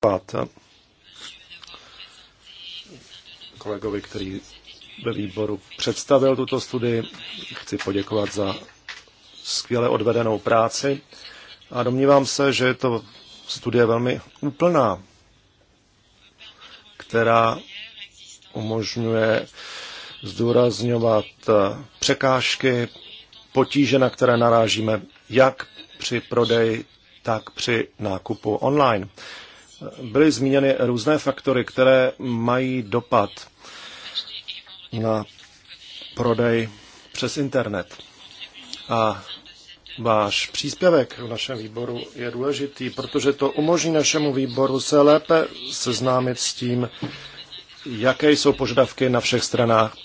poděkovat kolegovi, který ve výboru představil tuto studii. Chci poděkovat za skvěle odvedenou práci a domnívám se, že je to studie velmi úplná, která umožňuje zdůrazňovat překážky, potíže, na které narážíme, jak při prodeji, tak při nákupu online byly zmíněny různé faktory, které mají dopad na prodej přes internet. A váš příspěvek v našem výboru je důležitý, protože to umožní našemu výboru se lépe seznámit s tím, jaké jsou požadavky na všech stranách.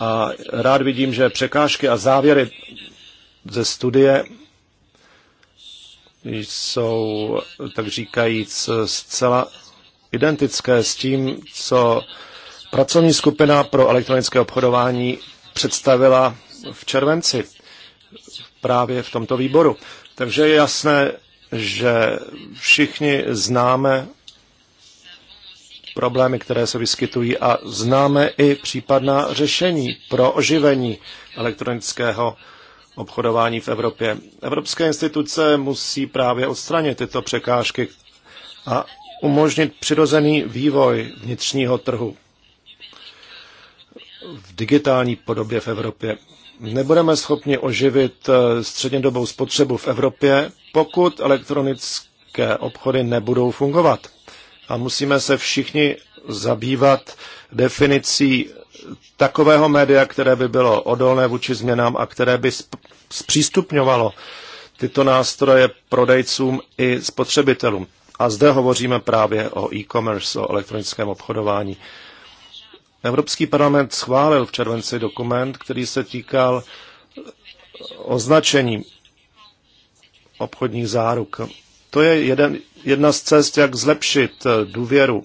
A rád vidím, že překážky a závěry ze studie jsou, tak říkajíc, zcela identické s tím, co pracovní skupina pro elektronické obchodování představila v červenci právě v tomto výboru. Takže je jasné, že všichni známe problémy, které se vyskytují a známe i případná řešení pro oživení elektronického obchodování v Evropě. Evropské instituce musí právě odstranit tyto překážky a umožnit přirozený vývoj vnitřního trhu v digitální podobě v Evropě. Nebudeme schopni oživit eh, střednědobou spotřebu v Evropě, pokud elektronické obchody nebudou fungovat. A musíme se všichni zabývat definicí takového média, které by bylo odolné vůči změnám a které by zpřístupňovalo tyto nástroje prodejcům i spotřebitelům. A zde hovoříme právě o e-commerce, o elektronickém obchodování. Evropský parlament schválil v červenci dokument, který se týkal označení obchodních záruk. To je jeden, jedna z cest, jak zlepšit důvěru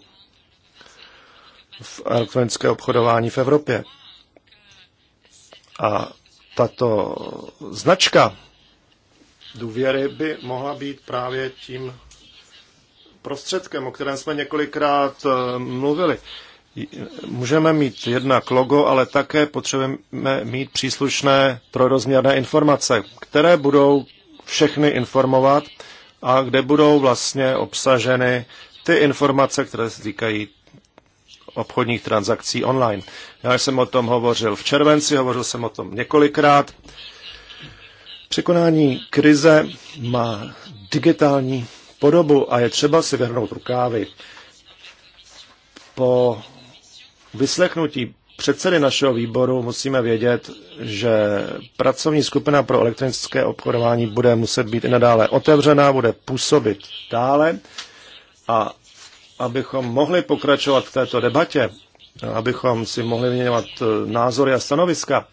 v elektronické obchodování v Evropě. A tato značka důvěry by mohla být právě tím prostředkem, o kterém jsme několikrát eh, mluvili. Můžeme mít jednak logo, ale také potřebujeme mít příslušné prorozměrné informace, které budou všechny informovat a kde budou vlastně obsaženy ty informace, které se týkají obchodních transakcí online. Já jsem o tom hovořil v červenci, hovořil jsem o tom několikrát. Překonání krize má digitální podobu a je třeba si vrhnout rukávy. Po vyslechnutí předsedy našeho výboru musíme vědět, že pracovní skupina pro elektronické obchodování bude muset být i nadále otevřená, bude působit dále a abychom mohli pokračovat v této debatě, abychom si mohli vyměňovat eh, názory a stanoviska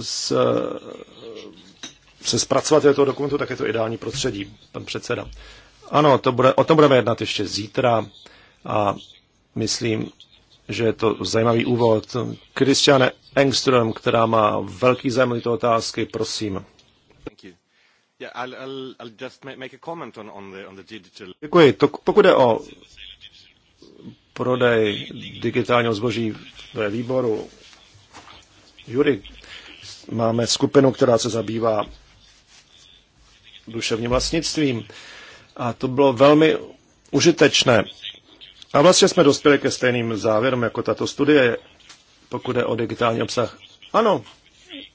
s, se zpracovat tohoto dokumentu, tak je to ideální prostředí, pan předseda. Ano, to bude, o tom budeme jednat ještě zítra a myslím, že je to zajímavý úvod. Kristiane Engström, která má velký zájem tyto otázky, prosím. Thank you. Děkuji. To, pokud jde o prodej digitálního zboží ve výboru Jury, máme skupinu, která se zabývá duševním vlastnictvím a to bylo velmi užitečné. A vlastně jsme dospěli ke stejným závěrům jako tato studie, pokud je o digitální obsah. Ano,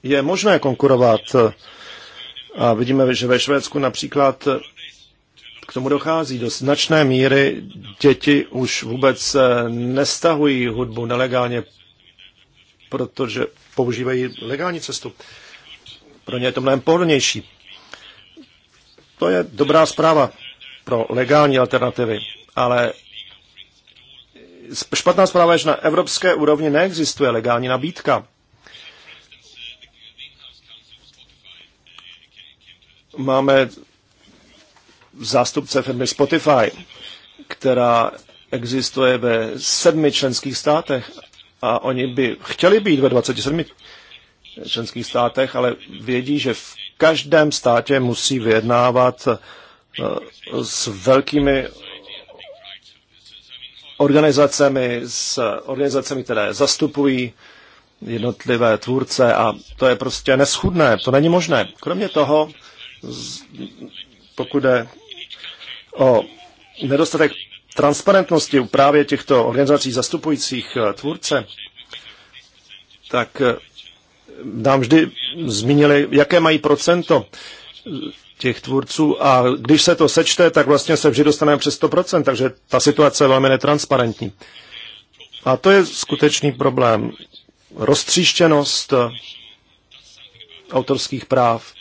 je možné konkurovat a vidíme, že ve Švédsku například k tomu dochází. Do značné míry děti už vůbec eh, nestahují hudbu nelegálně, protože používají legální cestu. Pro ně je to mnohem pohodlnější. To je dobrá zpráva pro legální alternativy, ale špatná zpráva je, že na evropské úrovni neexistuje legální nabídka. máme zástupce firmy Spotify, která existuje ve sedmi členských státech a oni by chtěli být ve 27 členských státech, ale vědí, že v každém státě musí vyjednávat eh, s velkými organizacemi, s organizacemi, které zastupují jednotlivé tvůrce a to je prostě neschudné, to není možné. Kromě toho pokud jde o nedostatek transparentnosti u právě těchto organizací zastupujících eh, tvůrce, tak eh, nám vždy zmínili, jaké mají procento eh, těch tvůrců a když se to sečte, tak vlastně se vždy dostaneme přes 100%, takže ta situace je velmi netransparentní. A to je skutečný problém. Roztříštěnost autorských práv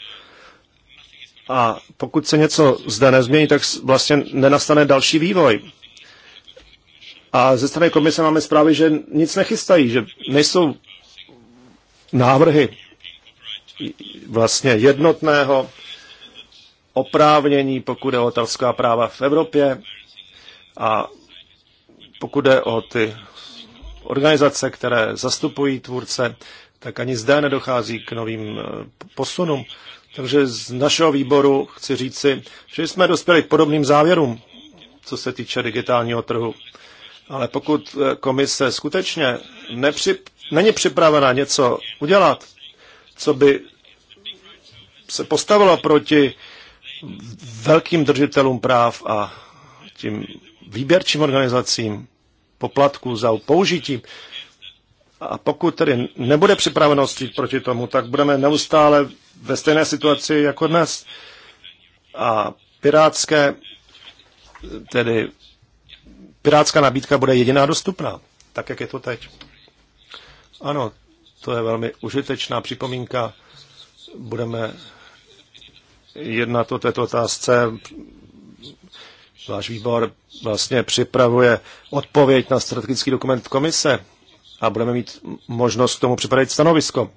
a pokud se něco zde nezmění, tak vlastně nenastane další vývoj. A ze strany komise máme zprávy, že nic nechystají, že nejsou návrhy vlastně jednotného oprávnění, pokud je o otázka práva v Evropě a pokud je o ty organizace, které zastupují tvůrce, tak ani zde nedochází k novým eh, posunům. Takže z našeho výboru chci říci, že jsme dospěli k podobným závěrům, co se týče digitálního trhu. Ale pokud eh, komise skutečně nepřip, není připravena něco udělat, co by se postavilo proti velkým držitelům práv a tím výběrčím organizacím poplatků za použití, a pokud tedy nebude připravenost jít proti tomu, tak budeme neustále ve stejné situaci jako dnes. A pirátské, tedy pirátská nabídka bude jediná dostupná, tak jak je to teď. Ano, to je velmi užitečná připomínka. Budeme jednat o této otázce. Váš výbor vlastně připravuje odpověď na strategický dokument komise a budeme mít možnost k tomu připravit stanovisko.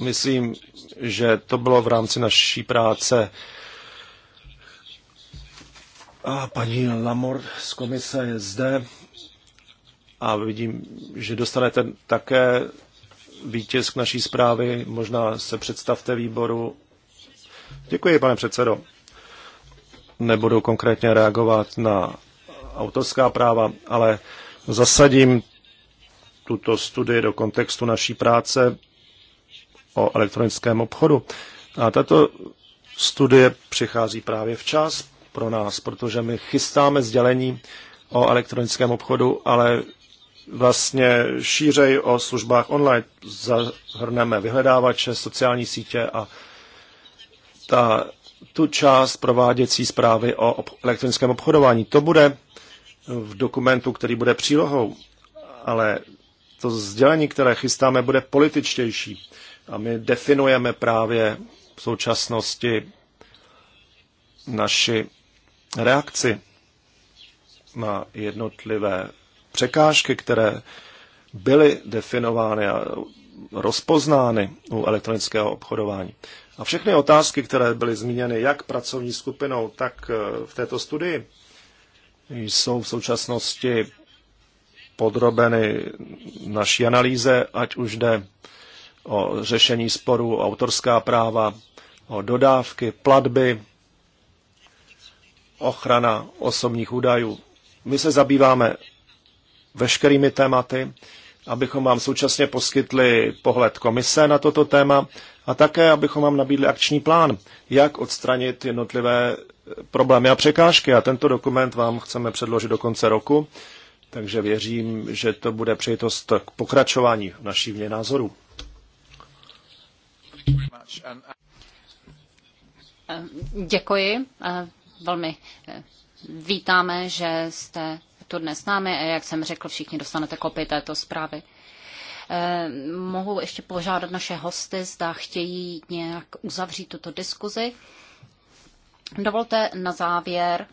Myslím, že to bylo v rámci naší práce. A paní Lamor z komise je zde a vidím, že dostanete také výtisk naší zprávy. Možná se představte výboru. Děkuji, pane předsedo. Nebudu konkrétně reagovat na autorská práva, ale zasadím tuto studii do kontextu naší práce o elektronickém obchodu. A tato studie přichází právě včas pro nás, protože my chystáme sdělení o elektronickém obchodu, ale vlastně šířej o službách online zahrneme vyhledávače, sociální sítě a ta, tu část prováděcí zprávy o ob- elektronickém obchodování. To bude v dokumentu, který bude přílohou, ale to sdělení, které chystáme, bude političtější. A my definujeme právě v současnosti naši reakci na jednotlivé překážky, které byly definovány a rozpoznány u elektronického obchodování. A všechny otázky, které byly zmíněny jak pracovní skupinou, tak eh, v této studii, jsou v současnosti podrobeny naší analýze, ať už jde o řešení sporů, autorská práva, o dodávky, platby, ochrana osobních údajů. My se zabýváme veškerými tématy, abychom vám současně poskytli pohled komise na toto téma a také, abychom vám nabídli akční plán, jak odstranit jednotlivé problémy a překážky. A tento dokument vám chceme předložit do konce roku takže věřím, že to bude přejitost k pokračování naší vně názoru. Děkuji. Velmi vítáme, že jste tu dnes s námi a jak jsem řekl, všichni dostanete kopii této zprávy. Mohu ještě požádat naše hosty, zda chtějí nějak uzavřít tuto diskuzi. Dovolte na závěr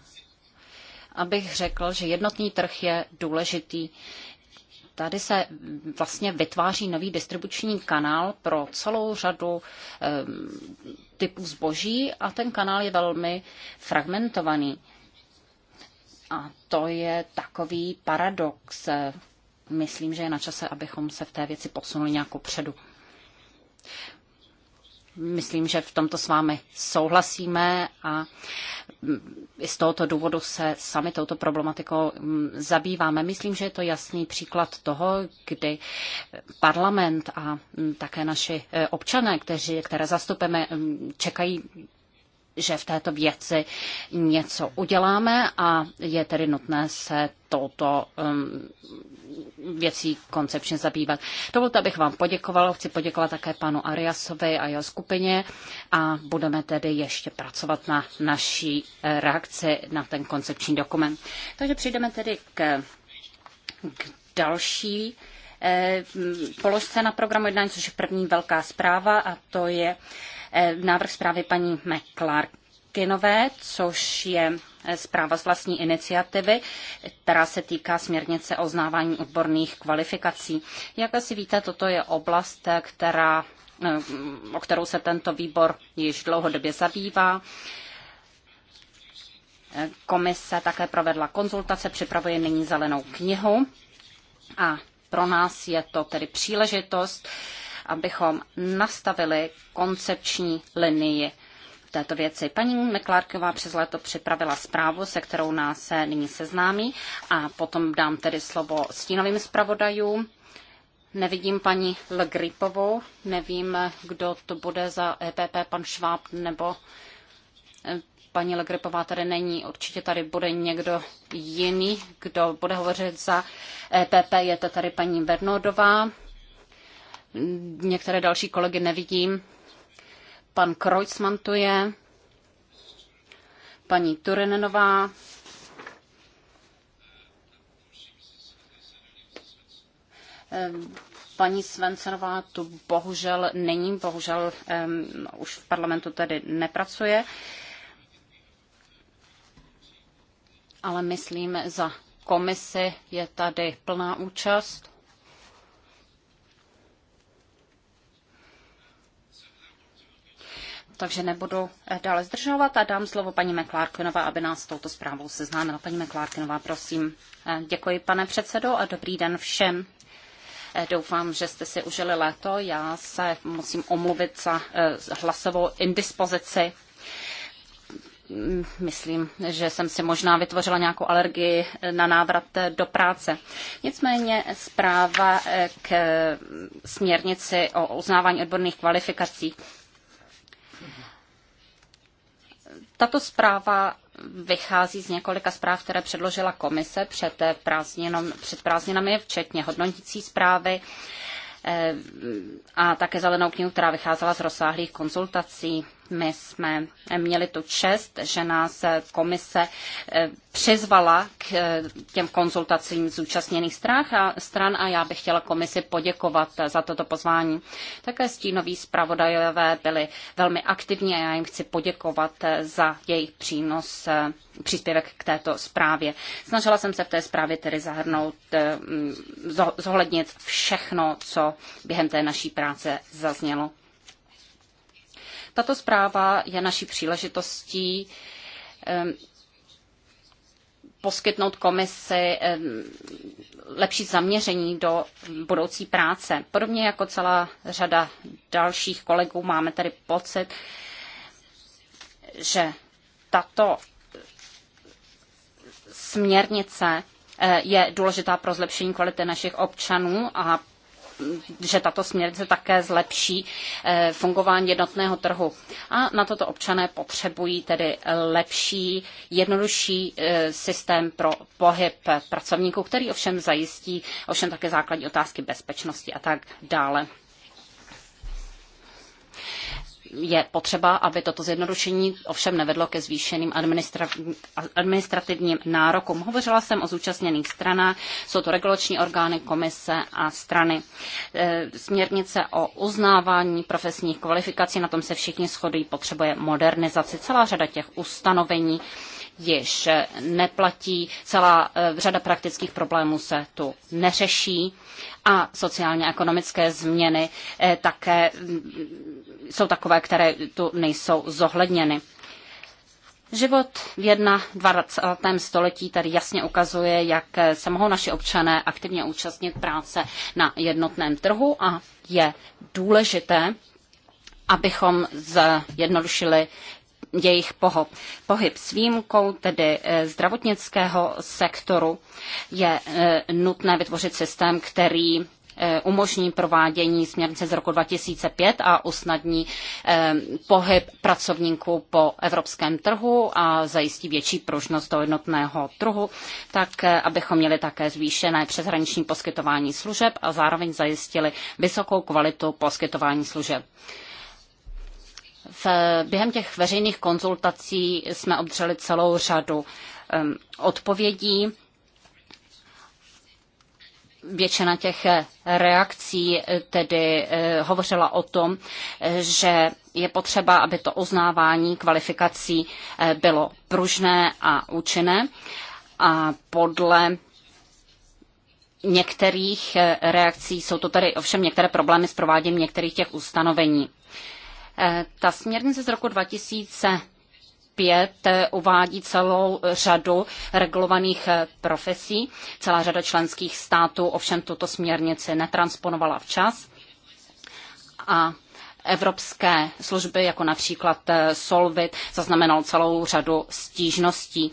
abych řekl, že jednotný trh je důležitý. Tady se vlastně vytváří nový distribuční kanál pro celou řadu eh, typů zboží a ten kanál je velmi fragmentovaný. A to je takový paradox. Myslím, že je na čase, abychom se v té věci posunuli nějakou předu. Myslím, že v tomto s vámi souhlasíme a z tohoto důvodu se sami touto problematikou mm, zabýváme. Myslím, že je to jasný příklad toho, kdy parlament a mm, také naši eh, občané, kteří, které zastupeme, mm, čekají že v této věci něco uděláme a je tedy nutné se touto um, věcí koncepčně zabývat. Dovolte, abych vám poděkoval. Chci poděkovat také panu Ariasovi a jeho skupině a budeme tedy ještě pracovat na naší eh, reakci na ten koncepční dokument. Takže přijdeme tedy k, k další eh, položce na programu jednání, což je první velká zpráva a to je eh, Eh, návrh zprávy paní McClarkinové, což je eh, zpráva z vlastní iniciativy, která se týká směrnice oznávání odborných kvalifikací. Jak asi víte, toto je oblast, eh, která, o kterou se tento výbor již dlouhodobě zabývá. Komise také provedla konzultace, připravuje nyní zelenou knihu a pro nás je to tedy příležitost abychom nastavili koncepční linii této věci. Paní Meklárková přes léto připravila zprávu, se kterou nás se nyní seznámí a potom dám tedy slovo stínovým zpravodajům. Nevidím paní Legripovou, nevím, kdo to bude za EPP, pan Šváb nebo eh, paní Legripová tady není. Určitě tady bude někdo jiný, kdo bude hovořit za EPP. Je to tady paní Bernodová Některé další kolegy nevidím. Pan Kreuzmann tu je, paní Turenenová, Paní Svencerová tu bohužel není, bohužel um, už v parlamentu tedy nepracuje, ale myslím, za komisi je tady plná účast. takže nebudu eh, dále zdržovat a dám slovo paní Meklárkinová, aby nás s touto zprávou seznámila. Paní Meklárkinová, prosím. Eh, děkuji, pane předsedo, a dobrý den všem. Eh, doufám, že jste si užili léto. Já se musím omluvit za hlasovou indispozici. Mm, myslím, že jsem si možná vytvořila nějakou alergii na návrat do práce. Nicméně zpráva k směrnici o uznávání odborných kvalifikací. Tato zpráva vychází z několika zpráv, které předložila komise před, eh, prázdninom, před prázdninami, včetně hodnotící zprávy eh, a také zelenou knihu, která vycházela z rozsáhlých konzultací. My jsme měli tu čest, že nás komise eh, přizvala k eh, těm konzultacím zúčastněných stran a já bych chtěla komisi poděkovat za toto pozvání. Také stínoví zpravodajové byli velmi aktivní a já jim chci poděkovat eh, za jejich přínos, příspěvek k této zprávě. Snažila jsem se v té zprávě tedy zahrnout, zohlednit všechno, co během té naší práce zaznělo. Tato zpráva je naší příležitostí poskytnout komisi lepší zaměření do budoucí práce. Podobně jako celá řada dalších kolegů máme tedy pocit, že tato směrnice eh, je důležitá pro zlepšení kvality našich občanů a že tato směrnice také zlepší eh, fungování jednotného trhu. A na toto občané potřebují tedy lepší, jednodušší eh, systém pro pohyb pracovníků, který ovšem zajistí ovšem také základní otázky bezpečnosti a tak dále je potřeba, aby toto zjednodušení ovšem nevedlo ke zvýšeným administrativním nárokům. Hovořila jsem o zúčastněných stranách, jsou to regulační orgány, komise a strany. E, směrnice o uznávání profesních kvalifikací, na tom se všichni shodují, potřebuje modernizaci. Celá řada těch ustanovení již neplatí, celá e, řada praktických problémů se tu neřeší a sociálně-ekonomické změny e, také jsou takové, které tu nejsou zohledněny. Život v 21. století tady jasně ukazuje, jak se mohou naši občané aktivně účastnit práce na jednotném trhu a je důležité, abychom zjednodušili jejich pohob. pohyb s výjimkou, tedy eh, zdravotnického sektoru, je eh, nutné vytvořit systém, který Eh, umožní provádění směrnice z roku 2005 a usnadní eh, pohyb pracovníků po evropském trhu a zajistí větší pružnost do jednotného trhu, tak eh, abychom měli také zvýšené přeshraniční poskytování služeb a zároveň zajistili vysokou kvalitu poskytování služeb. V, během těch veřejných konzultací jsme obdrželi celou řadu um, odpovědí většina těch eh, reakcí eh, tedy eh, hovořila o tom, že je potřeba, aby to uznávání kvalifikací bylo pružné a účinné. A podle některých reakcí jsou to tady ovšem některé problémy s prováděním některých těch ustanovení. Ta směrnice z roku 2000 5 eh, uvádí celou řadu regulovaných eh, profesí. Celá řada členských států ovšem tuto směrnici netransponovala včas. A evropské služby, jako například eh, Solvit, zaznamenal celou řadu stížností.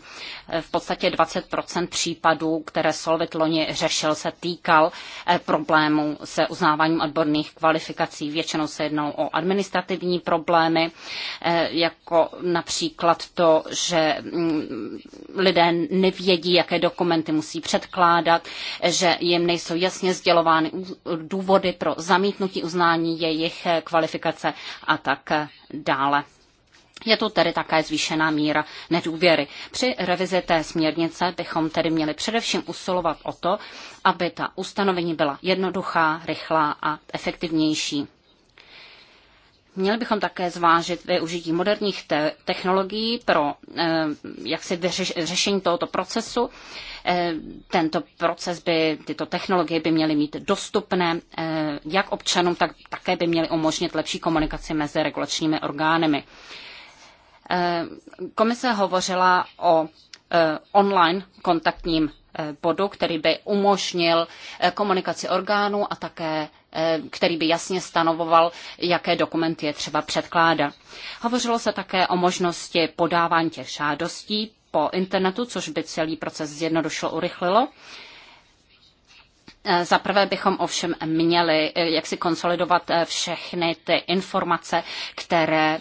Eh, v podstatě 20 případů, které Solvit loni řešil, se týkal eh, problémů se uznáváním odborných kvalifikací. Většinou se jednou o administrativní problémy, jako například to, že mm, lidé nevědí, jaké dokumenty musí předkládat, že jim nejsou jasně sdělovány důvody pro zamítnutí uznání jejich kvalifikací komunikace a tak dále. Je tu tedy také zvýšená míra nedůvěry. Při revizi té směrnice bychom tedy měli především usilovat o to, aby ta ustanovení byla jednoduchá, rychlá a efektivnější. Měli bychom také zvážit využití moderních te- technologií pro eh, jaksi vyřeš- řešení tohoto procesu. Eh, tento proces by, tyto technologie by měly mít dostupné eh, jak občanům, tak také by měly umožnit lepší komunikaci mezi regulačními orgánymi. Eh, komise hovořila o eh, online kontaktním bodu, který by umožnil komunikaci orgánů a také který by jasně stanovoval, jaké dokumenty je třeba předkládat. Hovořilo se také o možnosti podávání těch žádostí po internetu, což by celý proces zjednodušilo, urychlilo. Eh, za prvé bychom ovšem měli eh, jak si konsolidovat eh, všechny ty informace, které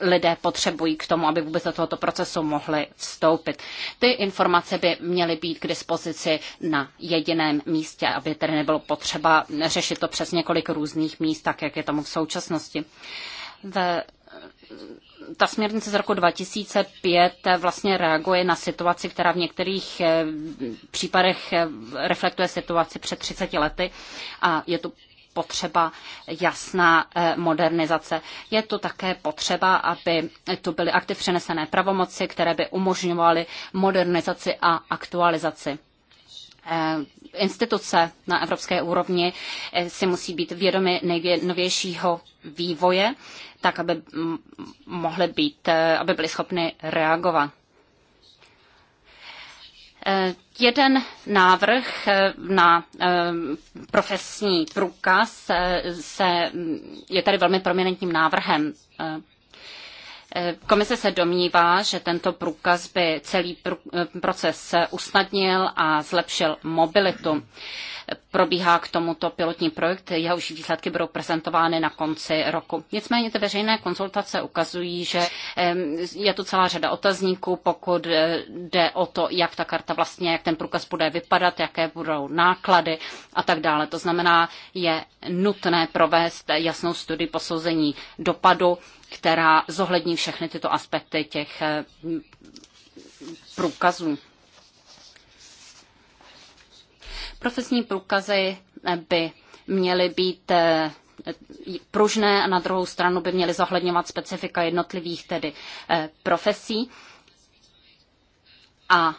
lidé potřebují k tomu, aby vůbec do tohoto procesu mohli vstoupit. Ty informace by měly být k dispozici na jediném místě, aby tedy nebylo potřeba řešit to přes několik různých míst, tak jak je tomu v současnosti. V ta směrnice z roku 2005 vlastně reaguje na situaci, která v některých eh, případech eh, reflektuje situaci před 30 lety a je tu potřeba jasná eh, modernizace. Je to také potřeba, aby tu byly aktiv přenesené pravomoci, které by umožňovaly modernizaci a aktualizaci. Eh, instituce na evropské úrovni eh, si musí být vědomy nejnovějšího vývoje, tak aby mohly být, eh, aby byly schopny reagovat. Jeden návrh na profesní průkaz se, mm, je tady velmi prominentním návrhem Komise se domnívá, že tento průkaz by celý eh, proces usnadnil a zlepšil mobilitu probíhá k tomuto pilotní projekt, jehož výsledky budou prezentovány na konci roku. Nicméně ty veřejné konzultace ukazují, že je tu celá řada otazníků, pokud eh, jde o to, jak ta karta vlastně, jak ten průkaz bude vypadat, jaké budou náklady a tak dále. To znamená, je nutné provést jasnou studii posouzení dopadu, která zohlední všechny tyto aspekty těch eh, průkazů. Profesní průkazy eh, by měly být eh, pružné a na druhou stranu by měly zohledňovat specifika jednotlivých tedy eh, profesí. A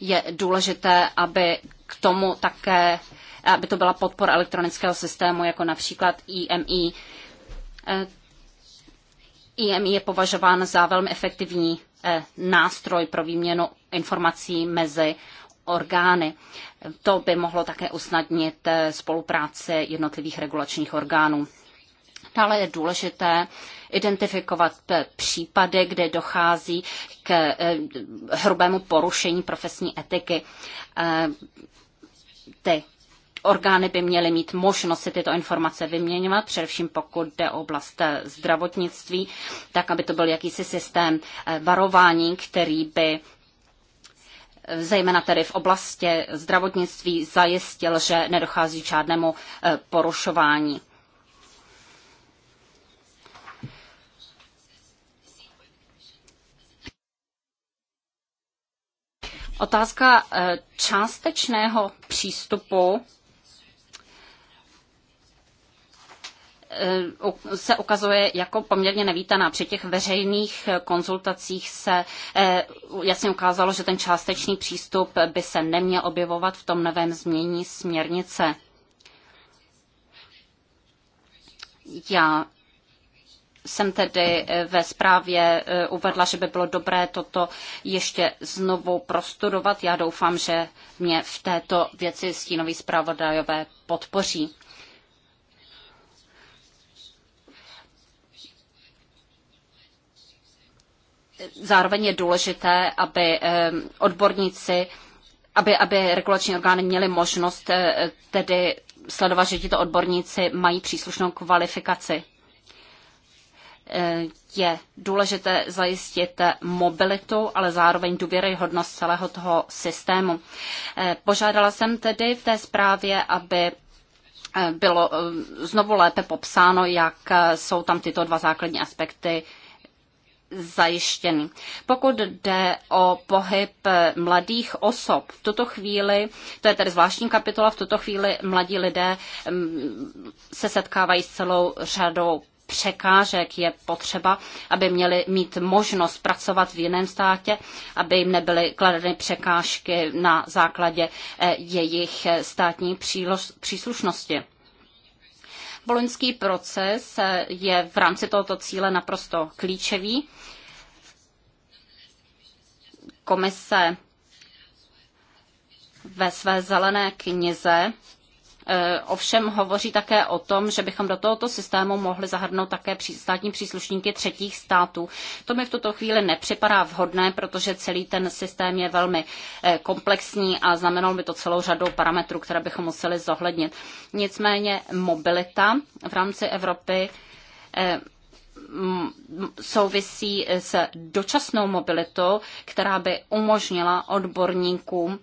je důležité, aby k tomu také, aby to byla podpora elektronického systému, jako například IMI. E IMI e je považován za velmi efektivní nástroj pro výměnu informací mezi orgány. To by mohlo také usnadnit eh, spolupráci jednotlivých regulačních orgánů. Dále je důležité identifikovat eh, případy, kde dochází k eh, hrubému porušení profesní etiky. Ty orgány by měly mít možnost si tyto informace vyměňovat, především pokud jde o oblast zdravotnictví, tak aby to byl jakýsi systém varování, který by zejména tedy v oblasti zdravotnictví, zajistil, že nedochází k žádnému e, porušování. Otázka e, částečného přístupu Eh, se ukazuje jako poměrně nevítaná. Při těch veřejných konzultacích se eh, jasně ukázalo, že ten částečný přístup by se neměl objevovat v tom novém změní směrnice. Já jsem tedy eh, ve zprávě uvedla, že by bylo dobré toto ještě znovu prostudovat. Já doufám, že mě v této věci stínoví zpravodajové podpoří. zároveň je důležité, aby eh, odborníci, aby, aby regulační orgány měly možnost eh, tedy sledovat, že tito odborníci mají příslušnou kvalifikaci. Eh, je důležité zajistit mobilitu, ale zároveň důvěryhodnost celého toho systému. Požádala jsem tedy v té zprávě, aby bylo znovu lépe popsáno, jak jsou tam tyto dva základní aspekty zajištěný. Pokud jde o pohyb mladých osob, v tuto chvíli, to je tedy zvláštní kapitola, v tuto chvíli mladí lidé mm, se setkávají s celou řadou překážek je potřeba, aby měli mít možnost pracovat v jiném státě, aby jim nebyly kladeny překážky na základě eh, jejich eh, státní příslušnosti. Boloňský proces je v rámci tohoto cíle naprosto klíčový. Komise ve své zelené knize Eh, ovšem hovoří také o tom, že bychom do tohoto systému mohli zahrnout také státní příslušníky třetích států. To mi v tuto chvíli nepřipadá vhodné, protože celý ten systém je velmi eh, komplexní a znamenalo by to celou řadu parametrů, které bychom museli zohlednit. Nicméně mobilita v rámci Evropy eh, souvisí s dočasnou mobilitou, která by umožnila odborníkům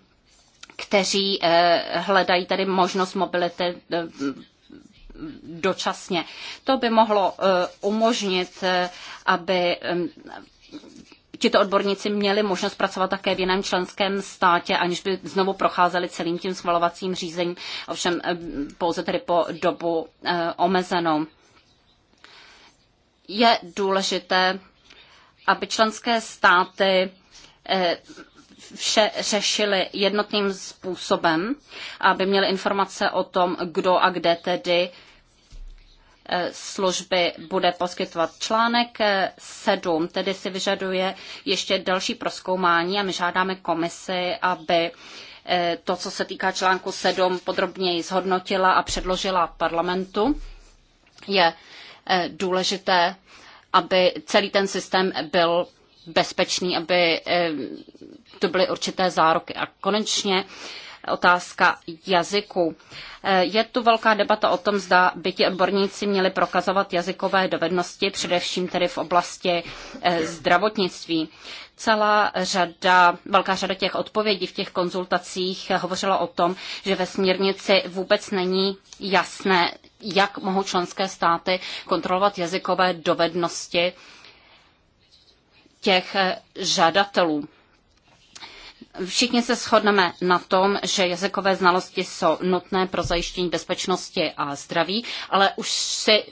kteří eh, hledají tady možnost mobility eh, dočasně. To by mohlo eh, umožnit, aby tito odborníci měli možnost pracovat také v jiném členském státě, aniž by znovu procházeli celým tím schvalovacím řízením, ovšem pouze tedy po dobu omezenou. Je důležité, aby členské státy vše řešili jednotným způsobem, aby měli informace o tom, kdo a kde tedy eh, služby bude poskytovat. Článek 7 eh, tedy si vyžaduje ještě další proskoumání a my žádáme komisi, aby eh, to, co se týká článku 7, podrobněji zhodnotila a předložila parlamentu. Je důležité, aby celý ten systém byl bezpečný, aby eh, to byly určité zároky. A konečně otázka jazyku. Eh, je tu velká debata o tom, zda by ti odborníci měli prokazovat jazykové dovednosti, především tedy v oblasti eh, zdravotnictví. Celá řada, velká řada těch odpovědí v těch konzultacích hovořila o tom, že ve směrnici vůbec není jasné, jak mohou členské státy kontrolovat jazykové dovednosti těch eh, žadatelů. Všichni se shodneme na tom, že jazykové znalosti jsou nutné pro zajištění bezpečnosti a zdraví, ale už, si,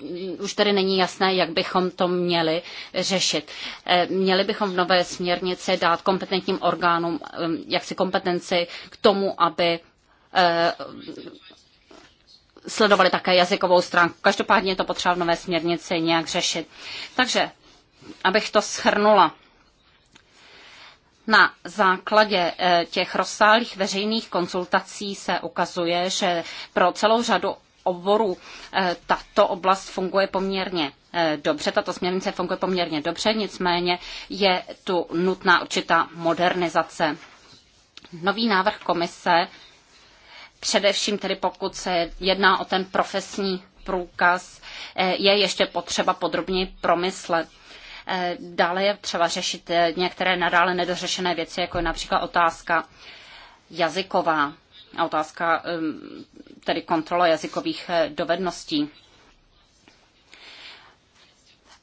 už tady není jasné, jak bychom to měli řešit. Eh, měli bychom v nové směrnici dát kompetentním orgánům eh, jaksi kompetenci k tomu, aby sledovali také jazykovou stránku. Každopádně je to potřeba v nové směrnici nějak řešit. Takže abych to schrnula. Na základě eh, těch rozsáhlých veřejných konzultací se ukazuje, že pro celou řadu oboru eh, tato oblast funguje poměrně eh, dobře, tato směrnice funguje poměrně dobře, nicméně je tu nutná určitá modernizace. Nový návrh komise, především tedy pokud se jedná o ten profesní průkaz, je ještě potřeba podrobně promyslet. Dále je třeba řešit eh, některé nadále nedořešené věci, jako je například otázka jazyková a otázka ehm, tedy kontrola jazykových eh, dovedností.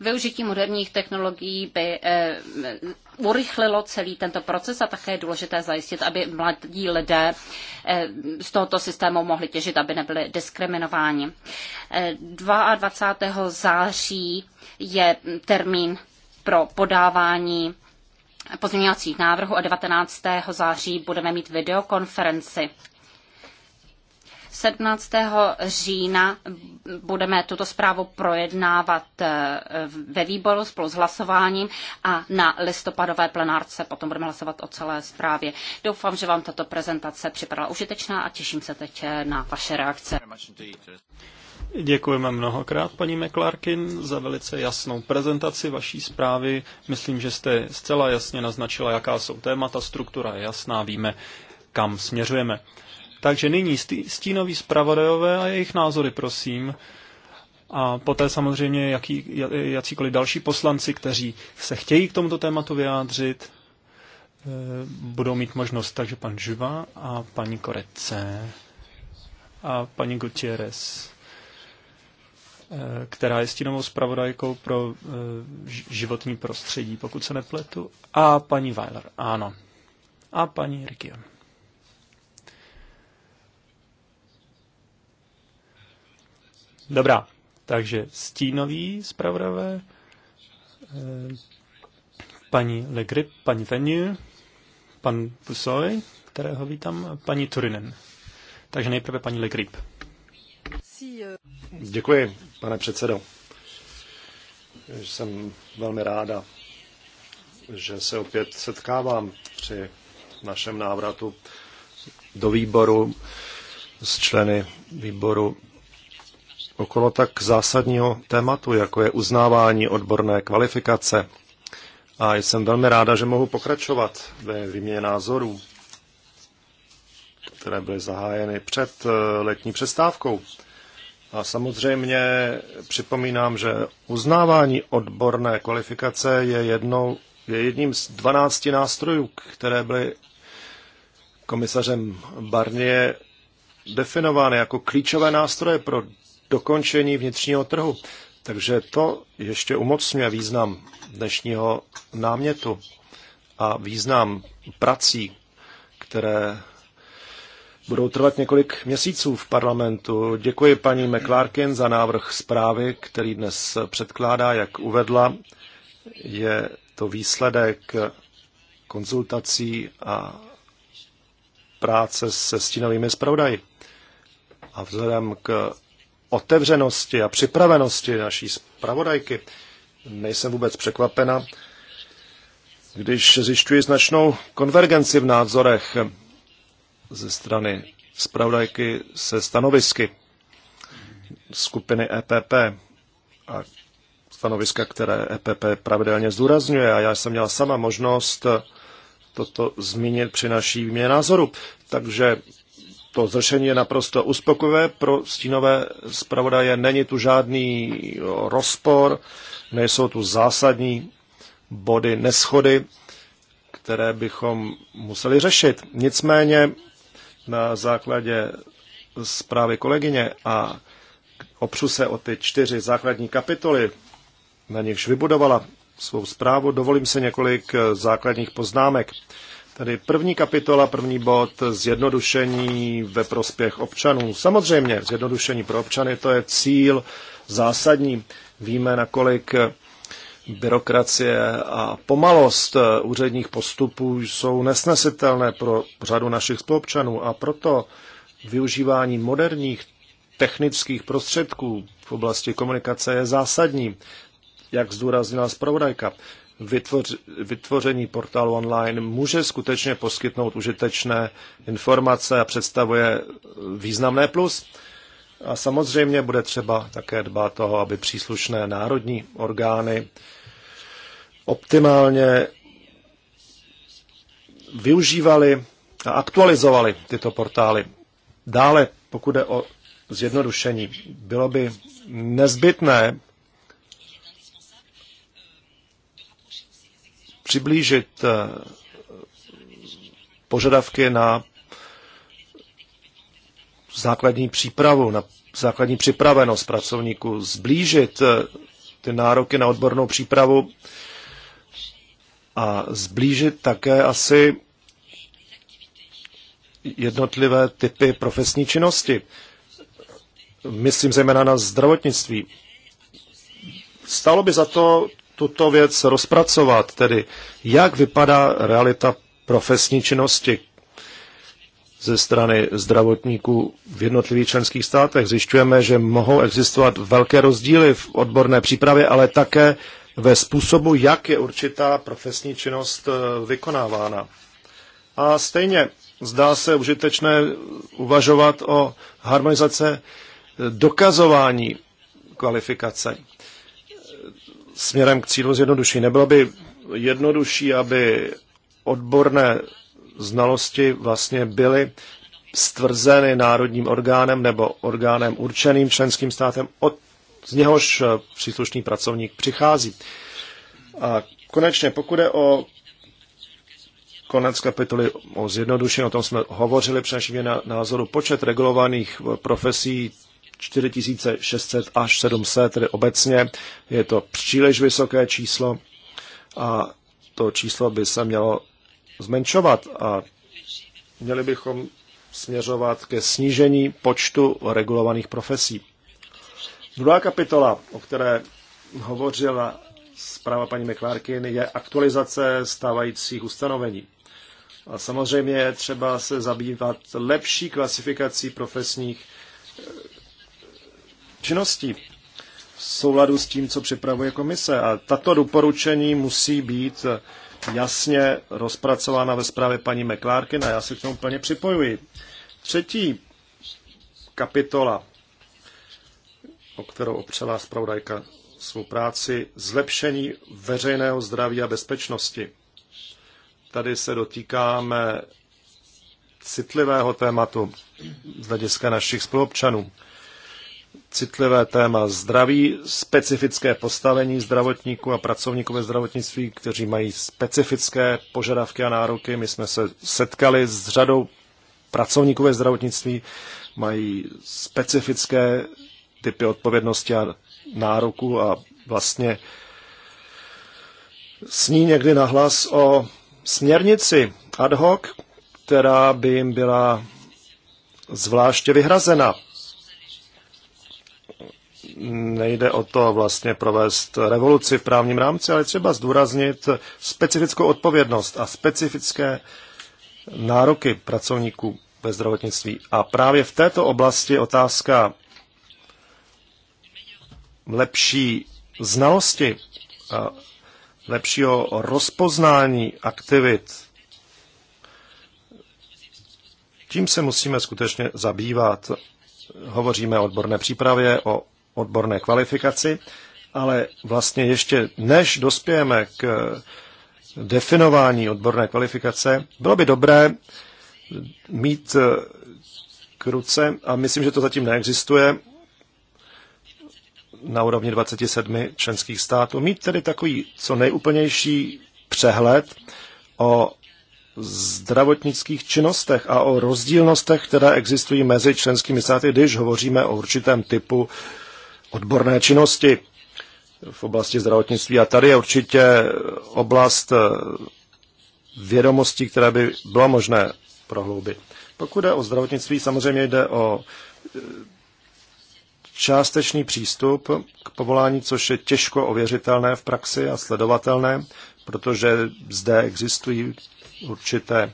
Využití moderních technologií by eh, urychlilo celý tento proces a také je důležité zajistit, aby mladí lidé z tohoto systému mohli těžit, aby nebyli diskriminováni. 22. září je termín pro podávání pozměňovacích návrhů a 19. září budeme mít videokonferenci. 17. října budeme tuto zprávu projednávat eh, ve výboru spolu s hlasováním a na listopadové plenárce potom budeme hlasovat o celé zprávě. Doufám, že vám tato prezentace připadala užitečná a těším se teď eh, na vaše reakce. Děkujeme mnohokrát, paní McClarkin, za velice jasnou prezentaci vaší zprávy. Myslím, že jste zcela jasně naznačila, jaká jsou témata, struktura je jasná, víme, kam směřujeme. Takže nyní stínoví zpravodajové a jejich názory, prosím. A poté samozřejmě jaký, jakýkoliv další poslanci, kteří se chtějí k tomuto tématu vyjádřit, eh, budou mít možnost. Takže pan Živa a paní Korece a paní Gutierrez. Eh, která je stínovou zpravodajkou pro eh, životní prostředí, pokud se nepletu. A paní Weiler, ano. A paní Rikion. Dobrá, takže stínový zpravodajové, eh, paní Legrip, paní Venu, pan Pusoy, kterého vítám, paní Turinen. Takže nejprve paní Legrip. Děkuji, pane předsedo. Jsem velmi ráda, že se opět setkávám při našem návratu do výboru s členy výboru okolo tak zásadního tématu, jako je uznávání odborné kvalifikace. A jsem velmi ráda, že mohu pokračovat ve výměně názorů, které byly zahájeny před eh, letní přestávkou. A samozřejmě připomínám, že uznávání odborné kvalifikace je, jednou, je jedním z 12 nástrojů, které byly komisařem Barnier definovány jako klíčové nástroje pro dokončení vnitřního trhu. Takže to ještě umocňuje význam dnešního námětu a význam prací, které budou trvat několik měsíců v parlamentu. Děkuji paní McClarkin za návrh zprávy, který dnes předkládá, jak uvedla. Je to výsledek konzultací a práce se stínovými zpravodaji. A vzhledem k otevřenosti a připravenosti naší zpravodajky nejsem vůbec překvapena, když zjišťuji značnou konvergenci v názorech ze strany zpravodajky se stanovisky skupiny EPP a stanoviska, které EPP pravidelně zdůrazňuje. A já jsem měla sama možnost toto zmínit při naší výměně názoru. Takže to zřešení je naprosto uspokojivé pro stínové zpravodaje. Není tu žádný rozpor, nejsou tu zásadní body neschody, které bychom museli řešit. Nicméně na základě zprávy kolegyně a opřu se o ty čtyři základní kapitoly, na nichž vybudovala svou zprávu, dovolím se několik základních poznámek. Tady první kapitola, první bod, zjednodušení ve prospěch občanů. Samozřejmě, zjednodušení pro občany, to je cíl zásadní. Víme, nakolik byrokracie a pomalost eh, úředních postupů jsou nesnesitelné pro řadu našich spolupčanů a proto využívání moderních technických prostředků v oblasti komunikace je zásadní, jak zdůraznila zpravodajka. Vytvoř, vytvoření portálu online může skutečně poskytnout užitečné informace a představuje významné plus. A samozřejmě bude třeba také dbát toho, aby příslušné národní orgány optimálně využívali a aktualizovali tyto portály. Dále, pokud jde o zjednodušení, bylo by nezbytné přiblížit eh, požadavky na základní přípravu, na základní připravenost pracovníků, zblížit eh, ty nároky na odbornou přípravu a zblížit také asi jednotlivé typy profesní činnosti. Myslím zejména na zdravotnictví. Stalo by za to tuto věc rozpracovat, tedy jak vypadá realita profesní činnosti, ze strany zdravotníků v jednotlivých členských státech. Zjišťujeme, že mohou existovat velké rozdíly v odborné přípravě, ale také ve způsobu, jak je určitá profesní činnost eh, vykonávána. A stejně zdá se užitečné uvažovat o harmonizace eh, dokazování kvalifikace směrem k cílu zjednodušení. Nebylo by jednodušší, aby odborné znalosti vlastně byly stvrzeny národním orgánem nebo orgánem určeným členským státem, od, z něhož eh, příslušný pracovník přichází. A konečně, pokud je o konec kapitoly o zjednodušení, o tom jsme hovořili především na názoru počet regulovaných eh, profesí 4600 až 700, tedy obecně je to příliš vysoké číslo a to číslo by se mělo zmenšovat a měli bychom směřovat ke snížení počtu regulovaných profesí. Druhá kapitola, o které hovořila zpráva paní McClarkin, je aktualizace stávajících ustanovení. A samozřejmě je třeba se zabývat lepší klasifikací profesních eh, činností v souladu s tím, co připravuje komise. A tato doporučení musí být jasně rozpracována ve zprávě paní McClarkin a já se k tomu plně připojuji. Třetí kapitola, o kterou opřela zpravodajka svou práci, zlepšení veřejného zdraví a bezpečnosti. Tady se dotýkáme citlivého tématu z hlediska našich spoluobčanů citlivé téma zdraví, specifické postavení zdravotníků a pracovníků ve zdravotnictví, kteří mají specifické požadavky a nároky. My jsme se setkali s řadou pracovníků ve zdravotnictví, mají specifické typy odpovědnosti a nároku a vlastně sní někdy nahlas o směrnici ad hoc, která by jim byla zvláště vyhrazena nejde o to vlastně provést revoluci v právním rámci, ale třeba zdůraznit specifickou odpovědnost a specifické nároky pracovníků ve zdravotnictví. A právě v této oblasti otázka lepší znalosti a lepšího rozpoznání aktivit. Tím se musíme skutečně zabývat. Hovoříme o odborné přípravě, o odborné kvalifikaci, ale vlastně ještě než dospějeme k definování odborné kvalifikace, bylo by dobré mít eh, k ruce, a myslím, že to zatím neexistuje, na úrovni 27 členských států, mít tedy takový co nejúplnější přehled o zdravotnických činnostech a o rozdílnostech, které existují mezi členskými státy, když hovoříme o určitém typu uh, odborné činnosti v oblasti zdravotnictví. A tady je určitě oblast eh, vědomostí, které by bylo možné prohloubit. Pokud jde o zdravotnictví, samozřejmě jde o eh, částečný přístup k povolání, což je těžko ověřitelné v praxi a sledovatelné, protože zde existují určité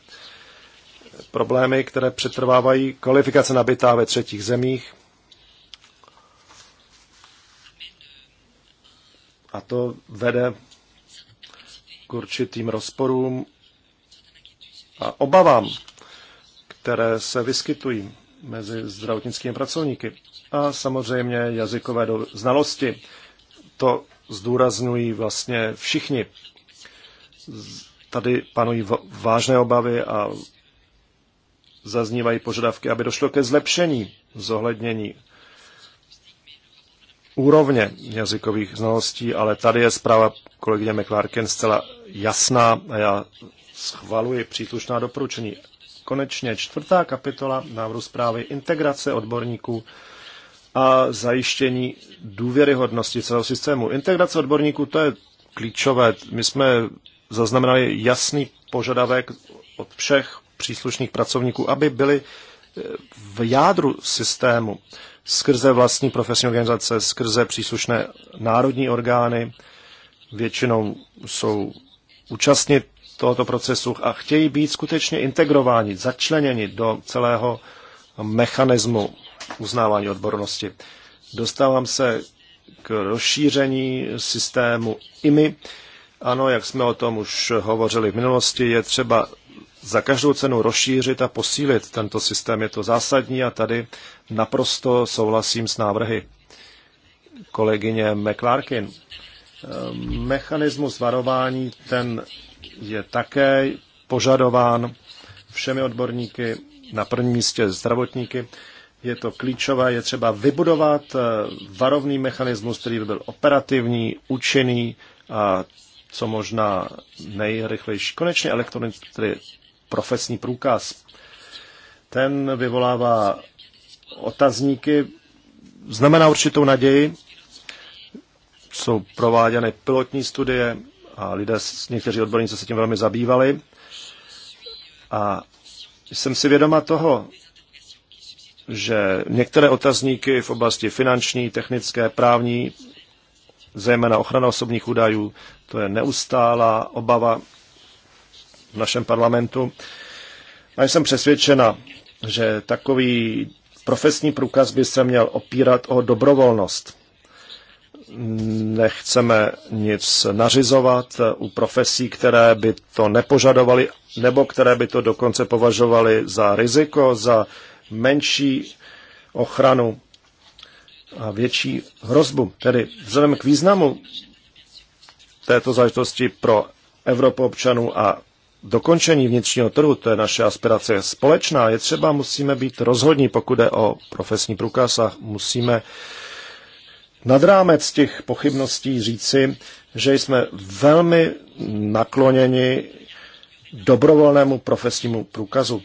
problémy, které přetrvávají kvalifikace nabitá ve třetích zemích, A to vede k určitým rozporům a obavám, které se vyskytují mezi zdravotnickými pracovníky. A samozřejmě jazykové znalosti. To zdůraznují vlastně všichni. Tady panují vážné obavy a zaznívají požadavky, aby došlo ke zlepšení zohlednění úrovně jazykových znalostí, ale tady je zpráva kolegyně McLarken zcela jasná a já schvaluji příslušná doporučení. Konečně čtvrtá kapitola návrhu zprávy integrace odborníků a zajištění důvěryhodnosti celého systému. Integrace odborníků, to je klíčové. My jsme zaznamenali jasný požadavek od všech příslušných pracovníků, aby byli v jádru systému skrze vlastní profesní organizace, skrze příslušné národní orgány. Většinou jsou účastní tohoto procesu a chtějí být skutečně integrováni, začleněni do celého mechanismu uznávání odbornosti. Dostávám se k rozšíření systému IMI. Ano, jak jsme o tom už hovořili v minulosti, je třeba za každou cenu rozšířit a posílit tento systém. Je to zásadní a tady naprosto souhlasím s návrhy kolegyně McClarkin. Eh, mechanismus varování, ten je také požadován všemi odborníky, na prvním místě zdravotníky. Je to klíčové, je třeba vybudovat eh, varovný mechanismus, který by byl operativní, účinný a co možná nejrychlejší. Konečně elektronický, profesní průkaz. Ten vyvolává otazníky, znamená určitou naději. Jsou prováděny pilotní studie a lidé, někteří odborníci se tím velmi zabývali. A jsem si vědoma toho, že některé otazníky v oblasti finanční, technické, právní, zejména ochrana osobních údajů, to je neustálá obava v našem parlamentu. A jsem přesvědčena, že takový profesní průkaz by se měl opírat o dobrovolnost. Nechceme nic nařizovat u profesí, které by to nepožadovali, nebo které by to dokonce považovali za riziko, za menší ochranu a větší hrozbu. Tedy vzhledem k významu této záležitosti pro Evropu občanů a dokončení vnitřního trhu, to je naše aspirace společná, je třeba, musíme být rozhodní, pokud je o profesní průkaz a musíme nad rámec těch pochybností říci, že jsme velmi nakloněni dobrovolnému profesnímu průkazu,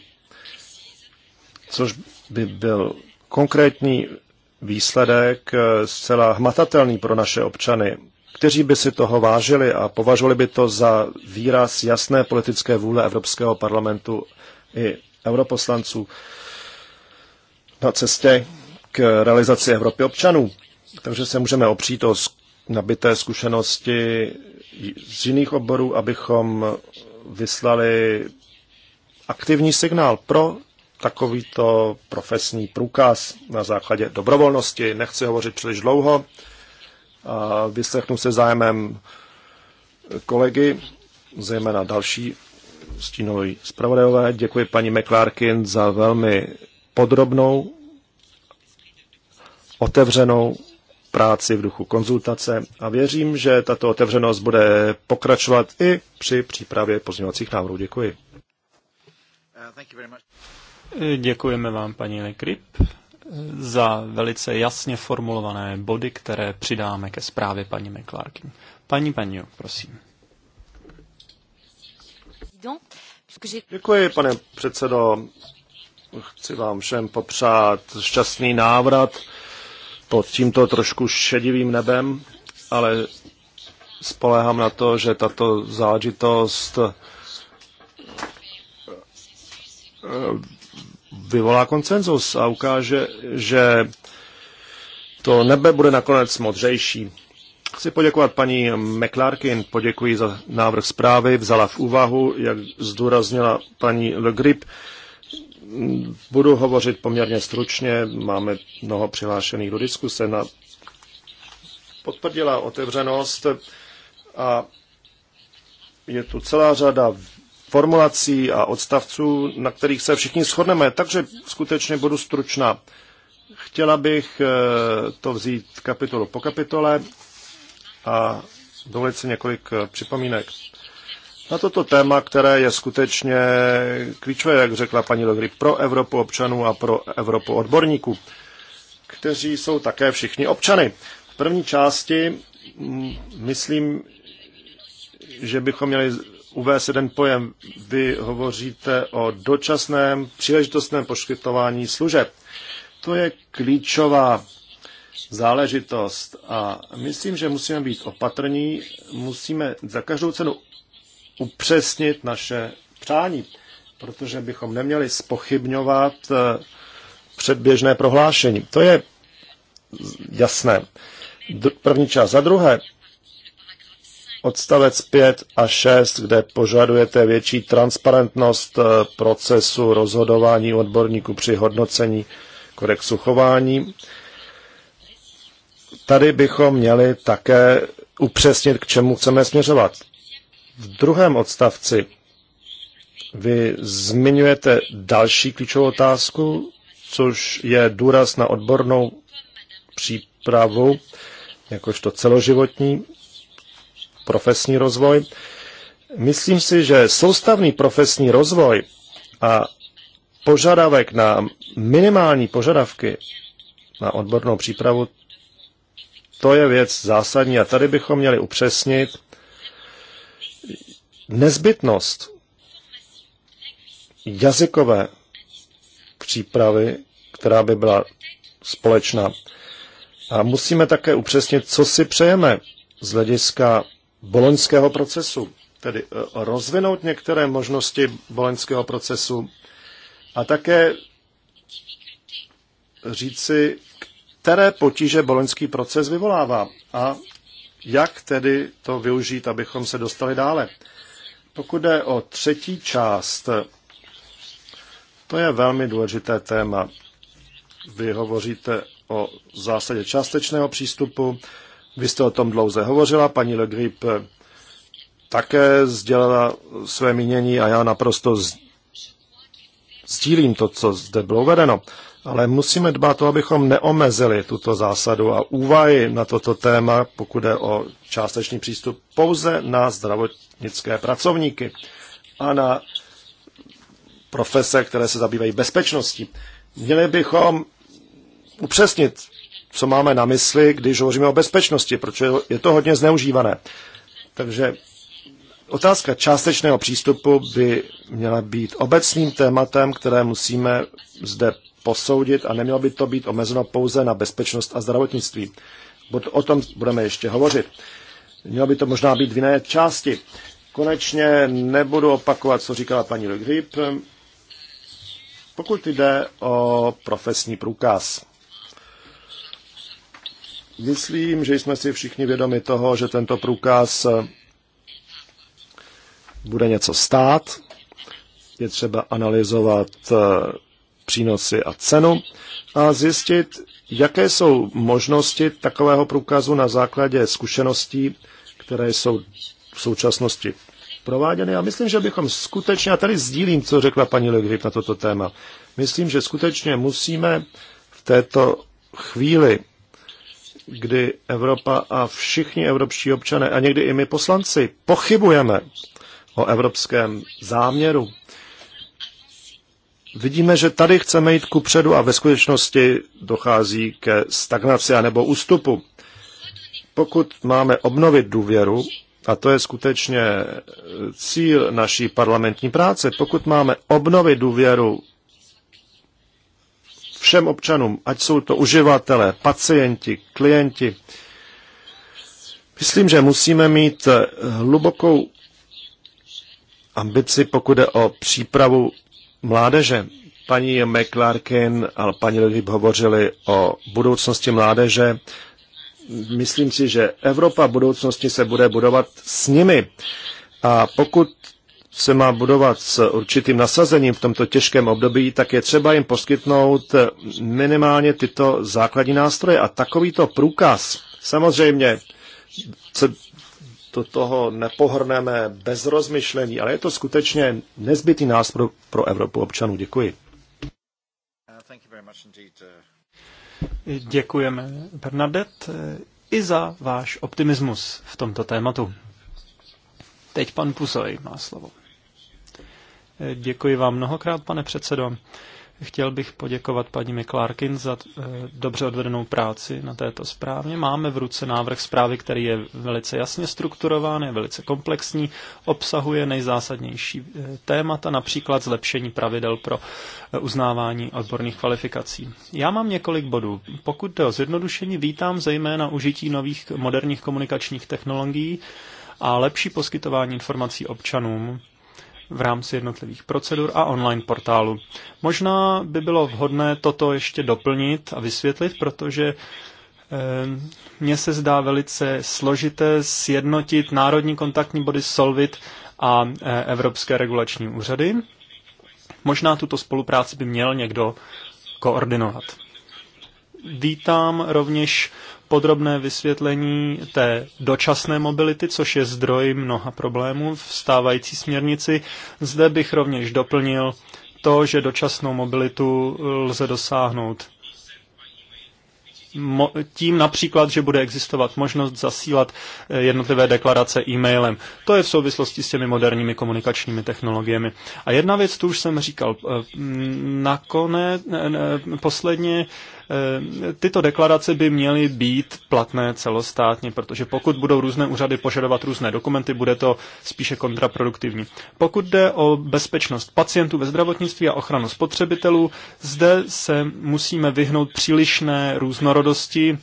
což by byl konkrétní výsledek eh, zcela hmatatelný pro naše občany kteří by si toho vážili a považovali by to za výraz jasné politické vůle Evropského parlamentu i europoslanců na cestě k realizaci Evropy občanů. Takže se můžeme opřít o nabité zkušenosti z jiných oborů, abychom vyslali aktivní signál pro takovýto profesní průkaz na základě dobrovolnosti. Nechci hovořit příliš dlouho a vyslechnu se zájmem kolegy, zejména další stínoví zpravodajové. Děkuji paní McClarkin za velmi podrobnou, otevřenou práci v duchu konzultace a věřím, že tato otevřenost bude pokračovat i při přípravě pozměňovacích návrhů. Děkuji. Děkujeme vám, paní Lekryp za velice jasně formulované body, které přidáme ke zprávě paní McClarkin. Paní Paňu, prosím. Děkuji, pane předsedo. Chci vám všem popřát šťastný návrat pod tímto trošku šedivým nebem, ale spolehám na to, že tato záležitost vyvolá koncenzus a ukáže, že to nebe bude nakonec modřejší. Chci poděkovat paní McClarkin, poděkuji za návrh zprávy, vzala v úvahu, jak zdůraznila paní Le Grip. Budu hovořit poměrně stručně, máme mnoho přihlášených do diskuse. Na... Potvrdila otevřenost a je tu celá řada formulací a odstavců, na kterých se všichni shodneme, takže skutečně budu stručná. Chtěla bych eh, to vzít kapitolu po kapitole a dovolit si několik eh, připomínek. Na toto téma, které je skutečně klíčové, jak řekla paní Logry, pro Evropu občanů a pro Evropu odborníků, kteří jsou také všichni občany. V první části mm, myslím, že bychom měli uvést jeden pojem. Vy hovoříte o dočasném příležitostném poskytování služeb. To je klíčová záležitost a myslím, že musíme být opatrní, musíme za každou cenu upřesnit naše přání, protože bychom neměli spochybňovat eh, předběžné prohlášení. To je jasné. První část. Za druhé, odstavec 5 a 6, kde požadujete větší transparentnost eh, procesu rozhodování odborníků při hodnocení kodexu chování. Tady bychom měli také upřesnit, k čemu chceme směřovat. V druhém odstavci vy zmiňujete další klíčovou otázku, což je důraz na odbornou přípravu, jakožto celoživotní profesní rozvoj. Myslím si, že soustavný profesní rozvoj a požadavek na minimální požadavky na odbornou přípravu, to je věc zásadní a tady bychom měli upřesnit nezbytnost jazykové přípravy, která by byla společná. A musíme také upřesnit, co si přejeme z hlediska boloňského procesu, tedy e, rozvinout některé možnosti boloňského procesu a také říci, které potíže boloňský proces vyvolává a jak tedy to využít, abychom se dostali dále. Pokud jde o třetí část, to je velmi důležité téma. Vy hovoříte o zásadě částečného přístupu, vy jste o tom dlouze hovořila, paní Le Grip eh, také sdělila své mínění a já naprosto sdílím to, co zde bylo uvedeno. Ale musíme dbát to, abychom neomezili tuto zásadu a úvahy na toto téma, pokud je o částečný přístup, pouze na zdravotnické pracovníky a na profese, které se zabývají bezpečností. Měli bychom upřesnit co máme na mysli, když hovoříme o bezpečnosti, protože je to hodně zneužívané. Takže otázka částečného přístupu by měla být obecným tématem, které musíme zde posoudit a nemělo by to být omezeno pouze na bezpečnost a zdravotnictví. O tom budeme ještě hovořit. Mělo by to možná být v jiné části. Konečně nebudu opakovat, co říkala paní Le Grip. Pokud jde o profesní průkaz. Myslím, že jsme si všichni vědomi toho, že tento průkaz eh, bude něco stát. Je třeba analyzovat eh, přínosy a cenu a zjistit, jaké jsou možnosti takového průkazu na základě zkušeností, které jsou v současnosti prováděny. A myslím, že bychom skutečně, a tady sdílím, co řekla paní Legrip na toto téma, myslím, že skutečně musíme v této chvíli kdy Evropa a všichni evropští občané a někdy i my poslanci pochybujeme o evropském záměru. Vidíme, že tady chceme jít ku předu a ve skutečnosti dochází ke stagnaci nebo ústupu. Pokud máme obnovit důvěru, a to je skutečně cíl naší parlamentní práce, pokud máme obnovit důvěru všem občanům, ať jsou to uživatelé, pacienti, klienti. Myslím, že musíme mít eh, hlubokou ambici, pokud jde o přípravu mládeže. Paní McClarkin a paní Lodvík hovořili o budoucnosti mládeže. Myslím si, že Evropa budoucnosti se bude budovat s nimi. A pokud se má budovat s určitým nasazením v tomto těžkém období, tak je třeba jim poskytnout minimálně tyto základní nástroje. A takovýto průkaz, samozřejmě se do toho nepohrneme bez rozmyšlení, ale je to skutečně nezbytný nástroj pro Evropu občanů. Děkuji. Děkujeme, Bernadette, i za váš optimismus v tomto tématu. Teď pan Pusoj má slovo. Děkuji vám mnohokrát, pane předsedo. Chtěl bych poděkovat paní McClarkin za eh, dobře odvedenou práci na této zprávě. Máme v ruce návrh zprávy, který je velice jasně strukturován, je velice komplexní, obsahuje nejzásadnější eh, témata, například zlepšení pravidel pro eh, uznávání odborných kvalifikací. Já mám několik bodů. Pokud jde o zjednodušení, vítám zejména užití nových moderních komunikačních technologií a lepší poskytování informací občanům v rámci jednotlivých procedur a online portálu. Možná by bylo vhodné toto ještě doplnit a vysvětlit, protože eh, mně se zdá velice složité sjednotit národní kontaktní body Solvit a eh, Evropské regulační úřady. Možná tuto spolupráci by měl někdo koordinovat. Vítám rovněž podrobné vysvětlení té dočasné mobility, což je zdroj mnoha problémů v stávající směrnici. Zde bych rovněž doplnil to, že dočasnou mobilitu lze dosáhnout tím například, že bude existovat možnost zasílat eh, jednotlivé deklarace e-mailem. To je v souvislosti s těmi moderními komunikačními technologiemi. A jedna věc, tu už jsem říkal, eh, nakonec, eh, posledně Eh, tyto deklarace by měly být platné celostátně, protože pokud budou různé úřady požadovat různé dokumenty, bude to spíše kontraproduktivní. Pokud jde o bezpečnost pacientů ve zdravotnictví a ochranu spotřebitelů, zde se musíme vyhnout přílišné různorodosti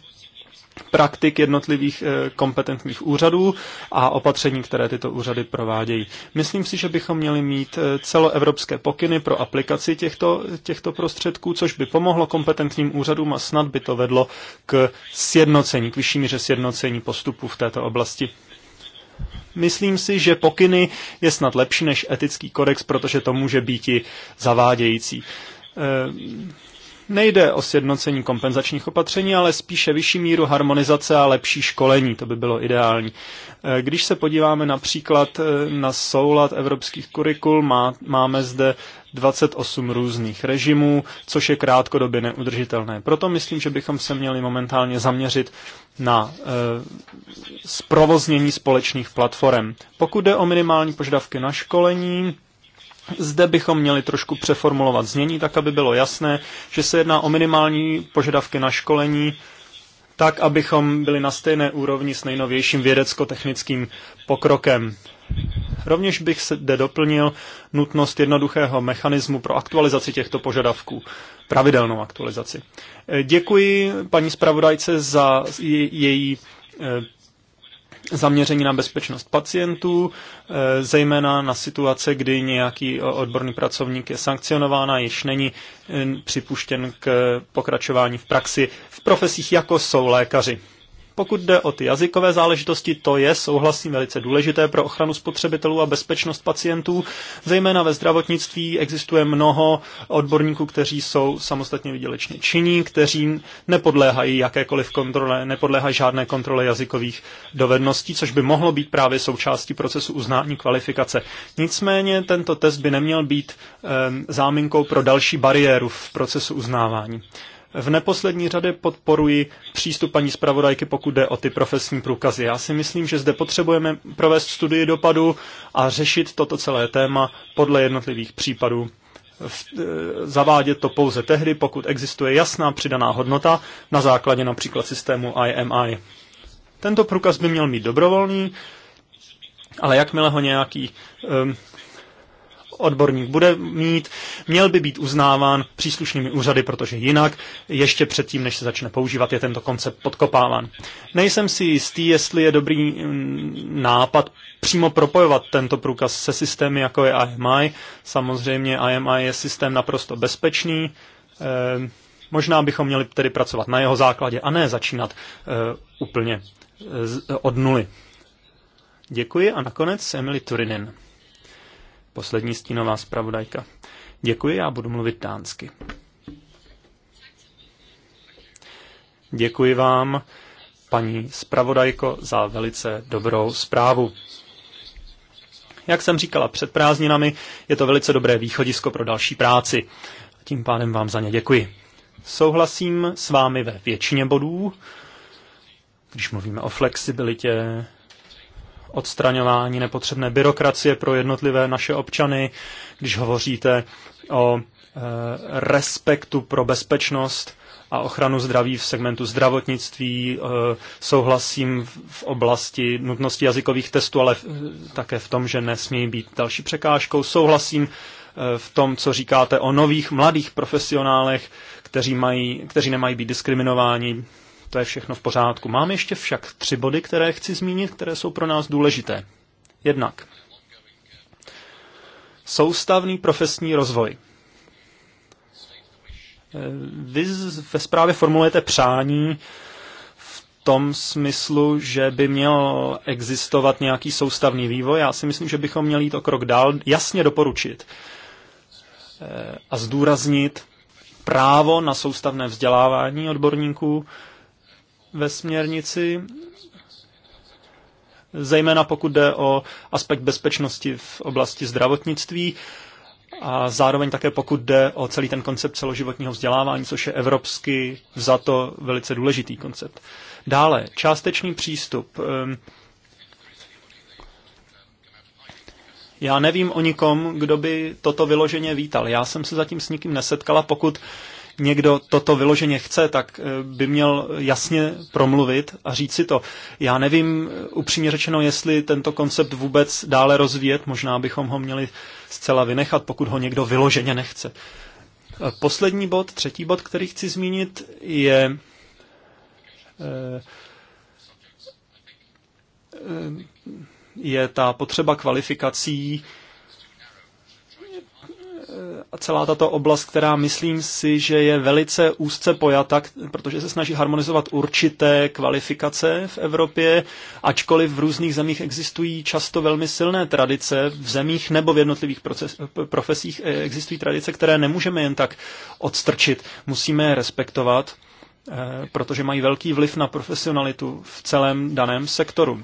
praktik jednotlivých eh, kompetentních úřadů a opatření, které tyto úřady provádějí. Myslím si, že bychom měli mít eh, celoevropské pokyny pro aplikaci těchto, těchto prostředků, což by pomohlo kompetentním úřadům a snad by to vedlo k sjednocení, k vyšší míře sjednocení postupů v této oblasti. Myslím si, že pokyny je snad lepší než etický kodex, protože to může být i zavádějící. Eh, Nejde o sjednocení kompenzačních opatření, ale spíše vyšší míru harmonizace a lepší školení. To by bylo ideální. Eh, když se podíváme například eh, na soulad evropských kurikul, má, máme zde 28 různých režimů, což je krátkodobě neudržitelné. Proto myslím, že bychom se měli momentálně zaměřit na e, zprovoznění společných platform. Pokud jde o minimální požadavky na školení, zde bychom měli trošku přeformulovat znění, tak aby bylo jasné, že se jedná o minimální požadavky na školení, tak abychom byli na stejné úrovni s nejnovějším vědecko-technickým pokrokem. Rovněž bych se zde doplnil nutnost jednoduchého mechanismu pro aktualizaci těchto požadavků, pravidelnou aktualizaci. Děkuji paní zpravodajce za její eh, zaměření na bezpečnost pacientů, eh, zejména na situace, kdy nějaký odborný pracovník je sankcionován a již není eh, připuštěn k eh, pokračování v praxi v profesích, jako jsou lékaři. Pokud jde o ty jazykové záležitosti, to je, souhlasím, velice důležité pro ochranu spotřebitelů a bezpečnost pacientů. Zejména ve zdravotnictví existuje mnoho odborníků, kteří jsou samostatně vydělečně činní, kteří nepodléhají jakékoliv kontrole, nepodléhají žádné kontrole jazykových dovedností, což by mohlo být právě součástí procesu uznání kvalifikace. Nicméně tento test by neměl být e, záminkou pro další bariéru v procesu uznávání. V neposlední řadě podporuji přístup paní zpravodajky, pokud jde o ty profesní průkazy. Já si myslím, že zde potřebujeme provést studii dopadu a řešit toto celé téma podle jednotlivých případů. V, e, zavádět to pouze tehdy, pokud existuje jasná přidaná hodnota na základě například systému IMI. Tento průkaz by měl být dobrovolný, ale jakmile ho nějaký um, odborník bude mít, měl by být uznáván příslušnými úřady, protože jinak ještě předtím, než se začne používat, je tento koncept podkopáván. Nejsem si jistý, jestli je dobrý mm, nápad přímo propojovat tento průkaz se systémy, jako je IMI. Samozřejmě IMI je systém naprosto bezpečný. Eh, možná bychom měli tedy pracovat na jeho základě a ne začínat eh, úplně eh, od nuly. Děkuji a nakonec Emily Turinin poslední stínová zpravodajka. Děkuji, já budu mluvit dánsky. Děkuji vám, paní zpravodajko, za velice dobrou zprávu. Jak jsem říkala před prázdninami, je to velice dobré východisko pro další práci. Tím pádem vám za ně děkuji. Souhlasím s vámi ve většině bodů, když mluvíme o flexibilitě, odstraňování nepotřebné byrokracie pro jednotlivé naše občany, když hovoříte o eh, respektu pro bezpečnost a ochranu zdraví v segmentu zdravotnictví, eh, souhlasím v oblasti nutnosti jazykových testů, ale eh, také v tom, že nesmějí být další překážkou. Souhlasím v tom, co říkáte o nových mladých profesionálech, kteří, mají, kteří nemají být diskriminováni to je všechno v pořádku. Mám ještě však tři body, které chci zmínit, které jsou pro nás důležité. Jednak soustavný profesní rozvoj. Vy ve zprávě formulujete přání v tom smyslu, že by měl existovat nějaký soustavný vývoj. Já si myslím, že bychom měli to krok dál, jasně doporučit eh, a zdůraznit právo na soustavné vzdělávání odborníků, ve směrnici, zejména pokud jde o aspekt bezpečnosti v oblasti zdravotnictví a zároveň také pokud jde o celý ten koncept celoživotního vzdělávání, což je evropsky za to velice důležitý koncept. Dále, částečný přístup. Ehm, já nevím o nikom, kdo by toto vyloženě vítal. Já jsem se zatím s nikým nesetkala, pokud někdo toto vyloženě chce, tak eh, by měl jasně promluvit a říct si to. Já nevím eh, upřímně řečeno, jestli tento koncept vůbec dále rozvíjet, možná bychom ho měli zcela vynechat, pokud ho někdo vyloženě nechce. Eh, poslední bod, třetí bod, který chci zmínit, je je ta potřeba kvalifikací a celá tato oblast, která myslím si, že je velice úzce pojata, protože se snaží harmonizovat určité kvalifikace v Evropě, ačkoliv v různých zemích existují často velmi silné tradice, v zemích nebo v jednotlivých proces, profesích e- existují tradice, které nemůžeme jen tak odstrčit. Musíme je respektovat, e, protože mají velký vliv na profesionalitu v celém daném sektoru.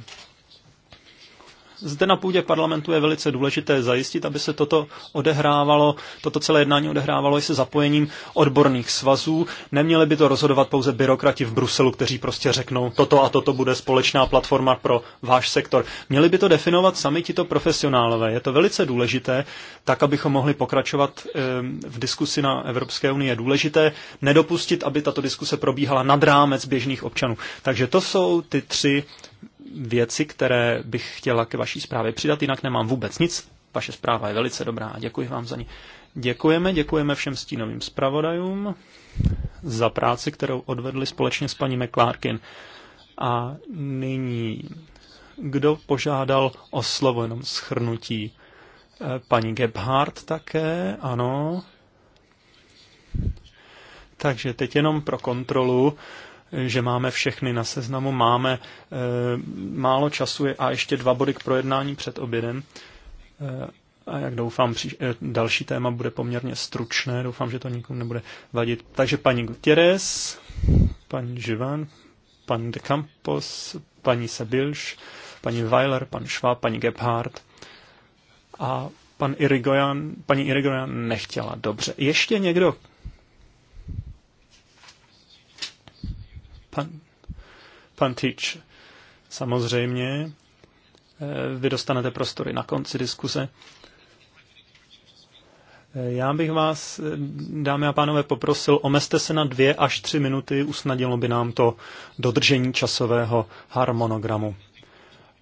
Zde na půdě parlamentu je velice důležité zajistit, aby se toto odehrávalo, toto celé jednání odehrávalo i se zapojením odborných svazů. Neměli by to rozhodovat pouze byrokrati v Bruselu, kteří prostě řeknou, toto a toto bude společná platforma pro váš sektor. Měli by to definovat sami tito profesionálové. Je to velice důležité, tak abychom mohli pokračovat ehm, v diskusi na Evropské unii. Je důležité nedopustit, aby tato diskuse probíhala nad rámec běžných občanů. Takže to jsou ty tři věci, které bych chtěla k vaší zprávě přidat, jinak nemám vůbec nic. Vaše zpráva je velice dobrá a děkuji vám za ní. Děkujeme, děkujeme všem stínovým zpravodajům za práci, kterou odvedli společně s paní McClarkin. A nyní, kdo požádal o slovo, jenom schrnutí? Eh, paní Gebhardt také, ano. Takže teď jenom pro kontrolu že máme všechny na seznamu, máme e, málo času a ještě dva body k projednání před obědem. E, a jak doufám, příš- e, další téma bude poměrně stručné, doufám, že to nikomu nebude vadit. Takže paní Gutierrez, paní Živan, pan De Campos, paní Sebilš, paní Weiler, pan Schwab, paní Gebhardt a pan Irigoyan, paní Irigoyan nechtěla. Dobře. Ještě někdo Pan, pan Týč, samozřejmě, eh, vy dostanete prostory na konci diskuse. Eh, já bych vás, eh, dámy a pánové, poprosil, omezte se na dvě až tři minuty, usnadnilo by nám to dodržení časového harmonogramu.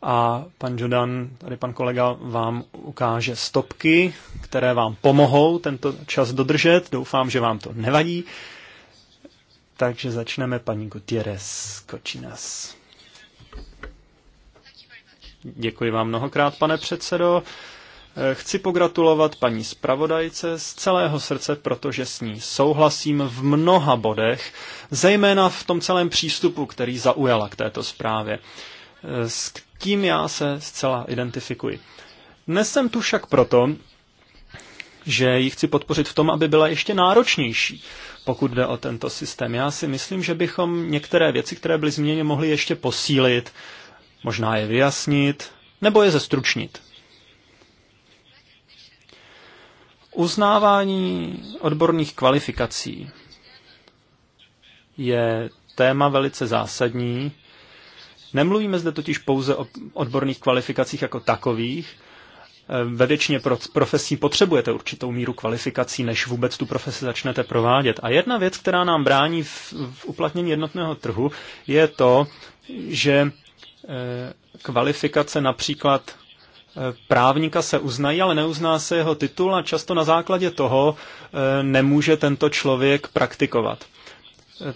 A pan Jodan, tady pan kolega, vám ukáže stopky, které vám pomohou tento čas dodržet. Doufám, že vám to nevadí. Takže začneme paní Gutierrez Kočinas. Děkuji vám mnohokrát, pane předsedo. Eh, chci pogratulovat paní zpravodajce z celého srdce, protože s ní souhlasím v mnoha bodech, zejména v tom celém přístupu, který zaujala k této zprávě. Eh, s tím já se zcela identifikuji. Dnes jsem tu však proto, že ji chci podpořit v tom, aby byla ještě náročnější pokud jde o tento systém. Já si myslím, že bychom některé věci, které byly změněny, mohli ještě posílit, možná je vyjasnit, nebo je zestručnit. Uznávání odborných kvalifikací je téma velice zásadní. Nemluvíme zde totiž pouze o odborných kvalifikacích jako takových, ve většině profesí potřebujete určitou míru kvalifikací, než vůbec tu profesi začnete provádět. A jedna věc, která nám brání v, v uplatnění jednotného trhu, je to, že eh, kvalifikace například eh, právníka se uznají, ale neuzná se jeho titul a často na základě toho eh, nemůže tento člověk praktikovat.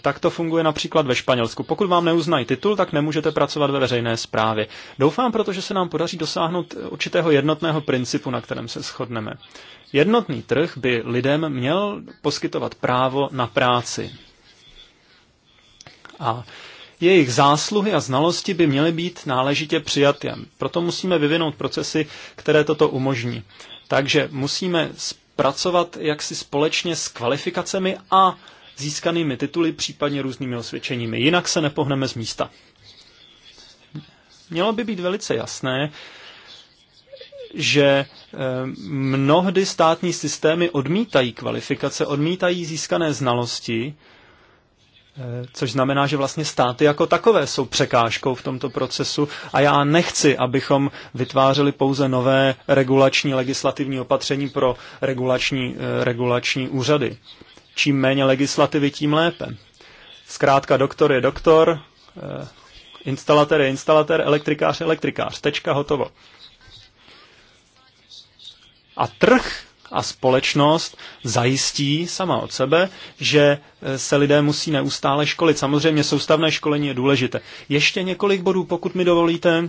Tak to funguje například ve Španělsku. Pokud vám neuznají titul, tak nemůžete pracovat ve veřejné správě. Doufám, protože se nám podaří dosáhnout určitého jednotného principu, na kterém se shodneme. Jednotný trh by lidem měl poskytovat právo na práci. A jejich zásluhy a znalosti by měly být náležitě přijaty. Proto musíme vyvinout procesy, které toto umožní. Takže musíme pracovat jaksi společně s kvalifikacemi a získanými tituly, případně různými osvědčeními. Jinak se nepohneme z místa. Mělo by být velice jasné, že eh, mnohdy státní systémy odmítají kvalifikace, odmítají získané znalosti, eh, což znamená, že vlastně státy jako takové jsou překážkou v tomto procesu a já nechci, abychom vytvářeli pouze nové regulační legislativní opatření pro regulační, eh, regulační úřady čím méně legislativy, tím lépe. Zkrátka doktor je doktor, eh, instalatér je instalatér, elektrikář je elektrikář. Tečka, hotovo. A trh a společnost zajistí sama od sebe, že eh, se lidé musí neustále školit. Samozřejmě soustavné školení je důležité. Ještě několik bodů, pokud mi dovolíte.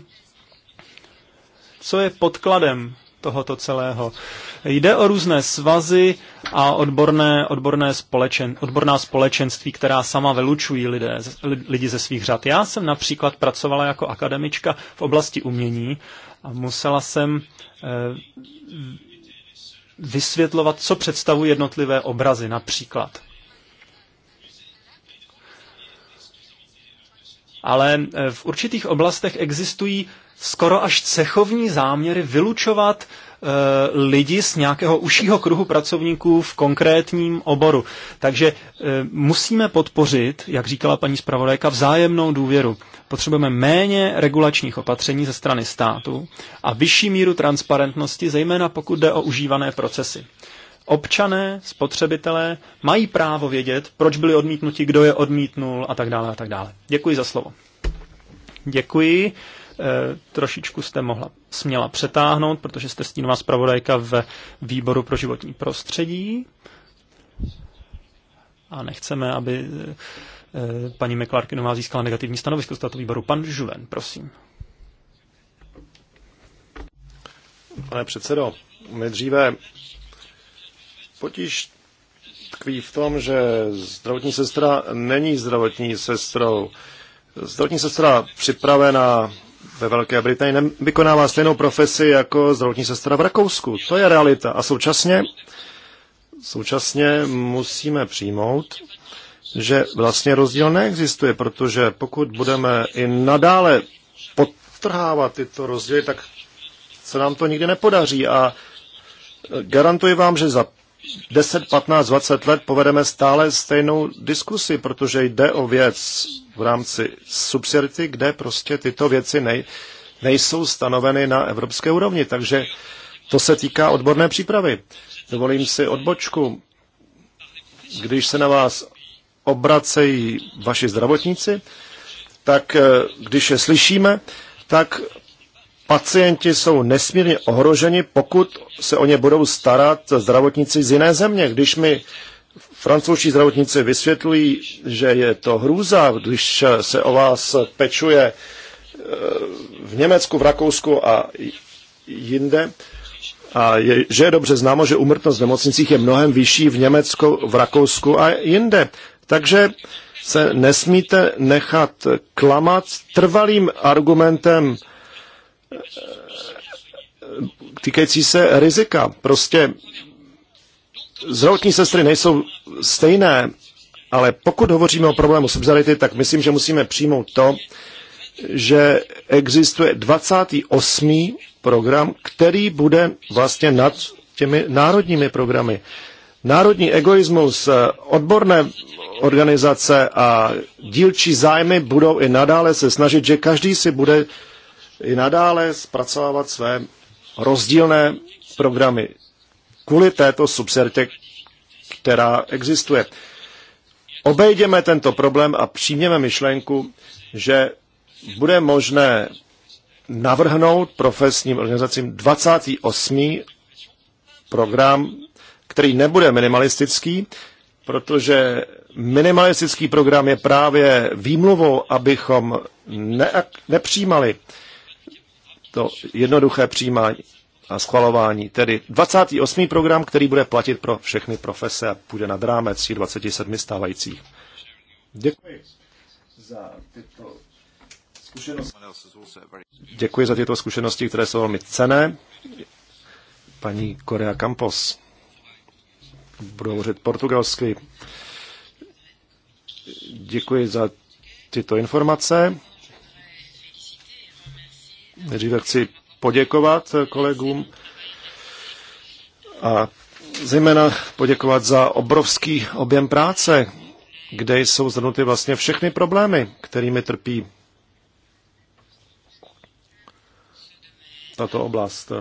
Co je podkladem tohoto celého. Jde o různé svazy a odborné, odborné společen, odborná společenství, která sama vylučují lidé, lidi ze svých řad. Já jsem například pracovala jako akademička v oblasti umění a musela jsem eh, vysvětlovat, co představují jednotlivé obrazy například. ale eh, v určitých oblastech existují skoro až cechovní záměry vylučovat eh, lidi z nějakého užšího kruhu pracovníků v konkrétním oboru. Takže eh, musíme podpořit, jak říkala paní zpravodajka, vzájemnou důvěru. Potřebujeme méně regulačních opatření ze strany státu a vyšší míru transparentnosti, zejména pokud jde o užívané procesy. Občané, spotřebitelé mají právo vědět, proč byli odmítnuti, kdo je odmítnul a tak dále a tak dále. Děkuji za slovo. Děkuji. E, trošičku jste mohla směla přetáhnout, protože jste stínová zpravodajka v výboru pro životní prostředí. A nechceme, aby e, paní Meklarkinová získala negativní stanovisko z tohoto výboru. Pan Žuven, prosím. Pane předsedo, my dříve Potíž tkví v tom, že zdravotní sestra není zdravotní sestrou. Zdravotní sestra připravená ve Velké Británii vykonává stejnou profesi jako zdravotní sestra v Rakousku. To je realita. A současně, současně musíme přijmout, že vlastně rozdíl neexistuje, protože pokud budeme i nadále podtrhávat tyto rozdíly, tak se nám to nikdy nepodaří. A garantuji vám, že za 10, 15, 20 let povedeme stále stejnou diskusi, protože jde o věc v rámci subsidiarity, kde prostě tyto věci nej, nejsou stanoveny na evropské úrovni. Takže to se týká odborné přípravy. Dovolím si odbočku. Když se na vás obracejí vaši zdravotníci, tak eh, když je slyšíme, tak pacienti jsou nesmírně ohroženi, pokud se o ně budou starat zdravotníci z jiné země. Když mi francouzští zdravotníci vysvětlují, že je to hrůza, když se o vás pečuje eh, v Německu, v Rakousku a jinde, a je, že je dobře známo, že umrtnost v nemocnicích je mnohem vyšší v Německu, v Rakousku a jinde. Takže se nesmíte nechat klamat trvalým argumentem týkající se rizika. Prostě zdravotní sestry nejsou stejné, ale pokud hovoříme o problému subzality, tak myslím, že musíme přijmout to, že existuje 28. program, který bude vlastně nad těmi národními programy. Národní egoismus, odborné organizace a dílčí zájmy budou i nadále se snažit, že každý si bude i nadále zpracovávat své rozdílné programy kvůli této subsertě, která existuje. Obejdeme tento problém a přijměme myšlenku, že bude možné navrhnout profesním organizacím 28. program, který nebude minimalistický, protože minimalistický program je právě výmluvou, abychom ne, nepřijímali to jednoduché přijímání a schvalování, tedy 28. program, který bude platit pro všechny profese a půjde nad rámec 27 stávajících. Děkuji za tyto zkušenosti. Děkuji za tyto zkušenosti, které jsou velmi cené. Paní Korea Campos. Budu hovořit portugalsky. Děkuji za tyto informace. Nejdříve chci poděkovat kolegům a zejména poděkovat za obrovský objem práce, kde jsou zhrnuty vlastně všechny problémy, kterými trpí tato oblast.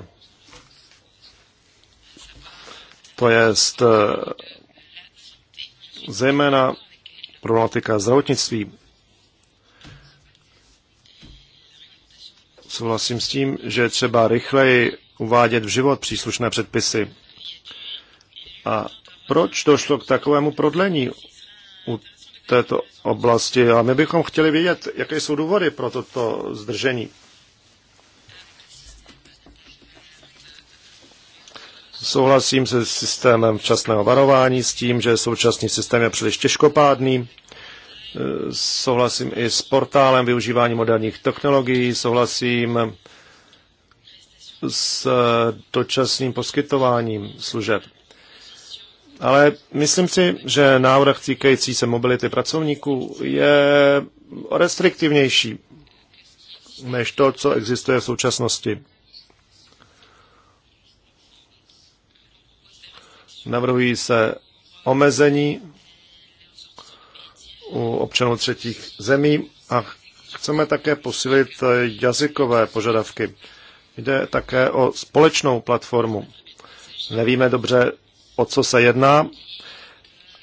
To je eh, zejména problematika zdravotnictví Souhlasím s tím, že třeba rychleji uvádět v život příslušné předpisy. A proč došlo k takovému prodlení u této oblasti? A my bychom chtěli vědět, jaké jsou důvody pro toto zdržení. Souhlasím se systémem včasného varování, s tím, že současný systém je příliš těžkopádný souhlasím i s portálem využívání moderních technologií, souhlasím s eh, dočasným poskytováním služeb. Ale myslím si, že návrh týkající se mobility pracovníků je restriktivnější než to, co existuje v současnosti. Navrhují se omezení občanů třetích zemí a chceme také posílit eh, jazykové požadavky. Jde také o společnou platformu. Nevíme dobře, o co se jedná,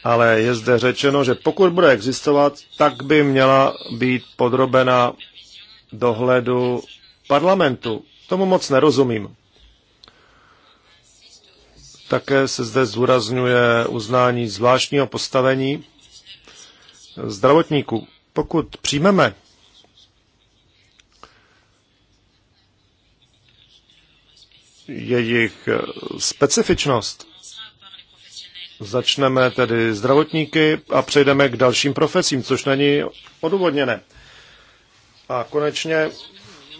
ale je zde řečeno, že pokud bude existovat, tak by měla být podrobena dohledu parlamentu. Tomu moc nerozumím. Také se zde zdůrazňuje uznání zvláštního postavení zdravotníků. Pokud přijmeme jejich specifičnost, začneme tedy zdravotníky a přejdeme k dalším profesím, což není odůvodněné. A konečně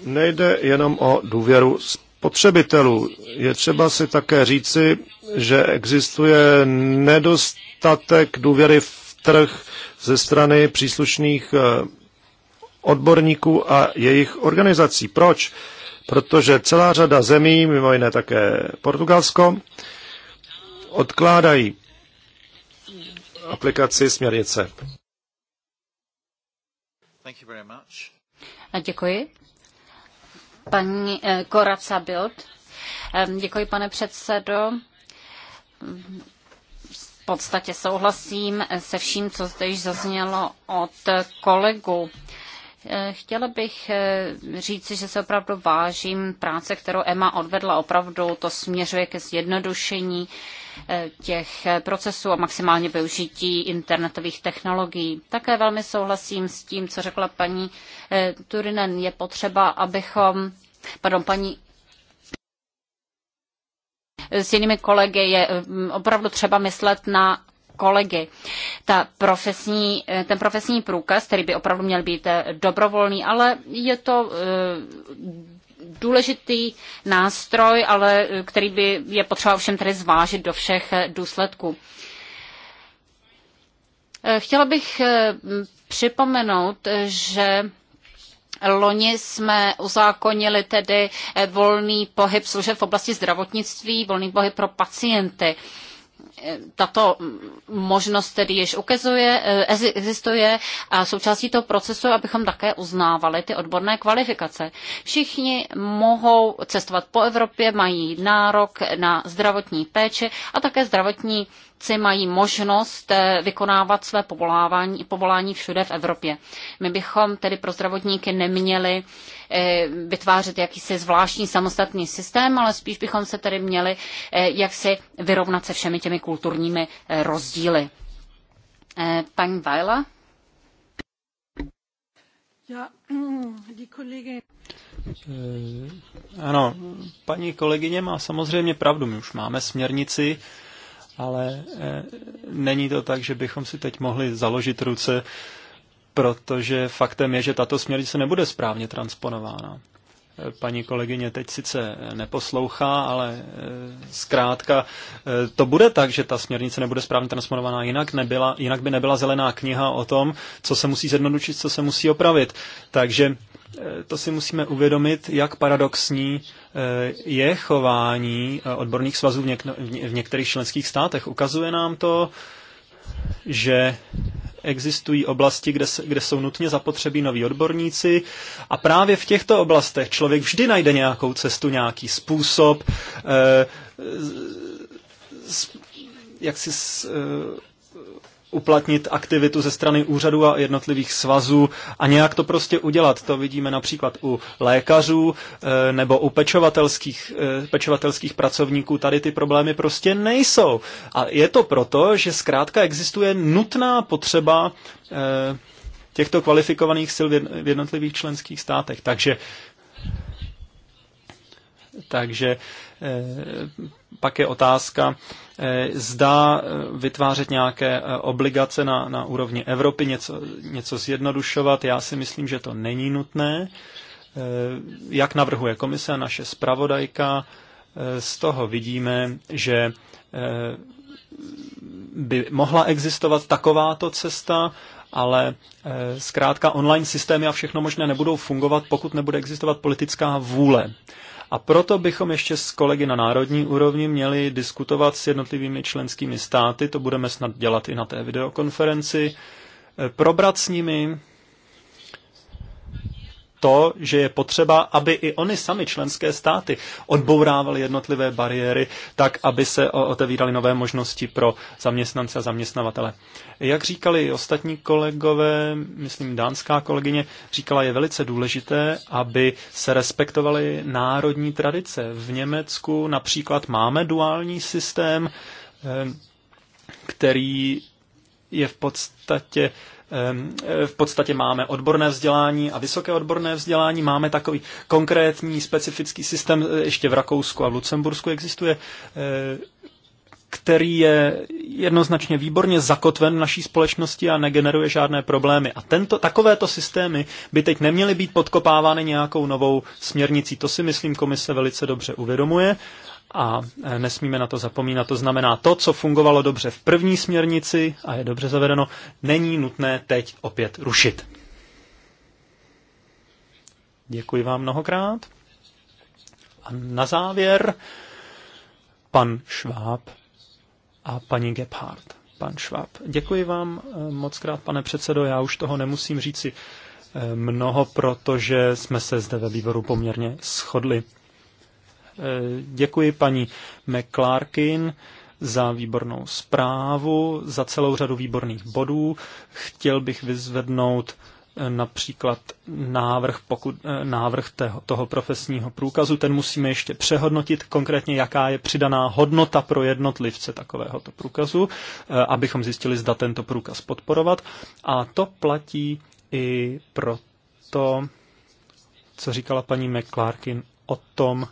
nejde jenom o důvěru spotřebitelů. Je třeba si také říci, že existuje nedostatek důvěry v trh ze strany příslušných eh, odborníků a jejich organizací. Proč? Protože celá řada zemí, mimo jiné také Portugalsko, odkládají aplikaci směrnice. Děkuji. Paní eh, Koraca Bild. Děkuji, pane předsedo podstatě souhlasím se vším, co zde již zaznělo od kolegu. Chtěla bych eh, říci, že se opravdu vážím práce, kterou Emma odvedla. Opravdu to směřuje ke zjednodušení eh, těch procesů a maximálně využití internetových technologií. Také velmi souhlasím s tím, co řekla paní eh, Turinen. Je potřeba, abychom, pardon, paní s jinými kolegy, je mm, opravdu třeba myslet na kolegy. Ta profesní, eh, ten profesní průkaz, který by opravdu měl být eh, dobrovolný, ale je to eh, důležitý nástroj, ale který by je potřeba všem tedy zvážit do všech důsledků. Chtěla bych připomenout, že Loni jsme uzákonili tedy eh, volný pohyb služeb v oblasti zdravotnictví, volný pohyb pro pacienty eh, tato možnost tedy již ukazuje, eh, existuje a součástí toho procesu, abychom také uznávali ty odborné kvalifikace. Všichni mohou cestovat po Evropě, mají nárok na zdravotní péči a také zdravotní výrobci mají možnost eh, vykonávat své povolávání povolání všude v Evropě. My bychom tedy pro zdravotníky neměli eh, vytvářet jakýsi zvláštní samostatný systém, ale spíš bychom se tedy měli eh, jaksi vyrovnat se všemi těmi kulturními rozdíly. Paní Vajla? Já, mm, Ano, paní kolegyně má samozřejmě pravdu. My už máme směrnici, ale eh, není to tak, že bychom si teď mohli založit ruce, protože faktem je, že tato směrnice nebude správně transponována. Eh, paní kolegyně teď sice neposlouchá, ale eh, zkrátka to bude tak, že ta směrnice nebude správně transponovaná, jinak, nebyla, jinak by nebyla zelená kniha o tom, co se musí zjednodušit, co se musí opravit. Takže Eh, to si musíme uvědomit, jak paradoxní eh, je chování eh, odborných svazů no, v, některých členských státech. Ukazuje nám to, že existují oblasti, kde, se, kde jsou nutně zapotřebí noví odborníci a právě v těchto oblastech člověk vždy najde nějakou cestu, nějaký způsob, eh, jak si Z, eh, uplatnit aktivitu ze strany úřadů a jednotlivých svazů a nějak to prostě udělat. To vidíme například u lékařů eh, nebo u pečovatelských, eh, pečovatelských pracovníků. Tady ty problémy prostě nejsou. A je to proto, že zkrátka existuje nutná potřeba eh, těchto kvalifikovaných sil v jednotlivých členských státech. Takže takže eh, pak je otázka, eh, zda eh, vytvářet nějaké obligace na, na úrovni Evropy, něco, něco zjednodušovat. Já si myslím, že to není nutné. Jak navrhuje komise a naše zpravodajka, z toho vidíme, že by mohla existovat takováto cesta, ale zkrátka online systémy a všechno možné nebudou fungovat, pokud nebude existovat politická vůle. A proto bychom ještě s kolegy na národní úrovni měli diskutovat s jednotlivými členskými státy, to budeme snad dělat i na té videokonferenci, e, probrat s nimi to, že je potřeba, aby i oni sami členské státy odbourávaly jednotlivé bariéry, tak aby se otevíraly nové možnosti pro zaměstnance a zaměstnavatele. Jak říkali ostatní kolegové, myslím dánská kolegyně, říkala, je velice důležité, aby se respektovaly národní tradice. V Německu například máme duální systém, eh, který je v podstatě Ehm, eh, v podstatě máme odborné vzdělání a vysoké odborné vzdělání. Máme takový konkrétní specifický systém, eh, ještě v Rakousku a v Lucembursku existuje, eh, který je jednoznačně výborně zakotven v naší společnosti a negeneruje žádné problémy. A tento, takovéto systémy by teď neměly být podkopávány nějakou novou směrnicí. To si myslím komise velice dobře uvědomuje a nesmíme na to zapomínat. To znamená, to, co fungovalo dobře v první směrnici a je dobře zavedeno, není nutné teď opět rušit. Děkuji vám mnohokrát. A na závěr pan Šváb a paní Gebhardt. Pan Šváb. Děkuji vám eh, moc krát, pane předsedo. Já už toho nemusím říci eh, mnoho, protože jsme se zde ve výboru poměrně shodli. Eh, děkuji paní McClarkin za výbornou zprávu, za celou řadu výborných bodů. Chtěl bych vyzvednout eh, například návrh, pokud, eh, návrh toho, toho profesního průkazu, ten musíme ještě přehodnotit konkrétně, jaká je přidaná hodnota pro jednotlivce takovéhoto průkazu, abychom zjistili, zda tento průkaz podporovat. A to platí i pro to, co říkala paní McClarkin o tom,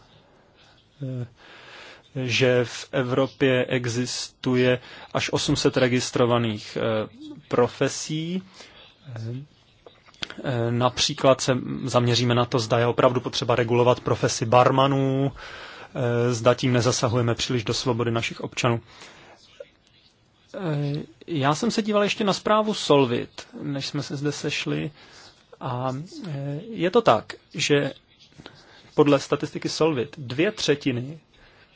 že v Evropě existuje až 800 registrovaných eh, profesí. Eh, například se zaměříme na to, zda je opravdu potřeba regulovat profesi barmanů, eh, zda tím nezasahujeme příliš do svobody našich občanů. Já jsem se díval ještě na zprávu Solvit, než jsme se zde sešli. A je to tak, že podle statistiky Solvit dvě třetiny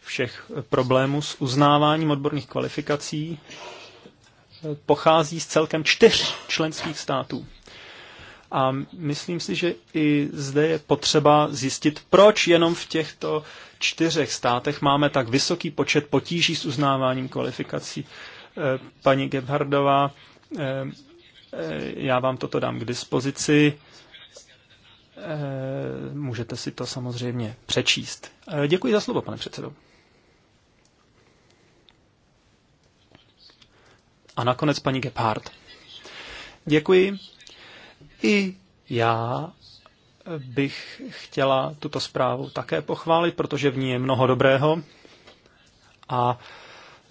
všech problémů s uznáváním odborných kvalifikací eh, pochází z celkem čtyř členských států. A myslím si, že i zde je potřeba zjistit, proč jenom v těchto čtyřech státech máme tak vysoký počet potíží s uznáváním kvalifikací. Eh, paní Gebhardová, eh, já vám toto dám k dispozici. Eh, můžete si to samozřejmě přečíst. Eh, děkuji za slovo, pane předsedo. A nakonec paní Gephardt. Děkuji. I já bych chtěla tuto zprávu také pochválit, protože v ní je mnoho dobrého a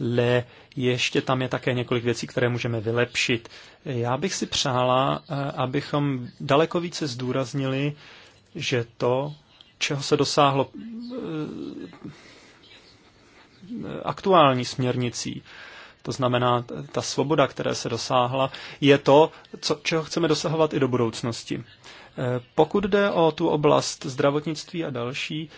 ale ještě tam je také několik věcí, které můžeme vylepšit. Já bych si přála, eh, abychom daleko více zdůraznili, že to, čeho se dosáhlo eh, aktuální směrnicí, to znamená ta svoboda, které se dosáhla, je to, co, čeho chceme dosahovat i do budoucnosti. Eh, pokud jde o tu oblast zdravotnictví a další,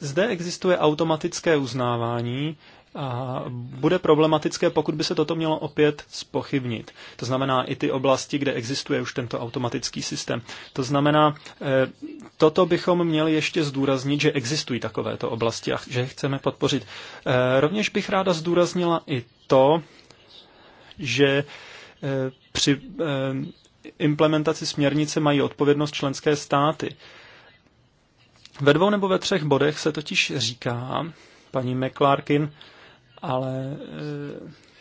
zde existuje automatické uznávání, a bude problematické, pokud by se toto mělo opět spochybnit. To znamená i ty oblasti, kde existuje už tento automatický systém. To znamená, eh, toto bychom měli ještě zdůraznit, že existují takovéto oblasti a že chceme podpořit. Eh, rovněž bych ráda zdůraznila i to, že eh, při implementaci směrnice mají odpovědnost členské státy. Ve dvou nebo ve třech bodech se totiž říká, paní McClarkin, ale eh,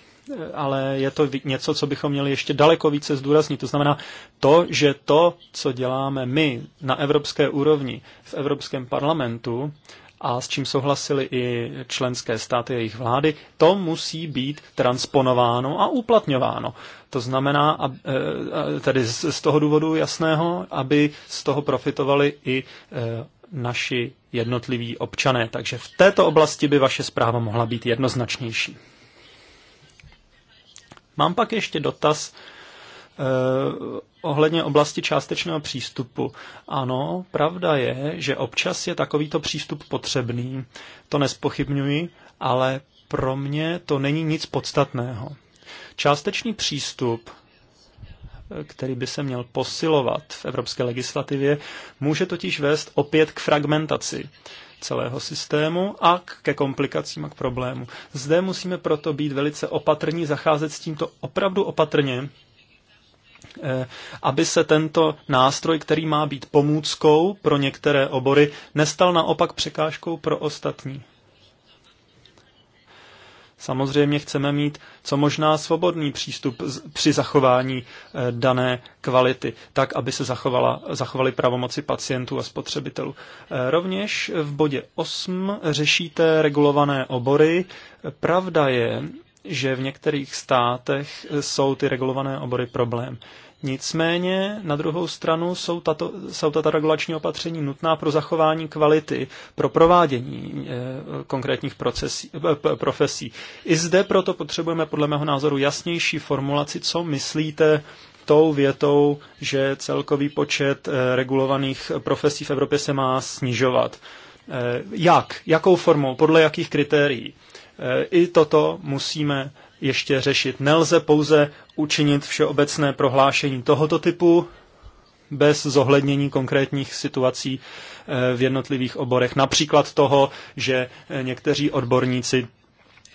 ale je to něco, co bychom měli ještě daleko více zdůraznit. To znamená to, že to, co děláme my na evropské úrovni v Evropském parlamentu a s čím souhlasili i členské státy a jejich vlády, to musí být transponováno a uplatňováno. To znamená, eh, tedy z toho důvodu jasného, aby z toho profitovali i eh, naši jednotliví občané. Takže v této oblasti by vaše zpráva mohla být jednoznačnější. Mám pak ještě dotaz eh, ohledně oblasti částečného přístupu. Ano, pravda je, že občas je takovýto přístup potřebný, to nespochybňuji, ale pro mě to není nic podstatného. Částečný přístup který by se měl posilovat v evropské legislativě, může totiž vést opět k fragmentaci celého systému a ke komplikacím a k problému. Zde musíme proto být velice opatrní, zacházet s tímto opravdu opatrně, eh, aby se tento nástroj, který má být pomůckou pro některé obory, nestal naopak překážkou pro ostatní. Samozřejmě chceme mít co možná svobodný přístup při zachování eh, dané kvality, tak, aby se zachovala, zachovaly pravomoci pacientů a spotřebitelů. Eh, rovněž v bodě 8 řešíte regulované obory. Pravda je, že v některých státech eh, jsou ty regulované obory problém. Nicméně na druhou stranu jsou tato, jsou tato regulační opatření nutná pro zachování kvality, pro provádění e, konkrétních procesí, e, profesí. I zde proto potřebujeme podle mého názoru jasnější formulaci, co myslíte tou větou, že celkový počet e, regulovaných profesí v Evropě se má snižovat. Jak? Jakou formou? Podle jakých kritérií? I toto musíme ještě řešit. Nelze pouze učinit všeobecné prohlášení tohoto typu bez zohlednění konkrétních situací eh, v jednotlivých oborech. Například toho, že eh, někteří odborníci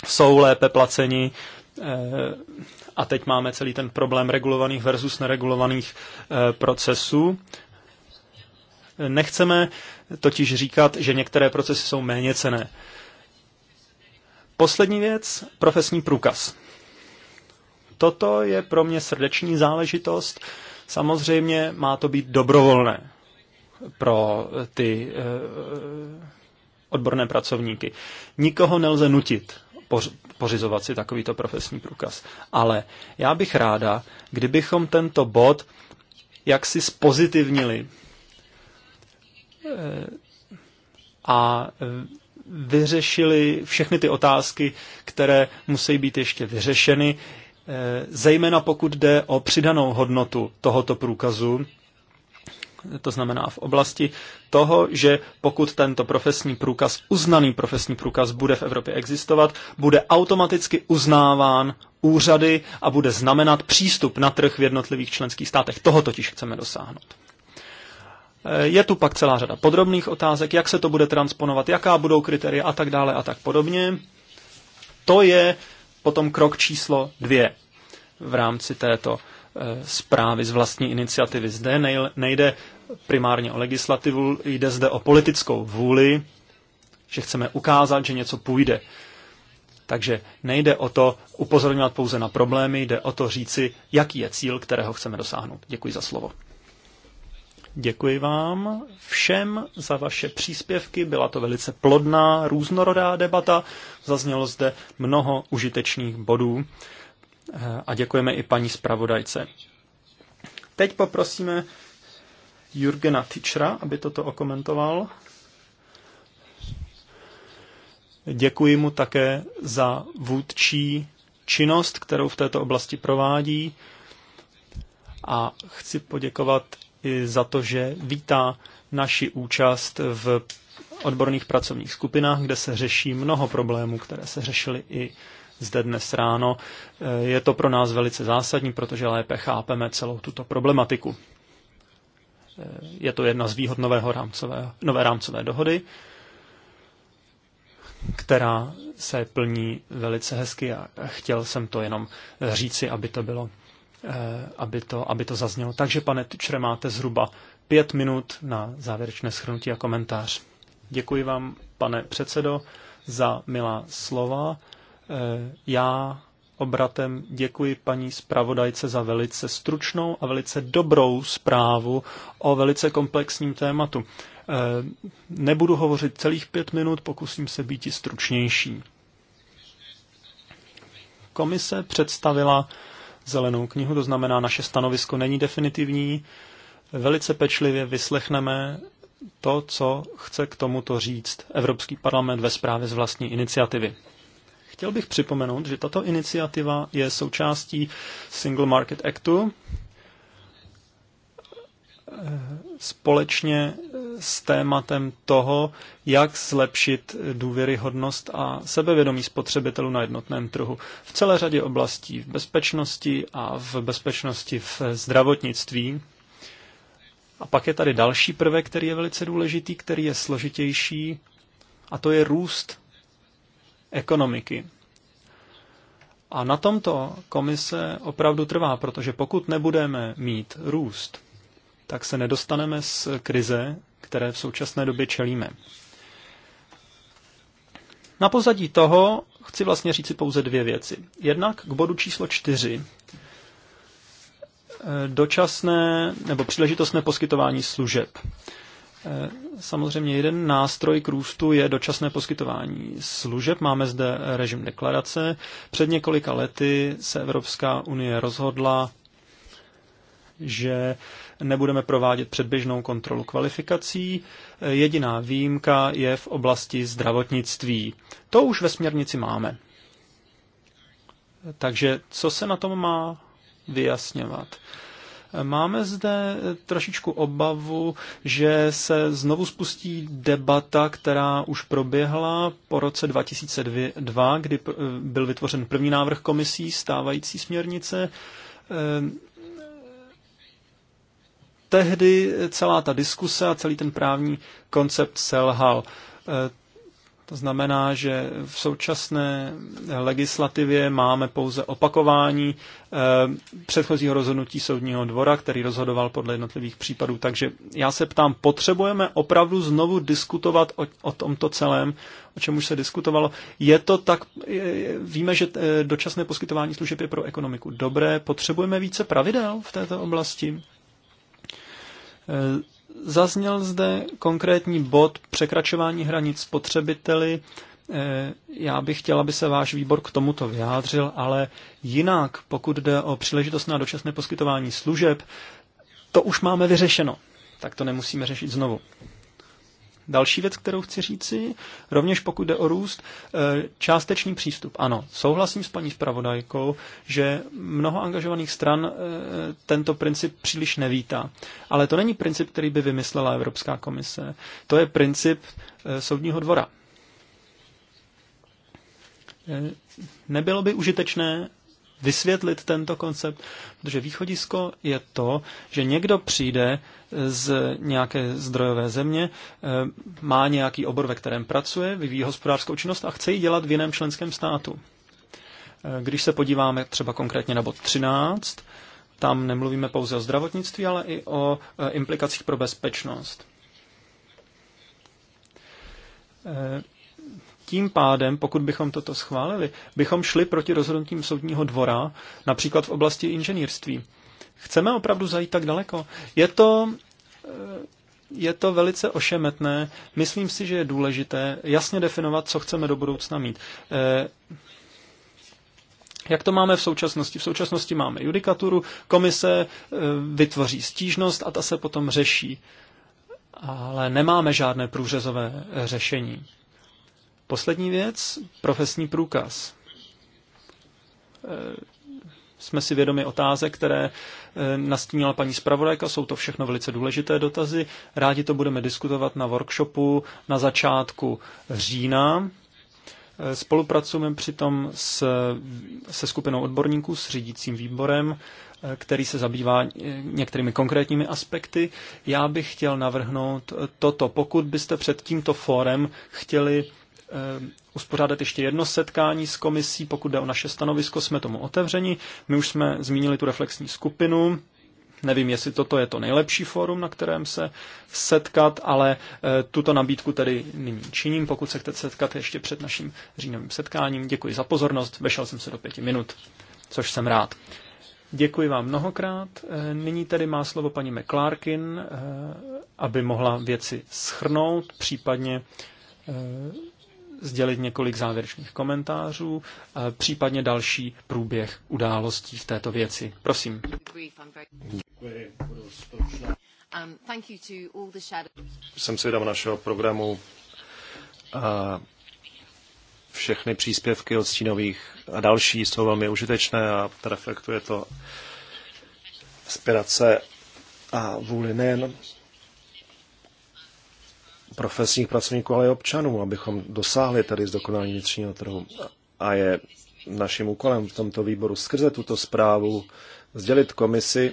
jsou lépe placeni eh, a teď máme celý ten problém regulovaných versus neregulovaných procesů. Nechceme totiž říkat, že některé procesy jsou méně cené. Poslední věc, profesní průkaz. Toto je pro mě srdeční záležitost. Samozřejmě má to být dobrovolné pro eh, ty eh, odborné pracovníky. Nikoho nelze nutit pořizovat si takovýto profesní průkaz. Ale já bych ráda, kdybychom tento bod jak si spozitivnili eh, a vyřešili všechny ty otázky, které musí být ještě vyřešeny, eh, zejména pokud jde o přidanou hodnotu tohoto průkazu, to znamená v oblasti toho, že pokud tento profesní průkaz, uznaný profesní průkaz bude v Evropě existovat, bude automaticky uznáván úřady a bude znamenat přístup na trh v jednotlivých členských státech. Toho totiž chceme dosáhnout. Eh, je tu pak celá řada podrobných otázek, jak se to bude transponovat, jaká budou kritéria a tak dále a tak podobně. To je potom krok číslo dvě v rámci této eh, zprávy z vlastní iniciativy. Zde nejde primárně o legislativu, jde zde o politickou vůli, že chceme ukázat, že něco půjde. Takže nejde o to upozorňovat pouze na problémy, jde o to říci, jaký je cíl, kterého chceme dosáhnout. Děkuji za slovo. Děkuji vám všem za vaše příspěvky. Byla to velice plodná, různorodá debata. Zaznělo zde mnoho užitečných bodů. A děkujeme i paní zpravodajce. Teď poprosíme Jurgena Tyčra, aby toto okomentoval. Děkuji mu také za vůdčí činnost, kterou v této oblasti provádí. A chci poděkovat i za to, že vítá naši účast v odborných pracovních skupinách, kde se řeší mnoho problémů, které se řešily i zde dnes ráno. Je to pro nás velice zásadní, protože lépe chápeme celou tuto problematiku. Je to jedna z výhod nového rámcové, nové rámcové dohody, která se plní velice hezky a chtěl jsem to jenom říci, aby to bylo Eh, aby to, aby to zaznělo. Takže, pane Tučere, máte zhruba pět minut na závěrečné schrnutí a komentář. Děkuji vám, pane předsedo, za milá slova. Eh, já obratem děkuji paní zpravodajce za velice stručnou a velice dobrou zprávu o velice komplexním tématu. Eh, nebudu hovořit celých pět minut, pokusím se být i stručnější. Komise představila zelenou knihu, to znamená, naše stanovisko není definitivní. Velice pečlivě vyslechneme to, co chce k tomuto říct Evropský parlament ve zprávě z vlastní iniciativy. Chtěl bych připomenout, že tato iniciativa je součástí Single Market Actu, společně s tématem toho, jak zlepšit důvěryhodnost a sebevědomí spotřebitelů na jednotném trhu v celé řadě oblastí, v bezpečnosti a v bezpečnosti v zdravotnictví. A pak je tady další prvek, který je velice důležitý, který je složitější, a to je růst ekonomiky. A na tomto komise opravdu trvá, protože pokud nebudeme mít růst, tak se nedostaneme z krize, které v současné době čelíme. Na pozadí toho chci vlastně říci pouze dvě věci. Jednak k bodu číslo čtyři. Eh, dočasné nebo příležitostné poskytování služeb. Eh, samozřejmě jeden nástroj k růstu je dočasné poskytování služeb. Máme zde režim deklarace. Před několika lety se Evropská unie rozhodla že nebudeme provádět předběžnou kontrolu kvalifikací. Jediná výjimka je v oblasti zdravotnictví. To už ve směrnici máme. Takže co se na tom má vyjasňovat? Máme zde trošičku obavu, že se znovu spustí debata, která už proběhla po roce 2002, kdy byl vytvořen první návrh komisí stávající směrnice tehdy celá ta diskuse a celý ten právní koncept selhal. E, to znamená, že v současné legislativě máme pouze opakování e, předchozího rozhodnutí soudního dvora, který rozhodoval podle jednotlivých případů. Takže já se ptám, potřebujeme opravdu znovu diskutovat o, o tomto celém, o čem už se diskutovalo. Je to tak, víme, že e, dočasné poskytování služeb je pro ekonomiku dobré, potřebujeme více pravidel v této oblasti. Eh, zazněl zde konkrétní bod překračování hranic spotřebiteli. Eh, já bych chtěl, aby se váš výbor k tomuto vyjádřil, ale jinak, pokud jde o příležitost na dočasné poskytování služeb, to už máme vyřešeno, tak to nemusíme řešit znovu. Další věc, kterou chci říci, rovněž pokud jde o růst, e, částečný přístup. Ano, souhlasím s paní zpravodajkou, že mnoho angažovaných stran e, tento princip příliš nevítá. Ale to není princip, který by vymyslela Evropská komise. To je princip e, soudního dvora. Nebylo by užitečné vysvětlit tento koncept, protože východisko je to, že někdo přijde z nějaké zdrojové země, eh, má nějaký obor, ve kterém pracuje, vyvíjí hospodářskou činnost a chce ji dělat v jiném členském státu. Eh, když se podíváme třeba konkrétně na bod 13, tam nemluvíme pouze o zdravotnictví, ale i o eh, implikacích pro bezpečnost. Tím pádem, pokud bychom toto schválili, bychom šli proti rozhodnutím soudního dvora, například v oblasti inženýrství. Chceme opravdu zajít tak daleko? Je to, eh, je to velice ošemetné. Myslím si, že je důležité jasně definovat, co chceme do budoucna mít. Eh, jak to máme v současnosti? V současnosti máme judikaturu, komise eh, vytvoří stížnost a ta se potom řeší. Ale nemáme žádné průřezové řešení. Poslední věc, profesní průkaz. E, jsme si vědomi otázek, které e, nastínila paní zpravodajka, jsou to všechno velice důležité dotazy. Rádi to budeme diskutovat na workshopu na začátku října. E, spolupracujeme přitom s, se skupinou odborníků, s řídícím výborem, který se zabývá některými konkrétními aspekty. Já bych chtěl navrhnout toto. Pokud byste před tímto fórem chtěli Eh, uspořádat ještě jedno setkání s komisí, pokud jde o naše stanovisko, jsme tomu otevřeni. My už jsme zmínili tu reflexní skupinu, Nevím, jestli toto je to nejlepší fórum, na kterém se setkat, ale eh, tuto nabídku tedy nyní činím, pokud se chcete setkat ještě před naším říjnovým setkáním. Děkuji za pozornost, vešel jsem se do pěti minut, což jsem rád. Děkuji vám mnohokrát. Eh, nyní tedy má slovo paní McClarkin, aby mohla věci schrnout, případně sdělit několik závěrečných komentářů, eh, případně další průběh událostí v této věci. Prosím. Um, Jsem si svědom našeho programu a eh, všechny příspěvky od stínových a další jsou velmi užitečné a reflektuje to inspirace a vůli nejen profesních pracovníků, ale i občanů, abychom dosáhli tady zdokonalení vnitřního trhu. A je naším úkolem v tomto výboru skrze tuto zprávu sdělit komisi,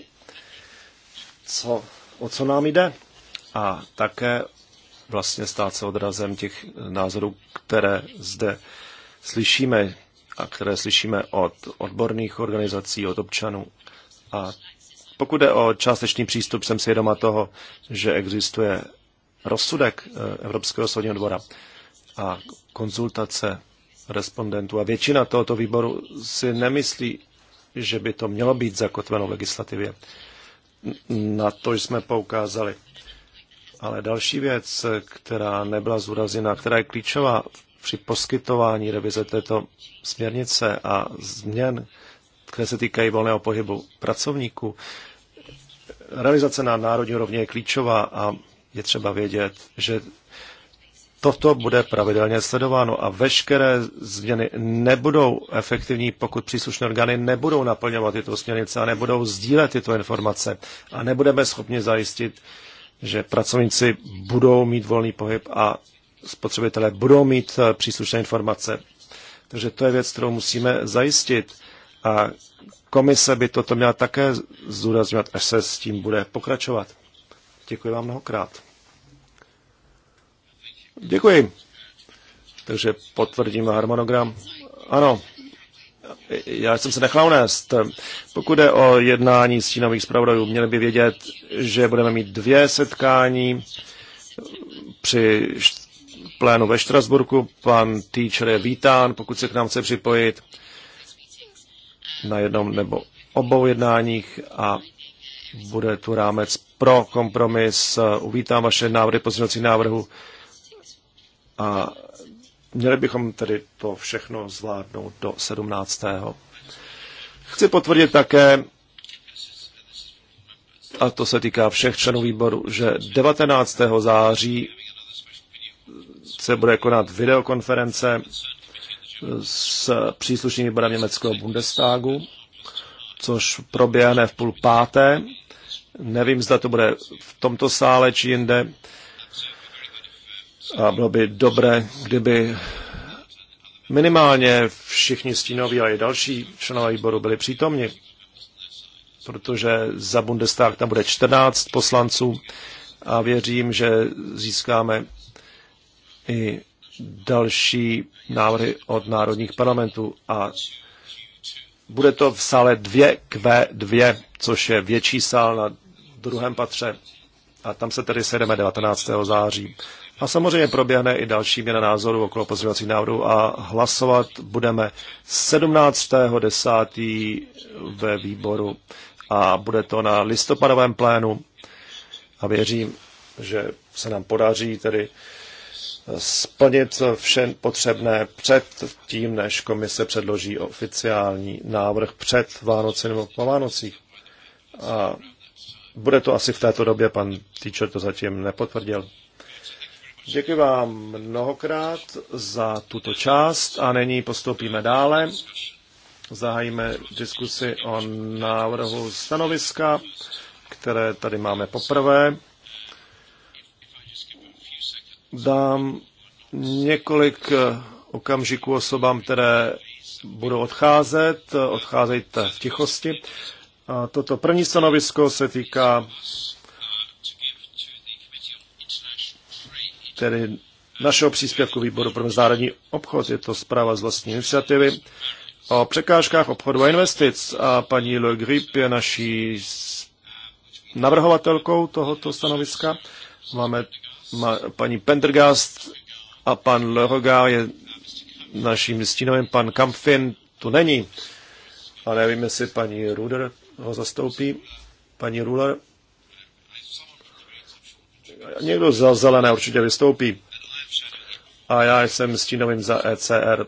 co, o co nám jde a také vlastně stát se odrazem těch názorů, které zde slyšíme a které slyšíme od odborných organizací, od občanů. A pokud jde o částečný přístup, jsem si vědoma toho, že existuje rozsudek eh, Evropského soudního dvora a konzultace respondentů. A většina tohoto výboru si nemyslí, že by to mělo být zakotveno v legislativě. Na to jsme poukázali. Ale další věc, která nebyla zúrazněna, která je klíčová při poskytování revize této směrnice a změn, které se týkají volného pohybu pracovníků, realizace na národní úrovni je klíčová a je třeba vědět, že toto bude pravidelně sledováno a veškeré změny nebudou efektivní, pokud příslušné orgány nebudou naplňovat tyto směrnice a nebudou sdílet tyto informace a nebudeme schopni zajistit, že pracovníci budou mít volný pohyb a spotřebitelé budou mít eh, příslušné informace. Takže to je věc, kterou musíme zajistit. A komise by toto měla také zdůrazňovat, až se s tím bude pokračovat. Děkuji vám mnohokrát. Děkuji. Takže potvrdím harmonogram. Ano, já jsem se nechal unést. Pokud je o jednání s čínových zpravodajů, měli by vědět, že budeme mít dvě setkání při plénu ve Štrasburku. Pan Týčer je vítán, pokud se k nám chce připojit na jednom nebo obou jednáních a bude tu rámec pro kompromis. Uvítám vaše návrhy pozměňovacích návrhů a měli bychom tedy to všechno zvládnout do 17. Chci potvrdit také, a to se týká všech členů výboru, že 19. září se bude konat videokonference s příslušným výborem německého Bundestagu, což proběhne v půl páté Nevím, zda to bude v tomto sále či jinde. A bylo by dobré, kdyby minimálně všichni stínoví a i další členové výboru byli přítomni, protože za Bundestag tam bude 14 poslanců a věřím, že získáme i další návrhy od národních parlamentů a bude to v sále 2 k 2 což je větší sál na druhém patře. A tam se tedy sejdeme 19. září. A samozřejmě proběhne i další měna názoru okolo pozměňovacích návodu a hlasovat budeme 17.10. ve výboru a bude to na listopadovém plénu a věřím, že se nám podaří tedy splnit vše potřebné před tím, než komise předloží oficiální návrh před vánoce nebo po Vánocích. A bude to asi v této době, pan Týčer to zatím nepotvrdil. Děkuji vám mnohokrát za tuto část a nyní postoupíme dále. Zahájíme diskusi o návrhu stanoviska, které tady máme poprvé. Dám několik okamžiků osobám, které budou odcházet. Odcházejte v tichosti toto první stanovisko se týká tedy našeho příspěvku výboru pro mezinárodní obchod. Je to zpráva z vlastní iniciativy o překážkách obchodu a investic. A paní Le Grip je naší navrhovatelkou tohoto stanoviska. Máme ma, paní Pendergast a pan Leroga je naším stínovým. Pan Kamfin tu není. ale nevím, jestli paní Ruder ho zastoupí paní Ruler. Někdo za zelené určitě vystoupí. A já jsem stínovým za ECR.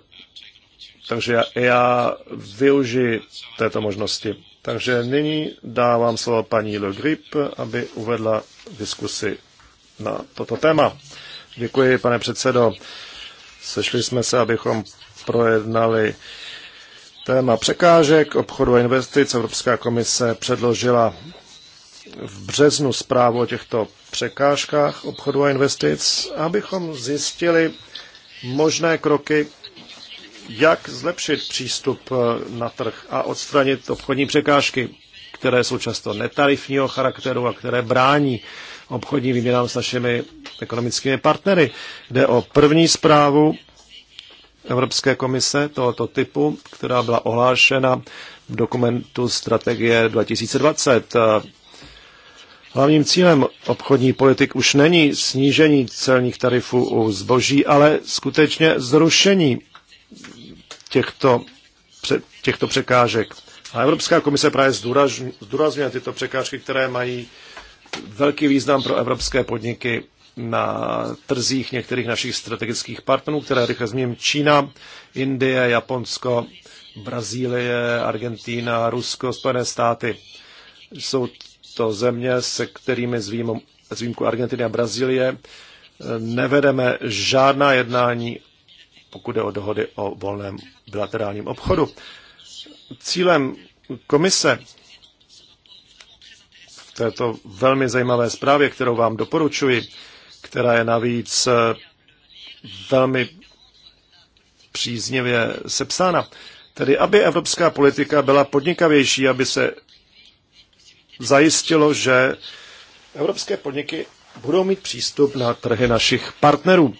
Takže já, já využiji této možnosti. Takže nyní dávám slovo paní Le Grip, aby uvedla diskusi na toto téma. Děkuji, pane předsedo. Sešli jsme se, abychom projednali Téma překážek obchodu a investic Evropská komise předložila v březnu zprávu o těchto překážkách obchodu a investic, abychom zjistili možné kroky, jak zlepšit přístup eh, na trh a odstranit obchodní překážky, které jsou často netarifního charakteru a které brání obchodní výměnám s našimi ekonomickými partnery. Jde o první zprávu Evropské komise tohoto typu, která byla ohlášena v dokumentu Strategie 2020. Hlavním cílem obchodní politik už není snížení celních tarifů u zboží, ale skutečně zrušení těchto, těchto překážek. A Evropská komise právě zdůrazňuje tyto překážky, které mají velký význam pro evropské podniky na trzích některých našich strategických partnerů, které rychle zmíním Čína, Indie, Japonsko, Brazílie, Argentína, Rusko, Spojené státy. Jsou to země, se kterými s, výjimou, s výjimkou Argentiny a Brazílie eh, nevedeme žádná jednání, pokud jde o dohody o volném bilaterálním obchodu. Cílem komise v této velmi zajímavé zprávě, kterou vám doporučuji, která je navíc eh, velmi příznivě sepsána. Tedy, aby evropská politika byla podnikavější, aby se zajistilo, že evropské podniky budou mít přístup na trhy našich partnerů.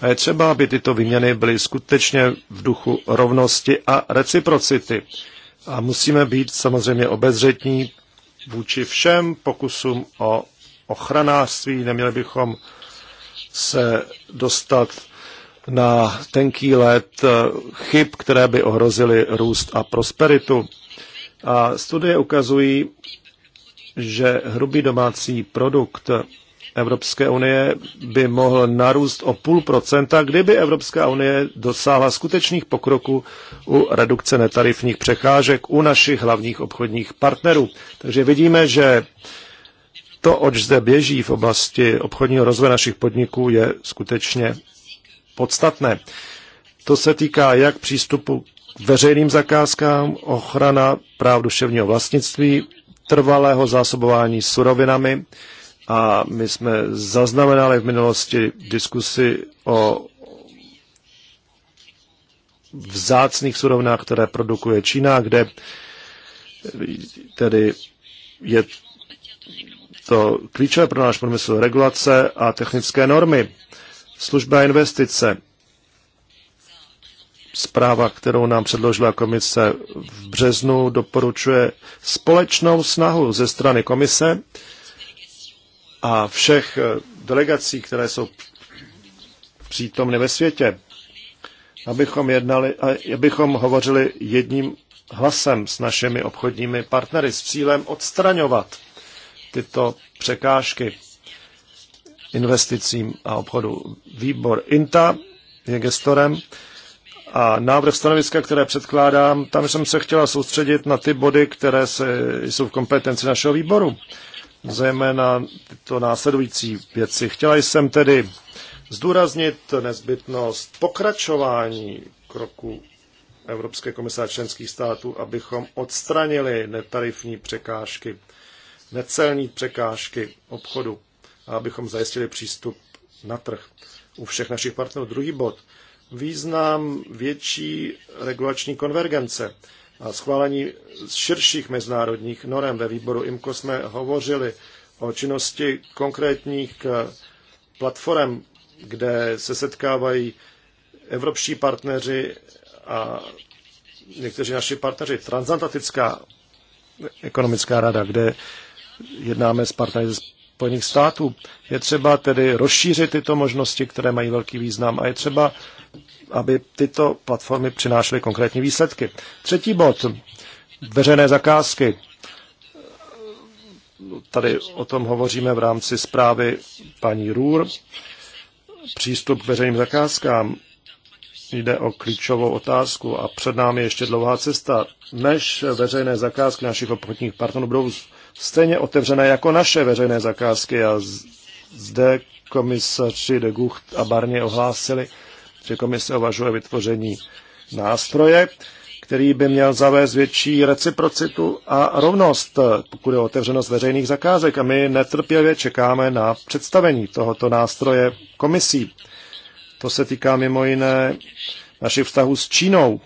A je třeba, aby tyto výměny byly skutečně v duchu rovnosti a reciprocity. A musíme být samozřejmě obezřetní vůči všem pokusům o ochranářství. Neměli bychom se dostat na tenký let eh, chyb, které by ohrozily růst a prosperitu. A studie ukazují, že hrubý domácí produkt Evropské unie by mohl narůst o půl procenta, kdyby Evropská unie dosáhla skutečných pokroků u redukce netarifních překážek u našich hlavních obchodních partnerů. Takže vidíme, že to, oč zde běží v oblasti obchodního rozvoje našich podniků, je skutečně podstatné. To se týká jak přístupu k veřejným zakázkám, ochrana práv duševního vlastnictví, trvalého zásobování surovinami a my jsme zaznamenali v minulosti diskusi o vzácných surovinách, které produkuje Čína, kde tedy je to klíčové pro náš průmysl, regulace a technické normy, služba investice, zpráva, kterou nám předložila komise v březnu, doporučuje společnou snahu ze strany komise a všech eh, delegací, které jsou přítomny ve světě, abychom, jednali, abychom hovořili jedním hlasem s našimi obchodními partnery s cílem odstraňovat tyto překážky investicím a obchodu. Výbor INTA je gestorem a návrh stanoviska, které předkládám, tam jsem se chtěla soustředit na ty body, které se, jsou v kompetenci našeho výboru, zejména tyto následující věci. Chtěla jsem tedy zdůraznit nezbytnost pokračování kroku Evropské komise a členských států, abychom odstranili netarifní překážky necelní překážky obchodu a abychom zajistili přístup na trh u všech našich partnerů. Druhý bod. Význam větší regulační konvergence a schválení širších mezinárodních norem. Ve výboru IMCO jsme hovořili o činnosti konkrétních eh, platform, kde se setkávají evropští partneři a někteří naši partneři. Transatlantická ekonomická rada, kde jednáme s partnery ze Spojených států. Je třeba tedy rozšířit tyto možnosti, které mají velký význam a je třeba, aby tyto platformy přinášely konkrétní výsledky. Třetí bod. Veřejné zakázky. Tady o tom hovoříme v rámci zprávy paní Růr. Přístup k veřejným zakázkám jde o klíčovou otázku a před námi ještě dlouhá cesta, než veřejné zakázky našich obchodních partnerů budou stejně otevřené jako naše veřejné zakázky a zde komisaři de Gucht a Barně ohlásili, že komise uvažuje vytvoření nástroje, který by měl zavést větší reciprocitu a rovnost, pokud je otevřenost veřejných zakázek. A my netrpělivě čekáme na představení tohoto nástroje komisí. To se týká mimo jiné našich vztahů s Čínou.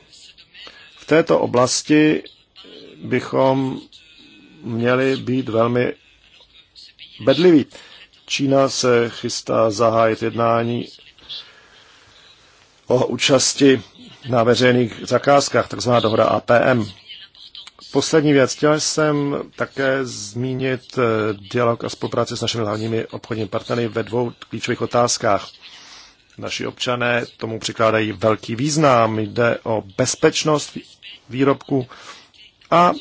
V této oblasti bychom měli být velmi bedliví. Čína se chystá zahájit jednání o účasti na veřejných zakázkách, takzvaná dohoda APM. Poslední věc. Chtěl jsem také zmínit eh, dialog a spolupráci s našimi hlavními obchodními partnery ve dvou klíčových otázkách. Naši občané tomu přikládají velký význam. Jde o bezpečnost výrobku a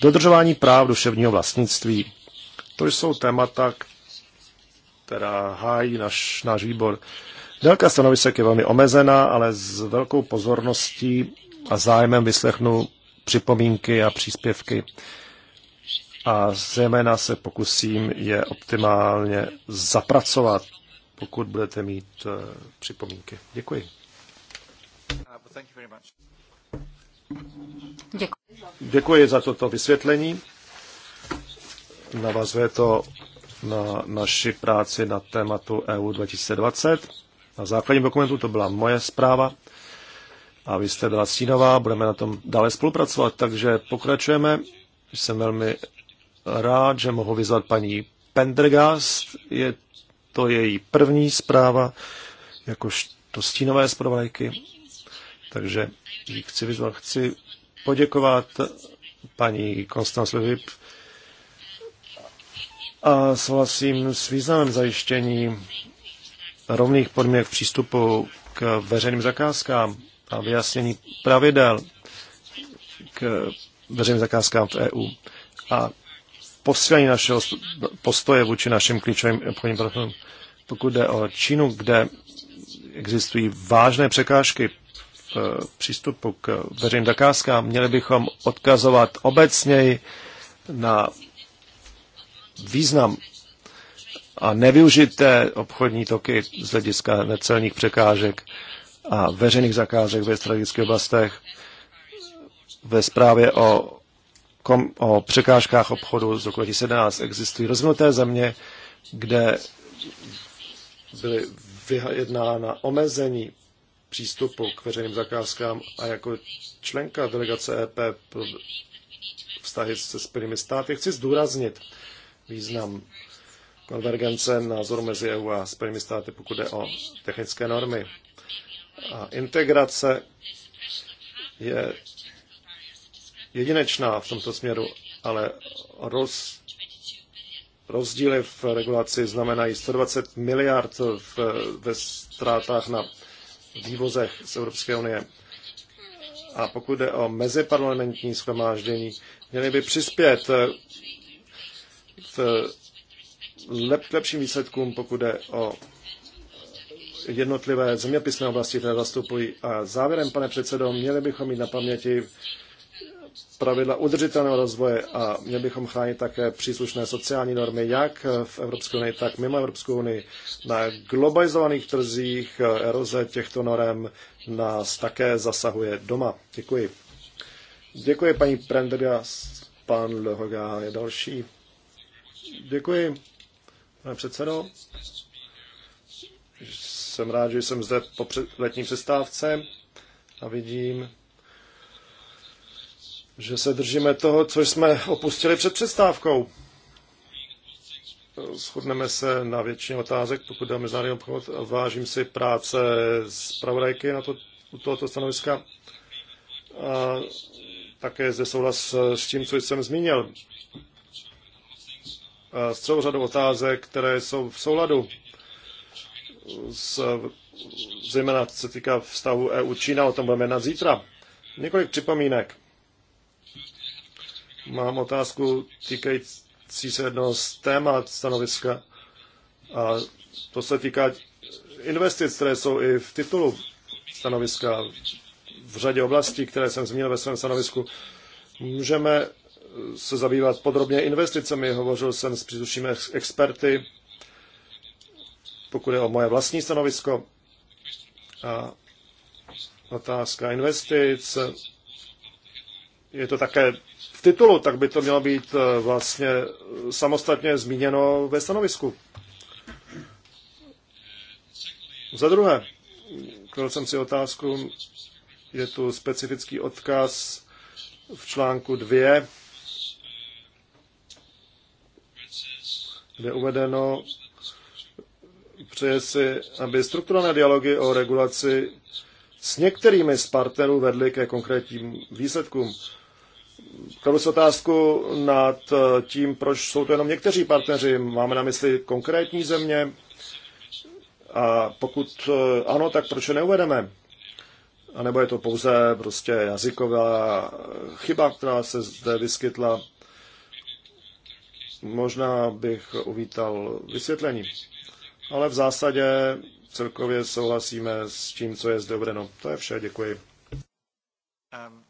Dodržování práv duševního vlastnictví. To jsou témata, která hájí naš, náš výbor. Délka stanovisek je velmi omezená, ale s velkou pozorností a zájmem vyslechnu připomínky a příspěvky a zejména se pokusím je optimálně zapracovat, pokud budete mít eh, připomínky. Děkuji. Uh, Děkuji. Děkuji za toto vysvětlení. Navazuje to na naši práci na tématu EU 2020. Na základním dokumentu to byla moje zpráva a vy jste byla Stínová, budeme na tom dále spolupracovat, takže pokračujeme. Jsem velmi rád, že mohu vyzvat paní Pendergast. Je to její první zpráva, jakož to stínové zpravodajky. Takže chci vyzvat, chci poděkovat paní Konstanc Levip a souhlasím s významem zajištění rovných podmínek přístupu k veřejným zakázkám a vyjasnění pravidel k veřejným zakázkám v EU a posílení našeho postoje vůči našim klíčovým obchodním partnerům. Pokud jde o Čínu, kde existují vážné překážky Eh, přístupu k veřejným zakázkám, měli bychom odkazovat obecněji na význam a nevyužité obchodní toky z hlediska necelních překážek a veřejných zakázek ve strategických oblastech ve zprávě o, o překážkách obchodu z roku 2017 existují rozvinuté země, kde byly vyjednána omezení přístupu k veřejným zakázkám a jako členka delegace EP pro vztahy se Spojenými státy chci zdůraznit význam konvergence názoru mezi EU a Spojenými státy, pokud jde o technické normy. A integrace je jedinečná v tomto směru, ale roz, rozdíly v regulaci znamenají 120 miliard v, ve ztrátách na vývozech z Evropské unie. A pokud jde o meziparlamentní schromáždění, měli by přispět eh, k lepším výsledkům, pokud jde o jednotlivé zeměpisné oblasti, které zastupují. A závěrem, pane předsedo, měli bychom mít na paměti pravidla udržitelného rozvoje a měli bychom chránit také příslušné sociální normy, jak v Evropské unii, tak mimo Evropskou unii. Na globalizovaných trzích eroze těchto norem nás také zasahuje doma. Děkuji. Děkuji paní Prendergast. Pan Lehoga je další. Děkuji, pane předsedo. Jsem rád, že jsem zde po letní přestávce a vidím, že se držíme toho, co jsme opustili před přestávkou. Shodneme se na většině otázek, pokud dáme mezinárodní obchod. Vážím si práce z pravodajky na to, u tohoto stanoviska. A také zde souhlas s tím, co jsem zmínil. A s celou řadou otázek, které jsou v souladu s, zejména se týká vztahu EU-Čína, o tom budeme na zítra. Několik připomínek. Mám otázku týkající se jednoho z témat stanoviska. A to se týká investic, které jsou i v titulu stanoviska v řadě oblastí, které jsem zmínil ve svém stanovisku. Můžeme se zabývat podrobně investicemi. Hovořil jsem s příslušnými experty, pokud je o moje vlastní stanovisko. A otázka investic. Je to také v titulu, tak by to mělo být eh, vlastně eh, samostatně zmíněno ve stanovisku. Za druhé, kladl jsem si otázku, je tu specifický odkaz v článku 2, kde je uvedeno, přeje si, aby strukturované dialogy o regulaci s některými z partnerů vedly ke konkrétním výsledkům kladu si otázku nad eh, tím, proč jsou to jenom někteří partneři. Máme na mysli konkrétní země a pokud eh, ano, tak proč je neuvedeme? A nebo je to pouze prostě jazyková eh, chyba, která se zde vyskytla? Možná bych uvítal vysvětlení. Ale v zásadě celkově souhlasíme s tím, co je zde uvedeno. To je vše, děkuji. Um.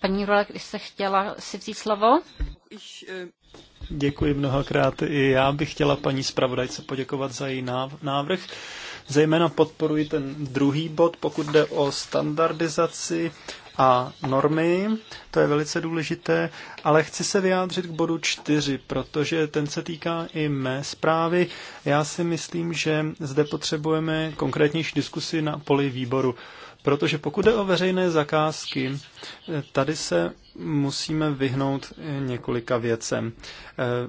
Paní Rola, když se chtěla si vzít slovo. Eh, Děkuji mnohokrát. I já bych chtěla paní zpravodajce poděkovat za její návrh. Zejména podporuji ten druhý bod, pokud jde o standardizaci a normy, to je velice důležité, ale chci se vyjádřit k bodu čtyři, protože ten se týká i mé zprávy. Já si myslím, že zde potřebujeme konkrétnější diskusi na poli výboru. Protože pokud jde o veřejné zakázky, tady se musíme vyhnout několika věcem. Eh,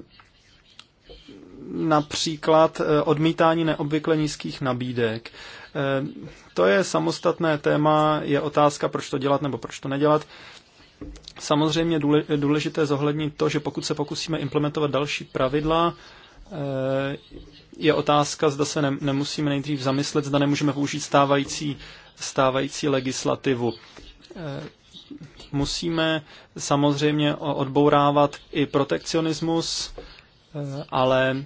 například eh, odmítání neobvykle nízkých nabídek. Eh, to je samostatné téma, je otázka, proč to dělat nebo proč to nedělat. Samozřejmě důležité zohlednit to, že pokud se pokusíme implementovat další pravidla, je otázka, zda se nemusíme nejdřív zamyslet, zda nemůžeme použít stávající stávající legislativu. E, musíme samozřejmě odbourávat i protekcionismus, e, ale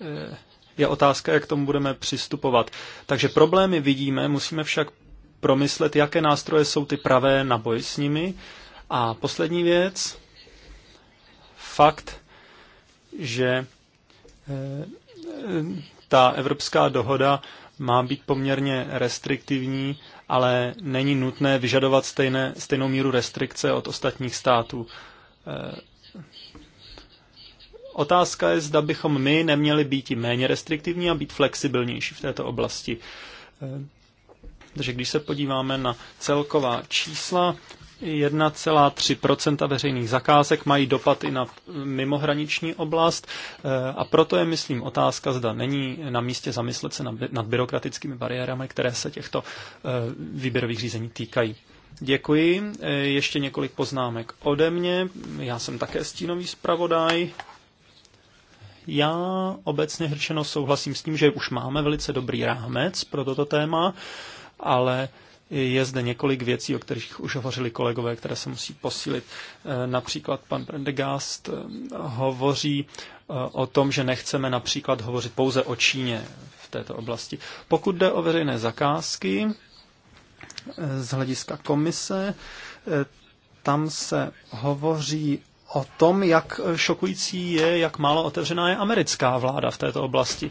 e, je otázka, jak k tomu budeme přistupovat. Takže problémy vidíme, musíme však promyslet, jaké nástroje jsou ty pravé na boj s nimi. A poslední věc, fakt, že ta evropská dohoda má být poměrně restriktivní, ale není nutné vyžadovat stejné, stejnou míru restrikce od ostatních států. Eh, otázka je, zda bychom my neměli být i méně restriktivní a být flexibilnější v této oblasti. Eh, takže když se podíváme na celková čísla, 1,3 veřejných zakázek mají dopad i na mimohraniční oblast e, a proto je, myslím, otázka, zda není na místě zamyslet se nad byrokratickými bariérami, které se těchto e, výběrových řízení týkají. Děkuji. E, ještě několik poznámek ode mě. Já jsem také stínový zpravodaj. Já obecně hrčeno souhlasím s tím, že už máme velice dobrý rámec pro toto téma, ale je zde několik věcí, o kterých už hovořili kolegové, které se musí posílit. Eh, například pan Prendegast eh, hovoří eh, o tom, že nechceme například hovořit pouze o Číně v této oblasti. Pokud jde o veřejné zakázky z hlediska komise, tam se hovoří o tom, jak šokující je, jak málo otevřená je americká vláda v této oblasti.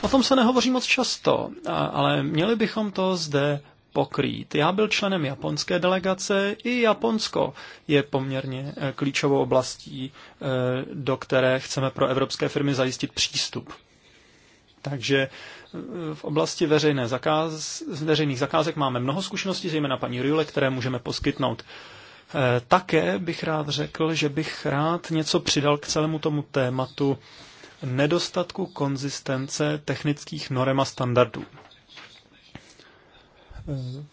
O tom se nehovoří moc často, ale měli bychom to zde pokrýt. Já byl členem japonské delegace, i Japonsko je poměrně eh, klíčovou oblastí, eh, do které chceme pro evropské firmy zajistit přístup. Takže eh, v oblasti veřejné zakáz, veřejných zakázek máme mnoho zkušeností, zejména paní Riule, které můžeme poskytnout. Také bych rád řekl, že bych rád něco přidal k celému tomu tématu nedostatku konzistence technických norem a standardů.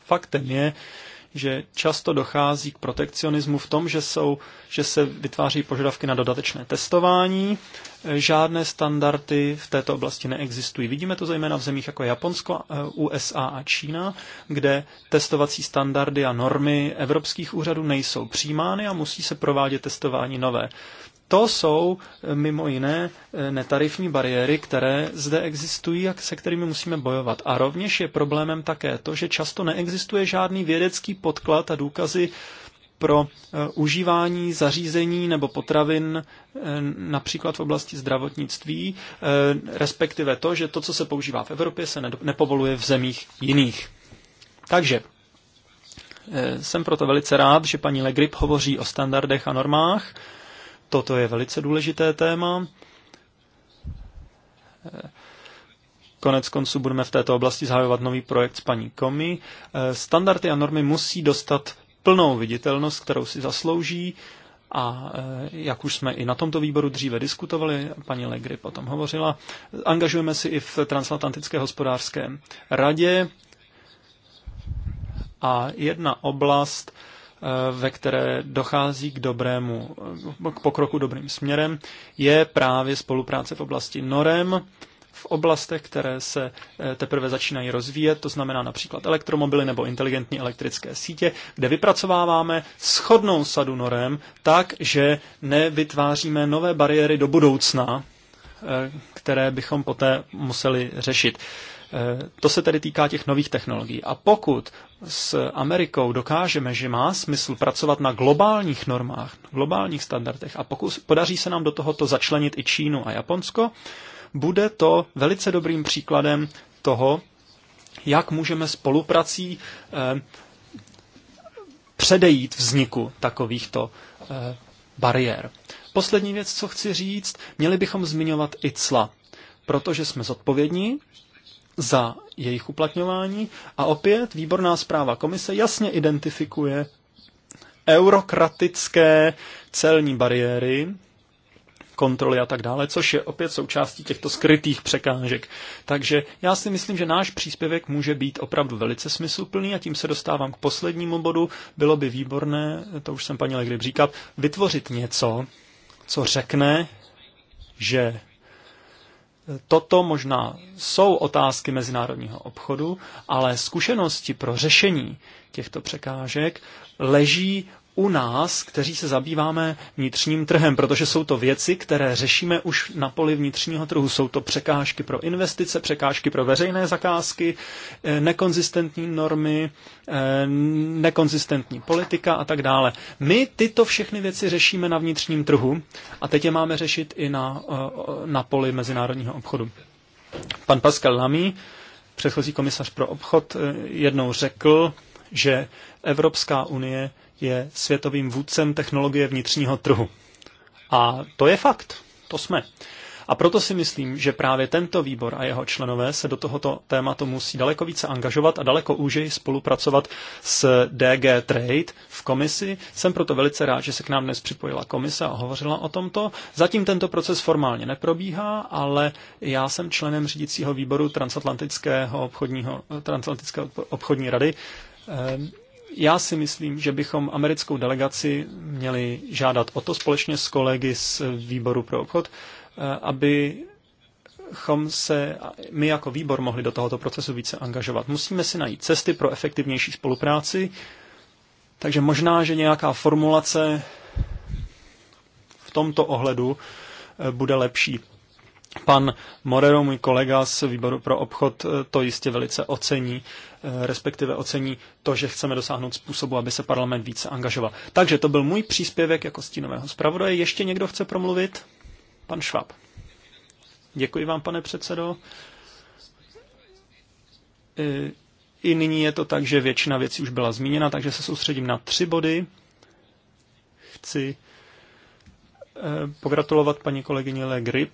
Faktem je, že často dochází k protekcionismu v tom, že, jsou, že se vytváří požadavky na dodatečné testování. Žádné standardy v této oblasti neexistují. Vidíme to zejména v zemích jako Japonsko, eh, USA a Čína, kde testovací standardy a normy evropských úřadů nejsou přijímány a musí se provádět testování nové. To jsou eh, mimo jiné eh, netarifní bariéry, které zde existují a se kterými musíme bojovat. A rovněž je problémem také to, že často neexistuje žádný vědecký podklad a důkazy pro eh, užívání zařízení nebo potravin například v oblasti zdravotnictví, respektive to, že to, co se používá v Evropě, se nepovoluje v zemích jiných. Takže jsem proto velice rád, že paní Legrip hovoří o standardech a normách, Toto je velice důležité téma. Konec konců budeme v této oblasti zahajovat nový projekt s paní Komi. Standardy a normy musí dostat plnou viditelnost, kterou si zaslouží. A e, jak už jsme i na tomto výboru dříve diskutovali, paní Legry potom hovořila, angažujeme si i v Transatlantické hospodářské radě. A jedna oblast, Eh, ve které dochází k dobrému, eh, k pokroku dobrým směrem, je právě spolupráce v oblasti norem, v oblastech, které se eh, teprve začínají rozvíjet, to znamená například elektromobily nebo inteligentní elektrické sítě, kde vypracováváme schodnou sadu norem tak, že nevytváříme nové bariéry do budoucna, které bychom poté museli řešit. Eh, to se tedy týká těch nových technologií. A pokud s Amerikou dokážeme, že má smysl pracovat na globálních normách, globálních standardech a pokud podaří se nám do tohoto začlenit i Čínu a Japonsko, bude to velice dobrým příkladem toho, jak můžeme spoluprací eh, předejít vzniku takovýchto eh, bariér. Poslední věc, co chci říct, měli bychom zmiňovat i cla, protože jsme zodpovědní za jejich uplatňování. A opět výborná zpráva komise jasně identifikuje eurokratické celní bariéry, kontroly a tak dále, což je opět součástí těchto skrytých překážek. Takže já si myslím, že náš příspěvek může být opravdu velice smysluplný a tím se dostávám k poslednímu bodu. Bylo by výborné, to už jsem paní Legrib říkal, vytvořit něco, co řekne, že Toto možná jsou otázky mezinárodního obchodu, ale zkušenosti pro řešení těchto překážek leží u nás, kteří se zabýváme vnitřním trhem, protože jsou to věci, které řešíme už na poli vnitřního trhu. Jsou to překážky pro investice, překážky pro veřejné zakázky, eh, nekonzistentní normy, eh, nekonzistentní politika a tak dále. My tyto všechny věci řešíme na vnitřním trhu a teď je máme řešit i na, eh, na poli mezinárodního obchodu. Pan Pascal Lamy, předchozí komisař pro obchod, jednou řekl, že Evropská unie je světovým vůdcem technologie vnitřního trhu. A to je fakt. To jsme. A proto si myslím, že právě tento výbor a jeho členové se do tohoto tématu musí daleko více angažovat a daleko úžeji spolupracovat s DG Trade v komisi. Jsem proto velice rád, že se k nám dnes připojila komise a hovořila o tomto. Zatím tento proces formálně neprobíhá, ale já jsem členem řídícího výboru Transatlantického obchodního, Transatlantické obchodní rady. Ehm já si myslím, že bychom americkou delegaci měli žádat o to společně s kolegy z výboru pro obchod, eh, aby chom se my jako výbor mohli do tohoto procesu více angažovat. Musíme si najít cesty pro efektivnější spolupráci, takže možná, že nějaká formulace v tomto ohledu eh, bude lepší. Pan Morero, můj kolega z výboru pro obchod, eh, to jistě velice ocení Eh, respektive ocení to, že chceme dosáhnout způsobu, aby se parlament více angažoval. Takže to byl můj příspěvek jako stínového zpravodaje. Ještě někdo chce promluvit? Pan Švab. Děkuji vám, pane předsedo. Eh, I nyní je to tak, že většina věcí už byla zmíněna, takže se soustředím na tři body. Chci eh, pogratulovat paní kolegyně Le Grip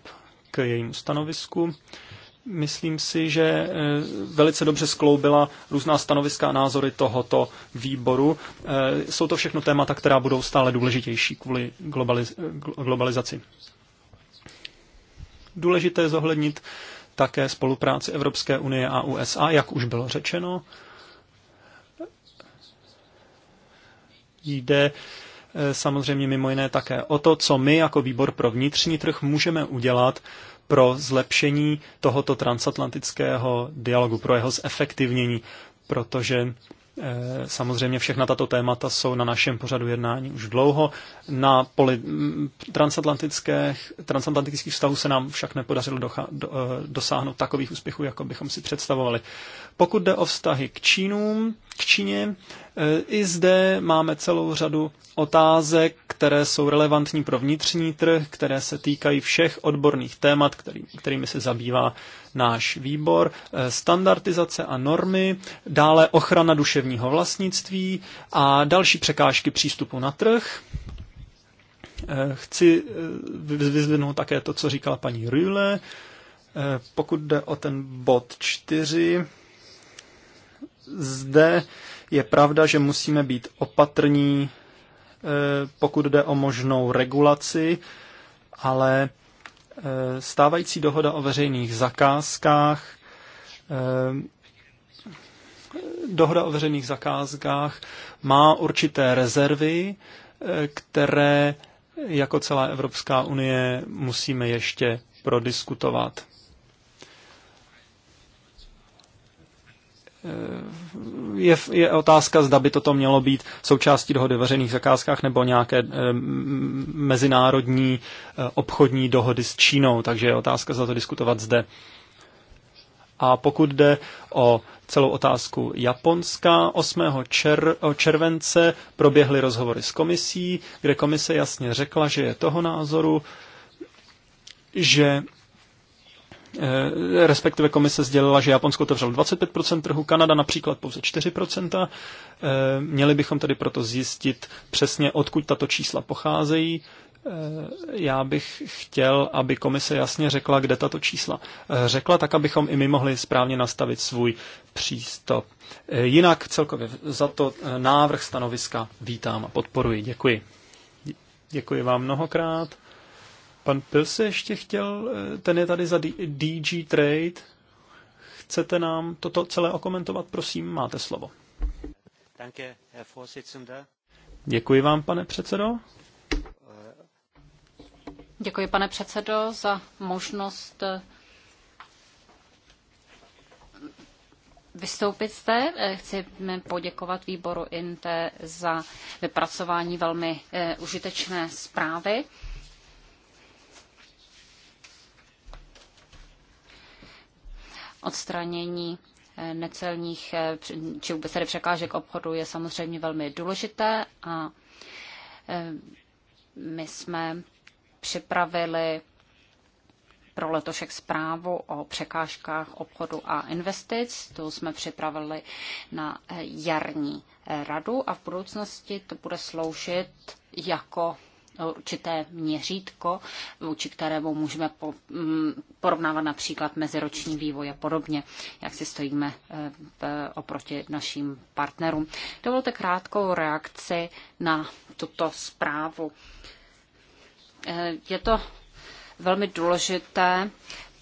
k jejímu stanovisku myslím si, že eh, velice dobře skloubila různá stanoviska a názory tohoto výboru. Eh, jsou to všechno témata, která budou stále důležitější kvůli globaliz- globalizaci. Důležité zohlednit také spolupráci Evropské unie a USA, jak už bylo řečeno. Jde eh, samozřejmě mimo jiné také o to, co my jako výbor pro vnitřní trh můžeme udělat, pro zlepšení tohoto transatlantického dialogu, pro jeho zefektivnění, protože eh, Samozřejmě všechna tato témata jsou na našem pořadu jednání už dlouho. Na poli transatlantických, transatlantických vztahů se nám však nepodařilo docha, do, eh, dosáhnout takových úspěchů, jako bychom si představovali. Pokud jde o vztahy k Čínům, k Číně, e, i zde máme celou řadu otázek, které jsou relevantní pro vnitřní trh, které se týkají všech odborných témat, který, kterými se zabývá náš výbor, e, standardizace a normy, dále ochrana duševního vlastnictví a další překážky přístupu na trh. E, chci vyzvednout také to, co říkala paní Rühle, pokud jde o ten bod 4, zde je pravda, že musíme být opatrní, eh, pokud jde o možnou regulaci, ale eh, stávající dohoda o veřejných zakázkách, eh, dohoda o veřejných zakázkách má určité rezervy, které jako celá Evropská unie musíme ještě prodiskutovat. Eh, je, je otázka, zda by toto mělo být součástí dohody o veřejných zakázkách nebo nějaké eh, mezinárodní eh, obchodní dohody s Čínou, takže je otázka za to diskutovat zde. A pokud jde o celou otázku Japonska, 8. Čer, července proběhly rozhovory s komisí, kde komise jasně řekla, že je toho názoru, že Eh, respektive komise sdělila, že Japonsko otevřelo 25% trhu, Kanada například pouze 4%. Eh, měli bychom tedy proto zjistit přesně, odkud tato čísla pocházejí. Eh, já bych chtěl, aby komise jasně řekla, kde tato čísla řekla, tak abychom i my mohli správně nastavit svůj přístup. Jinak celkově za to návrh stanoviska vítám a podporuji. Děkuji. Děkuji vám mnohokrát. Pan Pil se ještě chtěl, eh, ten je tady za DG Trade. Chcete nám toto celé okomentovat? Prosím, máte slovo. Děkuji vám, pane předsedo. Děkuji, pane předsedo, za možnost eh, vystoupit zde. Eh, chci poděkovat výboru INTE za vypracování velmi užitečné zprávy. odstranění eh, necelních eh, či vůbec tedy překážek obchodu je samozřejmě velmi důležité a eh, my jsme připravili pro letošek zprávu o překážkách obchodu a investic. to jsme připravili na jarní radu a v budoucnosti to bude sloužit jako určité měřítko, vůči kterému můžeme mm, porovnávat například meziroční vývoj a podobně, jak si stojíme eh, oproti našim partnerům. Dovolte krátkou reakci na tuto zprávu. Eh, je to velmi důležité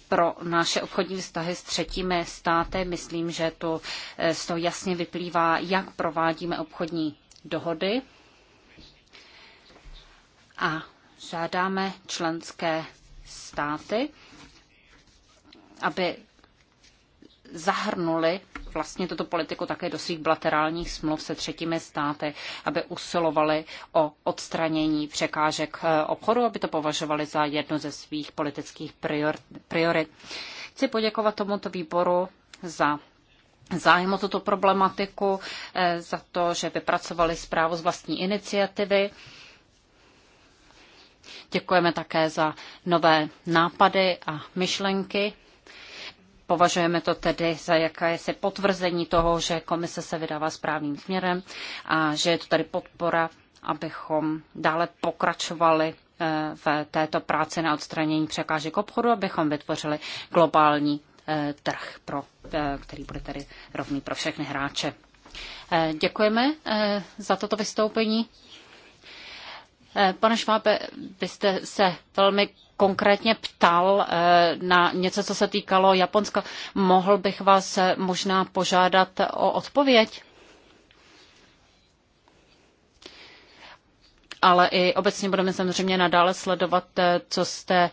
pro naše obchodní vztahy s třetími státy. Myslím, že to eh, z toho jasně vyplývá, jak provádíme obchodní dohody a žádáme členské státy, aby zahrnuli vlastně tuto politiku také do svých bilaterálních smluv se třetími státy, aby usilovali o odstranění překážek eh, obchodu, aby to považovali za jedno ze svých politických priorit. Chci poděkovat tomuto výboru za zájem o tuto problematiku, eh, za to, že vypracovali zprávu z vlastní iniciativy. Děkujeme také za nové nápady a myšlenky. Považujeme to tedy za jakési potvrzení toho, že komise se vydává správným směrem a že je to tady podpora, abychom dále pokračovali eh, v této práci na odstranění překážek obchodu, abychom vytvořili globální eh, trh, pro, eh, který bude tedy rovný pro všechny hráče. Děkujeme za toto vystoupení. Eh, pane Švábe, byste se velmi konkrétně ptal eh, na něco, co se týkalo Japonska. Mohl bych vás eh, možná požádat o odpověď? ale i obecně budeme samozřejmě nadále sledovat, co jste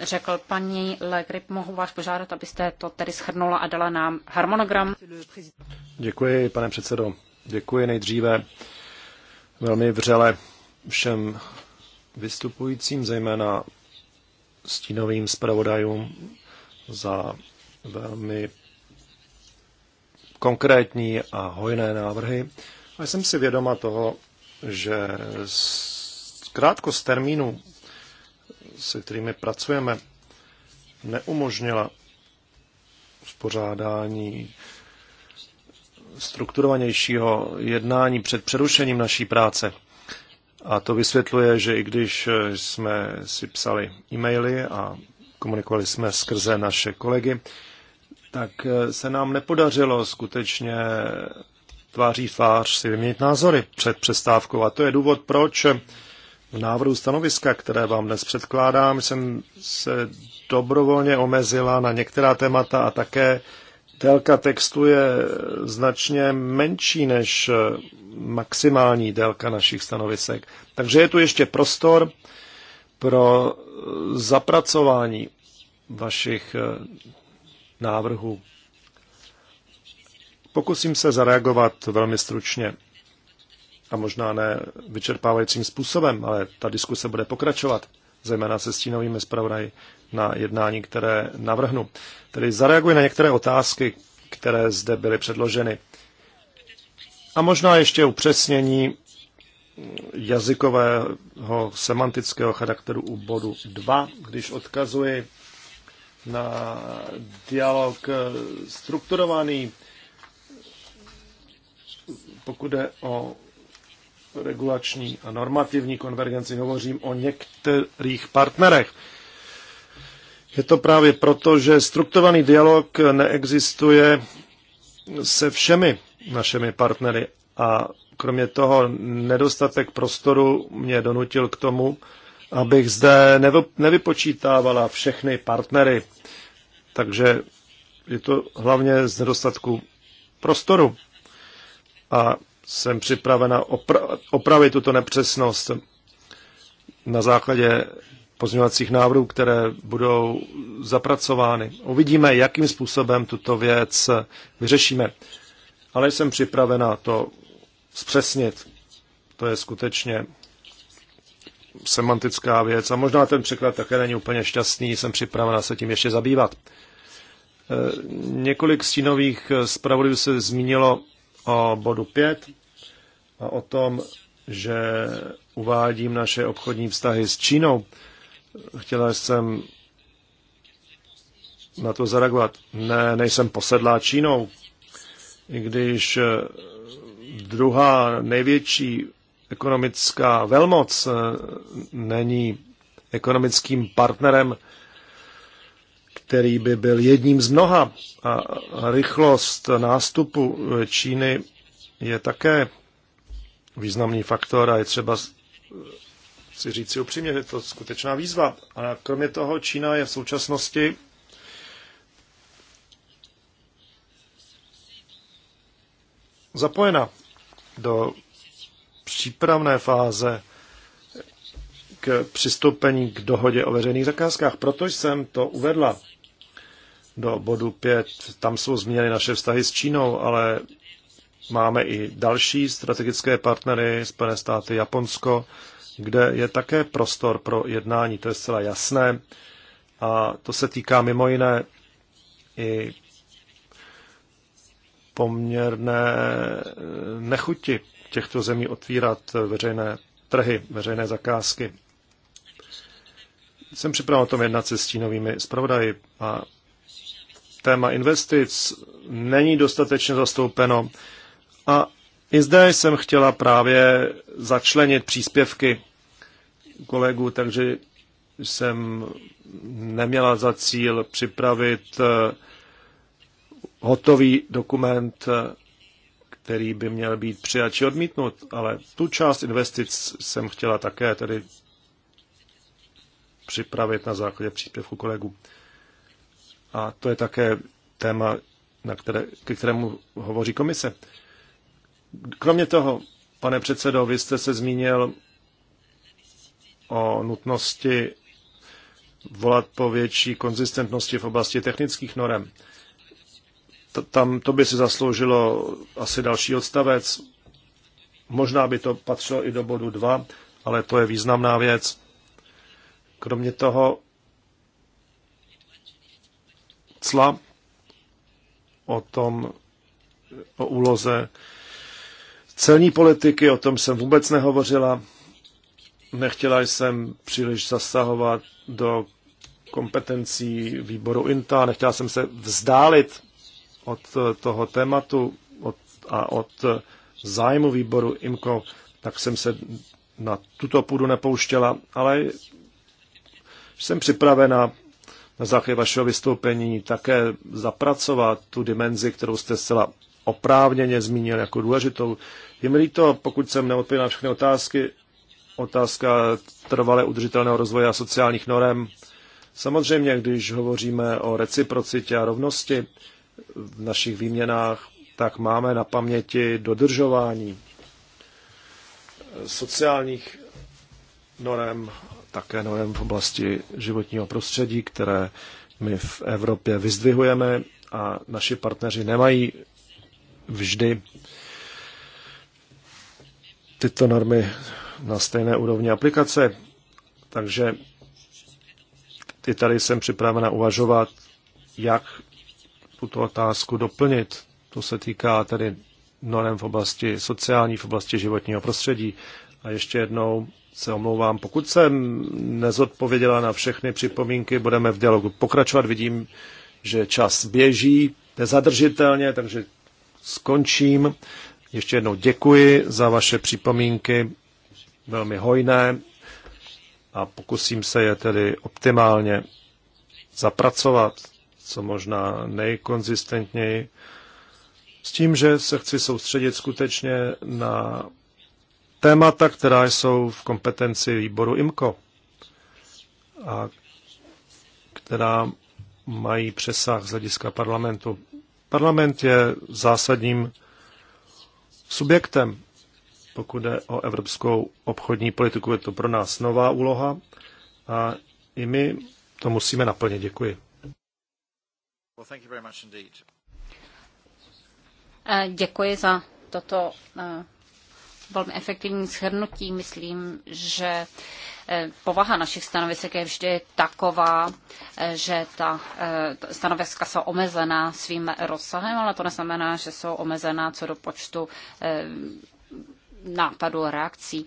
řekl. Paní Legrip, mohu vás požádat, abyste to tedy schrnula a dala nám harmonogram. Děkuji, pane předsedo. Děkuji nejdříve velmi vřele všem vystupujícím, zejména stínovým zpravodajům za velmi konkrétní a hojné návrhy. A jsem si vědoma toho, že krátko krátkost termínu, se kterými pracujeme, neumožnila spořádání strukturovanějšího jednání před přerušením naší práce. A to vysvětluje, že i když eh, jsme si psali e-maily a komunikovali jsme skrze naše kolegy, tak eh, se nám nepodařilo skutečně tváří tvář si vyměnit názory před přestávkou. A to je důvod, proč v návrhu stanoviska, které vám dnes předkládám, jsem se dobrovolně omezila na některá témata a také délka textu je značně menší než maximální délka našich stanovisek. Takže je tu ještě prostor pro zapracování vašich eh, návrhů. Pokusím se zareagovat velmi stručně a možná ne vyčerpávajícím způsobem, ale ta diskuse bude pokračovat, zejména se stínovými zpravodaji na jednání, které navrhnu. Tedy zareaguji na některé otázky, které zde byly předloženy. A možná ještě upřesnění jazykového, semantického charakteru u bodu 2, když odkazuji na dialog eh, strukturovaný, pokud jde o regulační a normativní konvergenci, hovořím o některých partnerech. Je to právě proto, že strukturovaný dialog neexistuje se všemi našimi partnery a kromě toho nedostatek prostoru mě donutil k tomu, abych zde nevypočítávala všechny partnery. Takže je to hlavně z nedostatku prostoru. A jsem připravena opra- opravit tuto nepřesnost na základě pozměňovacích návrhů, které budou zapracovány. Uvidíme, jakým způsobem tuto věc vyřešíme. Ale jsem připravena to zpřesnit. To je skutečně semantická věc a možná ten překlad také není úplně šťastný, jsem připravena se tím ještě zabývat. E, několik stínových zpravodajů se zmínilo o bodu 5 a o tom, že uvádím naše obchodní vztahy s Čínou Chtěla jsem na to zareagovat. Ne, nejsem posedlá Čínou, i když eh, druhá největší ekonomická velmoc eh, není ekonomickým partnerem, který by byl jedním z mnoha. A rychlost nástupu eh, Číny je také významný faktor a je třeba chci říct si upřímně, že je to skutečná výzva. A kromě toho Čína je v současnosti zapojena do přípravné fáze k přistoupení k dohodě o veřejných zakázkách. Proto jsem to uvedla do bodu 5. Tam jsou změny naše vztahy s Čínou, ale máme i další strategické partnery, Spojené státy, Japonsko, kde je také prostor pro jednání, to je zcela jasné. A to se týká mimo jiné i poměrné nechuti těchto zemí otvírat veřejné trhy, veřejné zakázky. Jsem připraven o tom jednat se stínovými zpravodaji a téma investic není dostatečně zastoupeno a i zde jsem chtěla právě začlenit příspěvky kolegů, takže jsem neměla za cíl připravit eh, hotový dokument, eh, který by měl být přijat či odmítnut, ale tu část investic jsem chtěla také tedy připravit na základě příspěvku kolegů. A to je také téma, na které, ke kterému hovoří komise. Kromě toho, pane předsedo, vy jste se zmínil o nutnosti volat po větší konzistentnosti v oblasti technických norem. To, Tam to by si zasloužilo asi další odstavec. Možná by to patřilo i do bodu 2, ale to je významná věc. Kromě toho cla o tom, o úloze celní politiky, o tom jsem vůbec nehovořila. Nechtěla jsem příliš zasahovat do kompetencí výboru INTA, nechtěla jsem se vzdálit od toho tématu od, a od zájmu výboru IMCO, tak jsem se na tuto půdu nepouštěla, ale jsem připravena na základě vašeho vystoupení také zapracovat tu dimenzi, kterou jste zcela oprávněně zmínil jako důležitou. Je mi líto, pokud jsem neodpověděl na všechny otázky. Otázka trvalé udržitelného rozvoje a sociálních norem. Samozřejmě, když hovoříme o reciprocitě a rovnosti v našich výměnách, tak máme na paměti dodržování sociálních norem, také norem v oblasti životního prostředí, které my v Evropě vyzdvihujeme a naši partneři nemají vždy tyto normy na stejné úrovni aplikace, takže i tady jsem připravena uvažovat, jak tuto otázku doplnit. To se týká tedy norm v oblasti sociální, v oblasti životního prostředí. A ještě jednou se omlouvám, pokud jsem nezodpověděla na všechny připomínky, budeme v dialogu pokračovat. Vidím, že čas běží nezadržitelně, takže skončím. Ještě jednou děkuji za vaše připomínky, velmi hojné a pokusím se je tedy optimálně zapracovat, co možná nejkonzistentněji, s tím, že se chci soustředit skutečně na témata, která jsou v kompetenci výboru IMCO a která mají přesah z hlediska parlamentu. Parlament je zásadním subjektem, pokud jde o evropskou obchodní politiku. Je to pro nás nová úloha a i my to musíme naplnit. Děkuji. Eh, děkuji za toto eh, velmi efektivním shrnutí. Myslím, že eh, povaha našich stanovisek je vždy taková, eh, že eh, ta stanoviska jsou omezená svým rozsahem, ale to neznamená, že jsou omezená co do počtu nápadů a reakcí.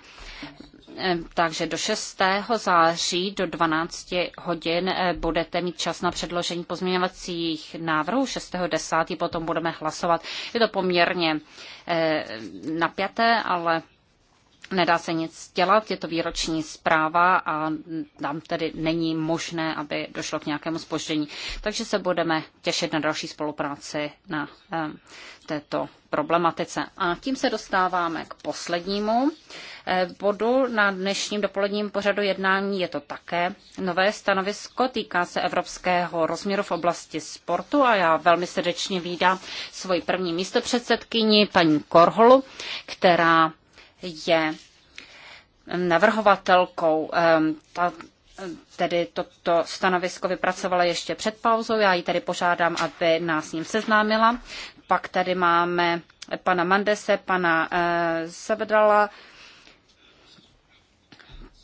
Eh, takže do 6. září do 12 hodin eh, budete mít čas na předložení pozměňovacích návrhů. 6. 10. potom budeme hlasovat. Je to poměrně eh, napjaté, ale Nedá se nic dělat, je to výroční zpráva a tam tedy není možné, aby došlo k nějakému spoždění. Takže se budeme těšit na další spolupráci na um, této problematice. A tím se dostáváme k poslednímu eh, bodu na dnešním dopoledním pořadu jednání. Je to také nové stanovisko, týká se evropského rozměru v oblasti sportu a já velmi srdečně vídám svoji první místopředsedkyni paní Korholu, která je navrhovatelkou. Ehm, ta, tedy toto stanovisko vypracovala ještě před pauzou, já ji tedy požádám, aby nás s ním seznámila. Pak tady máme pana Mandese, pana eh, Sebedala,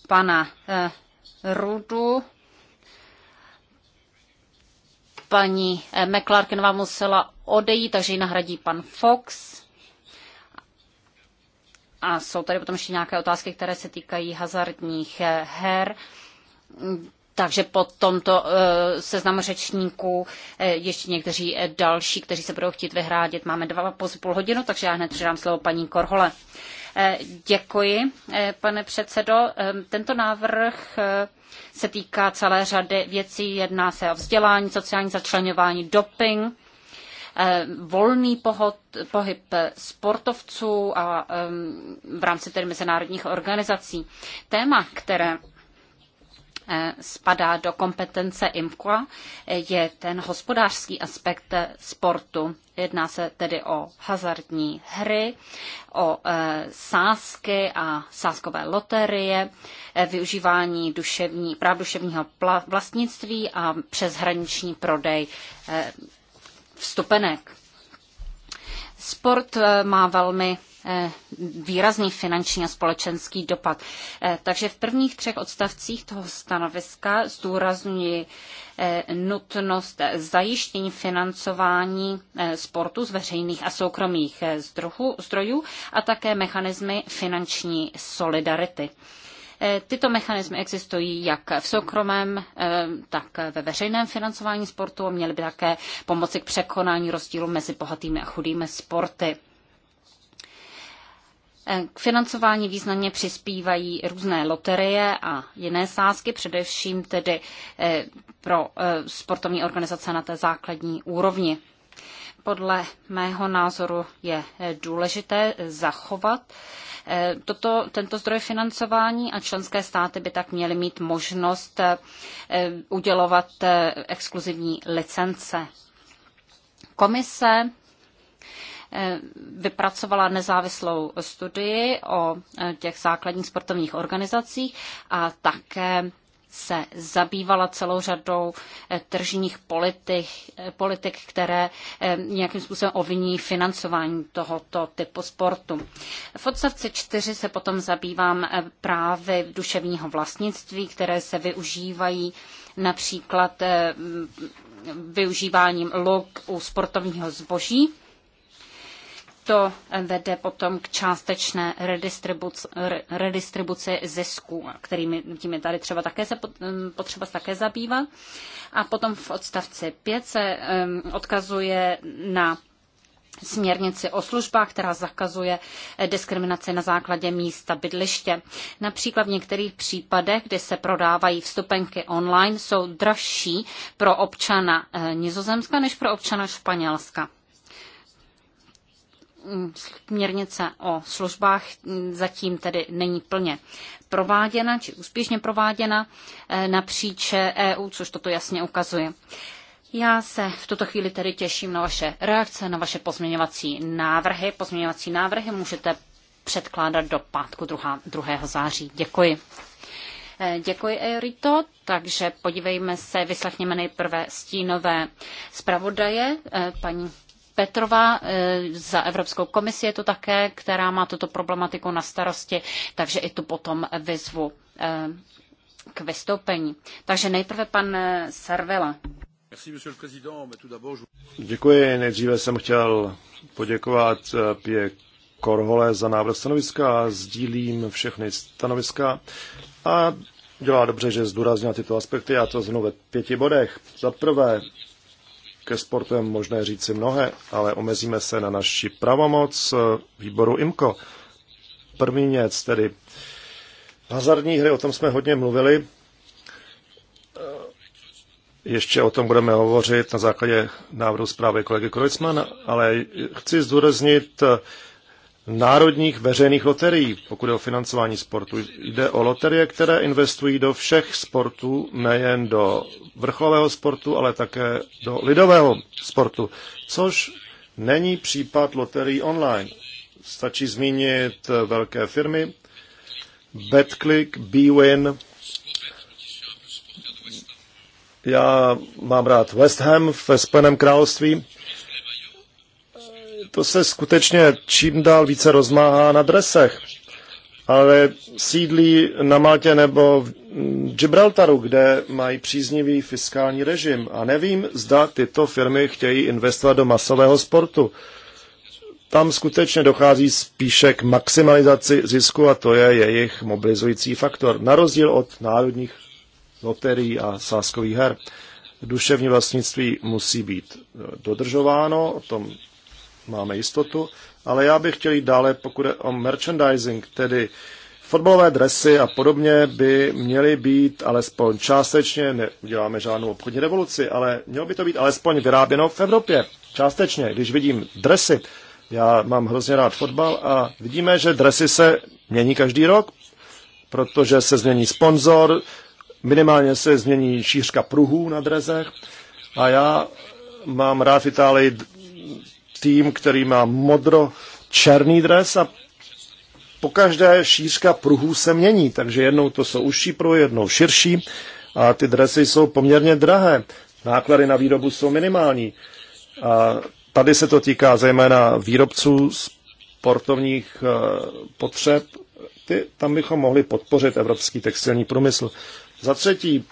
pana eh, Rudu, paní eh, McClarkinová musela odejít, takže ji nahradí pan Fox. A jsou tady potom ještě nějaké otázky, které se týkají hazardních eh, her. Takže po tomto eh, seznamu řečníků eh, ještě někteří další, kteří se budou chtít vyhrádět. Máme dva po půl hodinu, takže já hned předám slovo paní Korhole. Děkuji, pane předsedo. Tento návrh se týká celé řady věcí. Jedná se o vzdělání, sociální začlenování, doping Eh, volný pohod, pohyb sportovců a v rámci tedy mezinárodních organizací. Téma, které eh, spadá do kompetence IMQA, je ten hospodářský aspekt eh, sportu. Jedná se tedy o hazardní hry, o sázky a sázkové loterie, využívání duševní, práv duševního vlastnictví a přeshraniční prodej vstupenek. Sport eh, má velmi eh, výrazný finanční a společenský dopad. Eh, takže v prvních třech odstavcích toho stanoviska zdůrazňuji nutnost zajištění financování sportu z veřejných a soukromých zdrojů a také mechanismy finanční solidarity. Eh, tyto mechanismy existují jak v soukromém, eh, tak ve veřejném financování sportu a měly by také pomoci k překonání rozdílu mezi bohatými a chudými sporty. Eh, k financování významně přispívají různé loterie a jiné sázky, především tedy pro sportovní organizace na té základní úrovni podle mého názoru je eh, důležité eh, zachovat eh, toto, tento zdroj financování a členské státy by tak měly mít možnost udělovat exkluzivní licence. Komise vypracovala nezávislou studii o těch základních sportovních organizacích a také se zabývala celou řadou eh, tržních politik, eh, politik které eh, nějakým způsobem ovní financování tohoto typu sportu. V odstavci 4 se potom zabývám právy duševního vlastnictví, které se využívají například využíváním log u sportovního zboží to vede potom k částečné redistribuci, redistribuci zisků, kterými tím je tady třeba také se potřeba se také zabývat. A potom v odstavci 5 se odkazuje na směrnici o službách, která zakazuje eh, diskriminaci na základě místa bydliště. Například v některých případech, kdy se prodávají vstupenky online, jsou dražší pro občana eh, Nizozemska než pro občana Španělska. Mm, směrnice o službách zatím tedy není plně prováděna či úspěšně prováděna eh, napříč EU, což toto jasně ukazuje. Já se v tuto chvíli tedy těším na vaše reakce, na vaše pozměňovací návrhy. Pozměňovací návrhy můžete předkládat do pátku 2. 2. září. Děkuji. Eh, děkuji, Eurito. Takže podívejme se, vyslechněme nejprve stínové zpravodaje, eh, paní Petrova eh, za Evropskou komisi je to také, která má tuto problematiku na starosti, takže i tu potom vyzvu eh, k vystoupení. Takže nejprve pan eh, Sarvela. Děkuji. Nejdříve jsem chtěl poděkovat Pě Korhole za návrh stanoviska. a Sdílím všechny stanoviska a dělá dobře, že zdůraznila tyto aspekty Já to znovu ve pěti bodech. Za prvé, ke sportu je možné říci mnohé, ale omezíme se na naši pravomoc eh, výboru IMCO. První věc, tedy hazardní hry, o tom jsme hodně mluvili. Eh, ještě o tom budeme hovořit na základě návrhu zprávy kolegy Krojcmana, ale chci zdůraznit eh, národních veřejných loterií, pokud je o financování sportu. Jde o loterie, které investují do všech sportů, nejen do vrcholového sportu, ale také do lidového sportu, což není případ loterií online. Stačí zmínit velké firmy, BetClick, BWin. Já mám rád West Ham ve Spojeném království to se skutečně čím dál více rozmáhá na dresech, ale sídlí na Maltě nebo v Gibraltaru, kde mají příznivý fiskální režim. A nevím, zda tyto firmy chtějí investovat do masového sportu. Tam skutečně dochází spíše k maximalizaci zisku a to je jejich mobilizující faktor, na rozdíl od národních loterií a sáskových her duševní vlastnictví musí být dodržováno, o tom máme jistotu, ale já bych chtěl jít dále, pokud je o merchandising, tedy fotbalové dresy a podobně by měly být alespoň částečně, neuděláme žádnou obchodní revoluci, ale mělo by to být alespoň vyráběno v Evropě. Částečně, když vidím dresy, já mám hrozně rád fotbal a vidíme, že dresy se mění každý rok, protože se změní sponzor, minimálně se změní šířka pruhů na drezech a já mám rád v Itálii tým, který má modro-černý dres a po každé šířka pruhů se mění, takže jednou to jsou užší pruhy, jednou širší a ty dresy jsou poměrně drahé. Náklady na výrobu jsou minimální. A tady se to týká zejména výrobců sportovních eh, potřeb. Ty, tam bychom mohli podpořit evropský textilní průmysl. Za třetí,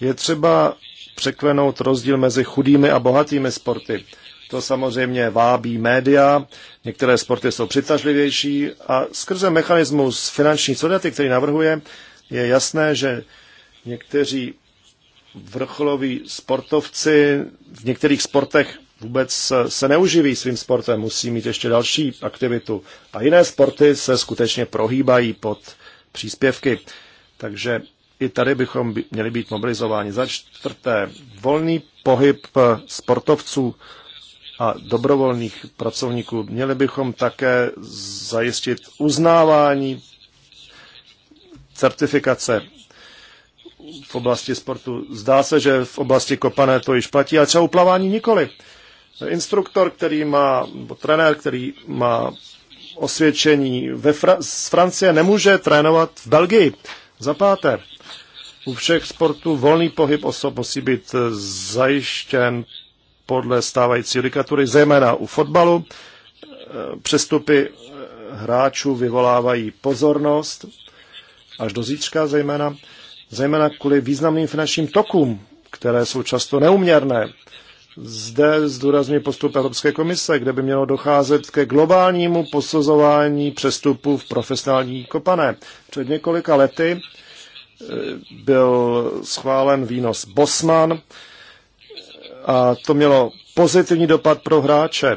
je třeba překlenout rozdíl mezi chudými a bohatými sporty. To samozřejmě vábí média, některé sporty jsou přitažlivější a skrze mechanismus finanční sodaty, který navrhuje, je jasné, že někteří vrcholoví sportovci v některých sportech vůbec se neuživí svým sportem, musí mít ještě další aktivitu. A jiné sporty se skutečně prohýbají pod příspěvky. Takže i tady bychom měli být mobilizováni. Za čtvrté, volný pohyb sportovců a dobrovolných pracovníků. Měli bychom také zajistit uznávání certifikace v oblasti sportu. Zdá se, že v oblasti kopané to již platí, ale třeba uplavání nikoli. Instruktor, který má, nebo trenér, který má osvědčení ve Fra- z Francie, nemůže trénovat v Belgii. Za páté, u všech sportů volný pohyb osob musí být zajištěn podle stávající judikatury, zejména u fotbalu. E, přestupy e, hráčů vyvolávají pozornost, až do zítřka zejména, zejména kvůli významným finančním tokům, které jsou často neuměrné. Zde zdůrazně postup Evropské komise, kde by mělo docházet ke globálnímu posuzování přestupů v profesionální kopané. Před několika lety e, byl schválen výnos Bosman, a to mělo pozitivní dopad pro hráče,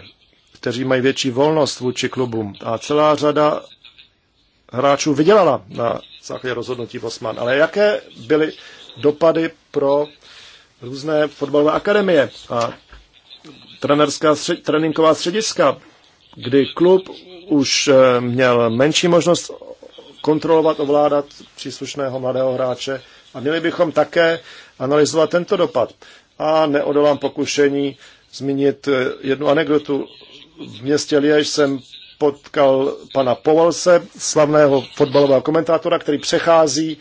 kteří mají větší volnost vůči klubům. A celá řada hráčů vydělala na základě rozhodnutí Bosman. Ale jaké byly dopady pro různé fotbalové akademie a trenerská, střed, tréninková střediska, kdy klub už eh, měl menší možnost kontrolovat, ovládat příslušného mladého hráče. A měli bychom také analyzovat tento dopad. A neodolám pokušení zmínit eh, jednu anekdotu. V městě Liež jsem potkal pana Povalse, slavného fotbalového komentátora, který přechází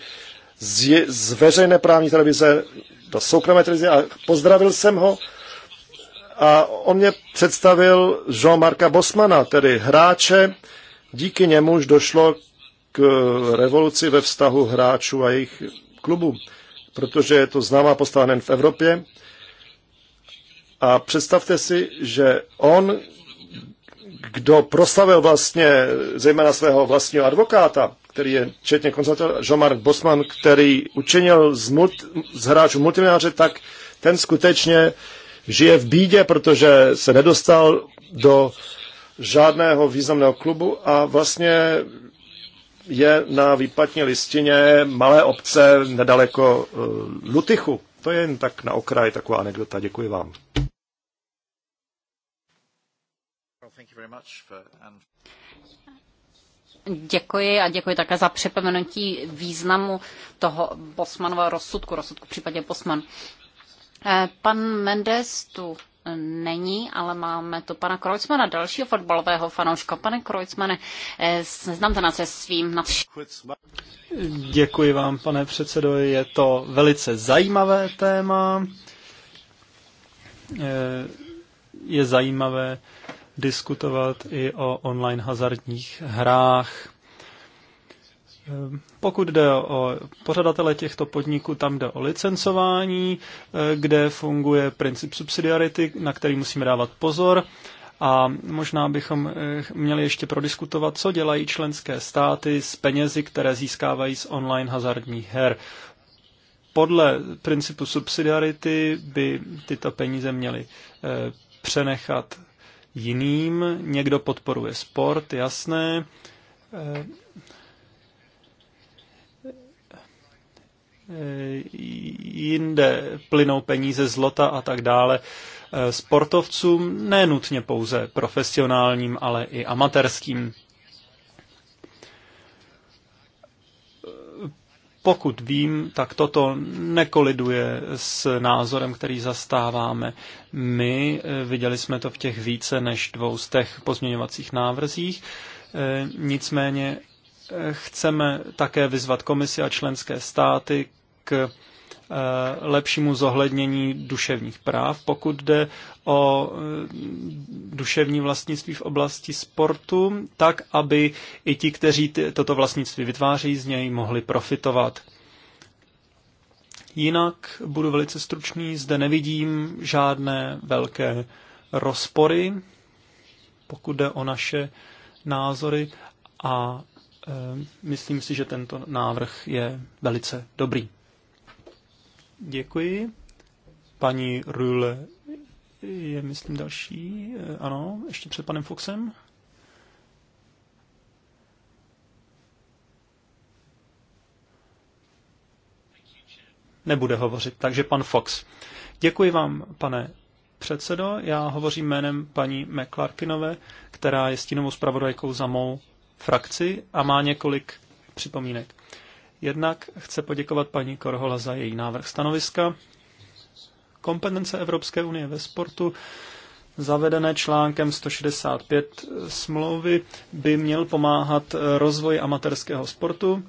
z, je, z veřejné právní televize do soukromé televize a pozdravil jsem ho a on mě představil Jean-Marca Bosmana, tedy hráče, díky němuž došlo k eh, revoluci ve vztahu hráčů a jejich klubů, protože je to známá postava nejen v Evropě, a představte si, že on, kdo proslavil vlastně zejména svého vlastního advokáta, který je četně konzervatel, Jean-Marc Bosman, který učinil z, multi, z hráčů multimilionáře, tak ten skutečně žije v bídě, protože se nedostal do žádného významného klubu a vlastně je na výpatní listině malé obce nedaleko eh, Lutychu. To je jen tak na okraj taková anekdota. Děkuji vám. Děkuji a děkuji také za připomenutí významu toho Bosmanova rozsudku, rozsudku v případě Bosman. Eh, pan Mendes tu není, ale máme tu pana Krojcmana, dalšího fotbalového fanouška. Pane Krojcmane, eh, seznamte nás se svým nadšením. Děkuji vám, pane předsedo, je to velice zajímavé téma. Eh, je zajímavé diskutovat i o online hazardních hrách. Pokud jde o pořadatele těchto podniků, tam jde o licencování, kde funguje princip subsidiarity, na který musíme dávat pozor. A možná bychom eh, měli ještě prodiskutovat, co dělají členské státy s penězi, které získávají z online hazardních her. Podle principu subsidiarity by tyto peníze měly eh, přenechat jiným. Někdo podporuje sport, jasné. Eh, jinde plynou peníze zlota a tak dále. Eh, sportovcům nenutně pouze profesionálním, ale i amatérským. Pokud vím, tak toto nekoliduje s názorem, který zastáváme my. Eh, viděli jsme to v těch více než dvou z těch pozměňovacích návrzích. Eh, nicméně eh, chceme také vyzvat komisi a členské státy k Eh, lepšímu zohlednění duševních práv. Pokud jde o eh, duševní vlastnictví v oblasti sportu, tak aby i ti, kteří toto vlastnictví vytváří, z něj mohli profitovat. Jinak budu velice stručný, zde nevidím žádné velké rozpory, pokud jde o naše názory a e, myslím si, že tento návrh je velice dobrý. Děkuji. Paní Rule je, myslím, další. Eh, ano, ještě před panem Foxem. Nebude hovořit, takže pan Fox. Děkuji vám, pane předsedo. Já hovořím jménem paní McClarkinové, která je stínovou zpravodajkou za mou frakci a má několik připomínek. Jednak chce poděkovat paní Korhola za její návrh stanoviska. Kompetence Evropské unie ve sportu zavedené článkem 165 smlouvy by měl pomáhat rozvoji amatérského sportu.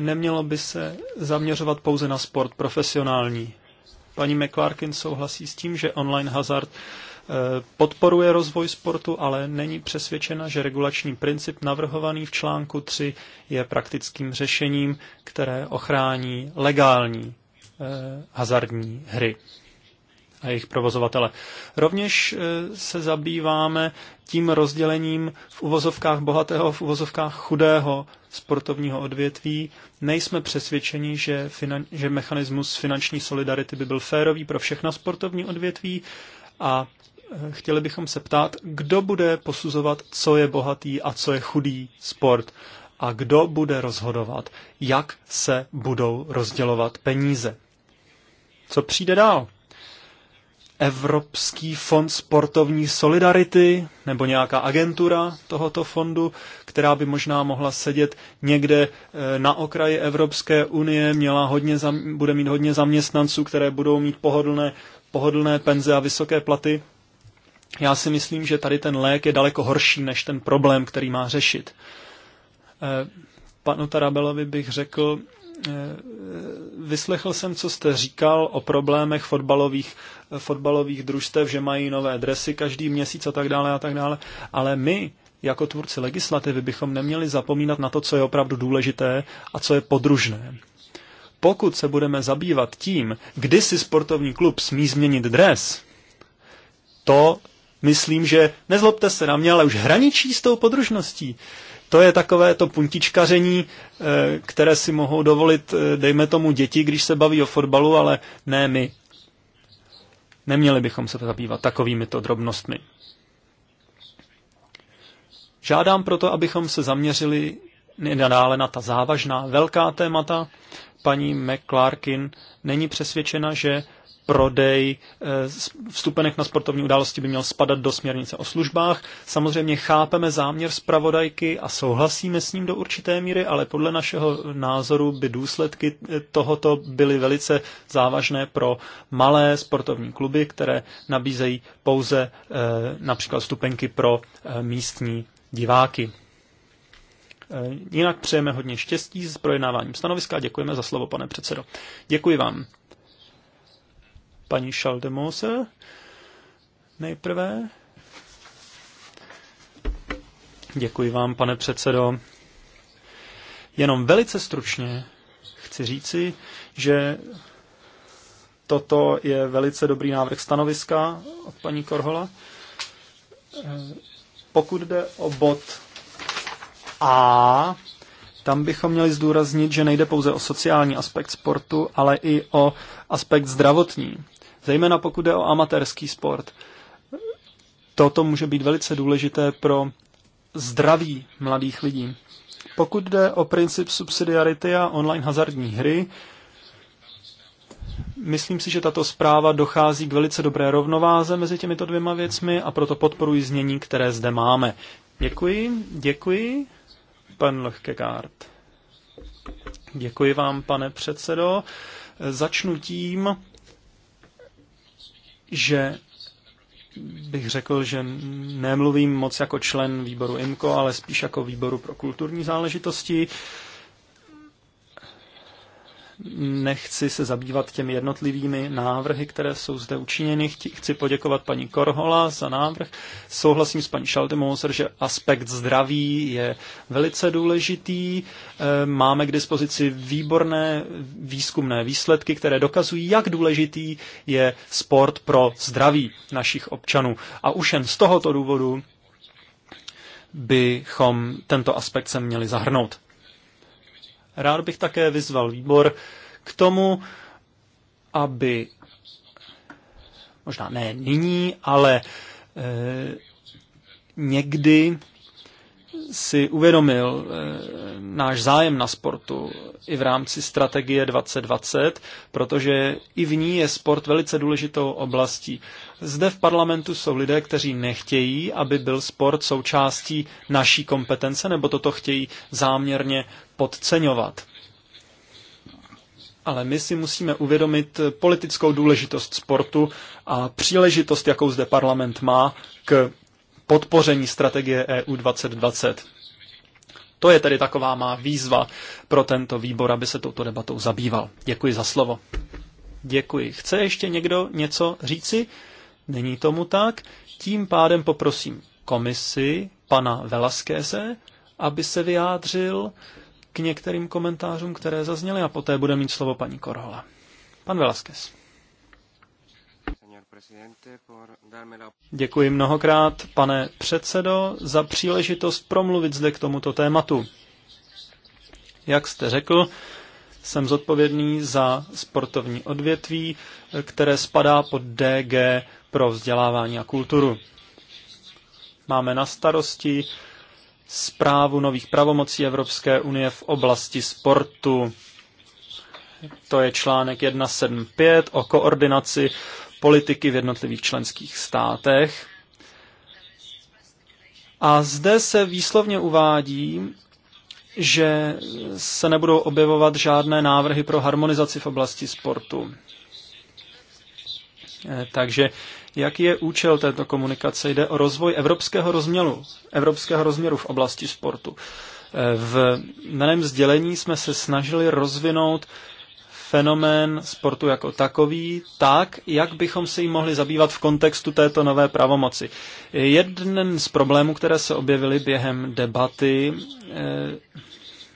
Nemělo by se zaměřovat pouze na sport profesionální. Paní McClarkin souhlasí s tím, že online hazard podporuje rozvoj sportu, ale není přesvědčena, že regulační princip navrhovaný v článku 3 je praktickým řešením, které ochrání legální eh, hazardní hry a jejich provozovatele. Rovněž eh, se zabýváme tím rozdělením v uvozovkách bohatého, v uvozovkách chudého sportovního odvětví. Nejsme přesvědčeni, že, finan- že mechanismus finanční solidarity by byl férový pro všechna sportovní odvětví a chtěli bychom se ptát, kdo bude posuzovat, co je bohatý a co je chudý sport a kdo bude rozhodovat, jak se budou rozdělovat peníze. Co přijde dál? Evropský fond sportovní solidarity nebo nějaká agentura tohoto fondu, která by možná mohla sedět někde eh, na okraji Evropské unie, měla hodně, bude mít hodně zaměstnanců, které budou mít pohodlné, pohodlné penze a vysoké platy. Já si myslím, že tady ten lék je daleko horší než ten problém, který má řešit. Eh, panu Tarabelovi bych řekl, eh, vyslechl jsem, co jste říkal o problémech fotbalových, fotbalových družstev, že mají nové dresy každý měsíc a tak dále a tak dále, ale my jako tvůrci legislativy bychom neměli zapomínat na to, co je opravdu důležité a co je podružné. Pokud se budeme zabývat tím, kdy si sportovní klub smí změnit dres, to myslím, že nezlobte se na mě, ale už hraničí s tou podružností. To je takové to puntičkaření, eh, které si mohou dovolit, eh, dejme tomu, děti, když se baví o fotbalu, ale ne my. Neměli bychom se zabývat takovými to drobnostmi. Žádám proto, abychom se zaměřili nadále na ta závažná velká témata. Paní McClarkin není přesvědčena, že prodej eh, vstupenek na sportovní události by měl spadat do směrnice o službách. Samozřejmě chápeme záměr zpravodajky a souhlasíme s ním do určité míry, ale podle našeho názoru by důsledky eh, tohoto byly velice závažné pro malé sportovní kluby, které nabízejí pouze eh, například stupenky pro místní diváky. Jinak přejeme hodně štěstí s projednáváním stanoviska a děkujeme za slovo, pane předsedo. Děkuji vám paní Šaldemose nejprve. Děkuji vám, pane předsedo. Jenom velice stručně chci říci, že toto je velice dobrý návrh stanoviska od paní Korhola. Pokud jde o bod A, tam bychom měli zdůraznit, že nejde pouze o sociální aspekt sportu, ale i o aspekt zdravotní zejména pokud jde o amatérský sport. Toto může být velice důležité pro zdraví mladých lidí. Pokud jde o princip subsidiarity a online hazardní hry, myslím si, že tato zpráva dochází k velice dobré rovnováze mezi těmito dvěma věcmi a proto podporuji znění, které zde máme. Děkuji, děkuji, pan Lechkegaard. Děkuji vám, pane předsedo. Začnu tím, že bych řekl, že nemluvím moc jako člen výboru IMCO, ale spíš jako výboru pro kulturní záležitosti. Nechci se zabývat těmi jednotlivými návrhy, které jsou zde učiněny. Chci poděkovat paní Korhola za návrh. Souhlasím s paní Šaldemoser, že aspekt zdraví je velice důležitý. Eh, máme k dispozici výborné výzkumné výsledky, které dokazují, jak důležitý je sport pro zdraví našich občanů. A už jen z tohoto důvodu bychom tento aspekt se měli zahrnout. Rád bych také vyzval výbor k tomu, aby možná ne nyní, ale e, někdy si uvědomil e, náš zájem na sportu i v rámci strategie 2020, protože i v ní je sport velice důležitou oblastí. Zde v parlamentu jsou lidé, kteří nechtějí, aby byl sport součástí naší kompetence, nebo toto chtějí záměrně podceňovat. Ale my si musíme uvědomit politickou důležitost sportu a příležitost, jakou zde parlament má k podpoření strategie EU 2020. To je tedy taková má výzva pro tento výbor, aby se touto debatou zabýval. Děkuji za slovo. Děkuji. Chce ještě někdo něco říci? Není tomu tak. Tím pádem poprosím komisi pana Velaskéze, aby se vyjádřil k některým komentářům, které zazněly a poté bude mít slovo paní Korhola. Pan Velasquez. Děkuji mnohokrát, pane předsedo, za příležitost promluvit zde k tomuto tématu. Jak jste řekl, jsem zodpovědný za sportovní odvětví, které spadá pod DG pro vzdělávání a kulturu. Máme na starosti zprávu nových pravomocí Evropské unie v oblasti sportu. To je článek 175 o koordinaci politiky v jednotlivých členských státech. A zde se výslovně uvádí, že se nebudou objevovat žádné návrhy pro harmonizaci v oblasti sportu. Eh, takže Jaký je účel této komunikace? Jde o rozvoj evropského rozměru, evropského rozměru v oblasti sportu. Eh, v daném sdělení jsme se snažili rozvinout fenomén sportu jako takový, tak, jak bychom se jim mohli zabývat v kontextu této nové pravomoci. Jeden z problémů, které se objevily během debaty, eh,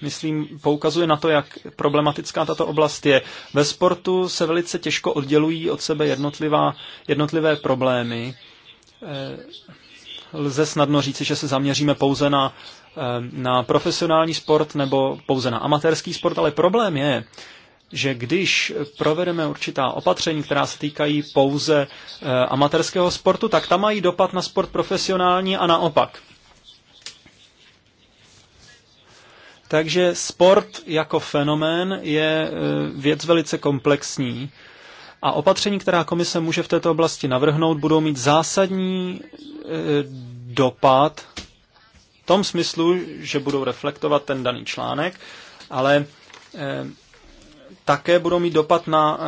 myslím, poukazuje na to, jak problematická tato oblast je. Ve sportu se velice těžko oddělují od sebe jednotlivá, jednotlivé problémy. Eh, lze snadno říci, že se zaměříme pouze na, eh, na profesionální sport nebo pouze na amatérský sport, ale problém je, že když provedeme určitá opatření, která se týkají pouze eh, amatérského sportu, tak tam mají dopad na sport profesionální a naopak. Takže sport jako fenomén je e, věc velice komplexní a opatření, která komise může v této oblasti navrhnout, budou mít zásadní e, dopad v tom smyslu, že budou reflektovat ten daný článek, ale e, také budou mít dopad na uh,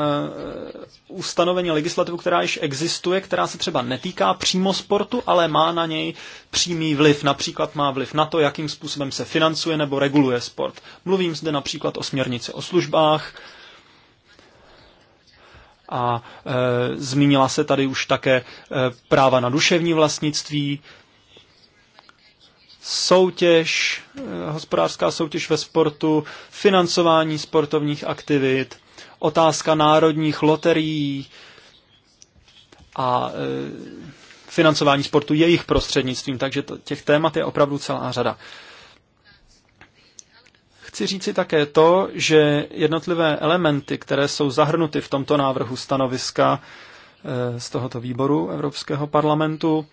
ustanovení legislativu, která již existuje, která se třeba netýká přímo sportu, ale má na něj přímý vliv. Například má vliv na to, jakým způsobem se financuje nebo reguluje sport. Mluvím zde například o směrnici o službách, a e, zmínila se tady už také e, práva na duševní vlastnictví, soutěž, eh, hospodářská soutěž ve sportu, financování sportovních aktivit, otázka národních loterií a eh, financování sportu jejich prostřednictvím, takže těch témat je opravdu celá řada. Chci říci také to, že jednotlivé elementy, které jsou zahrnuty v tomto návrhu stanoviska eh, z tohoto výboru Evropského parlamentu,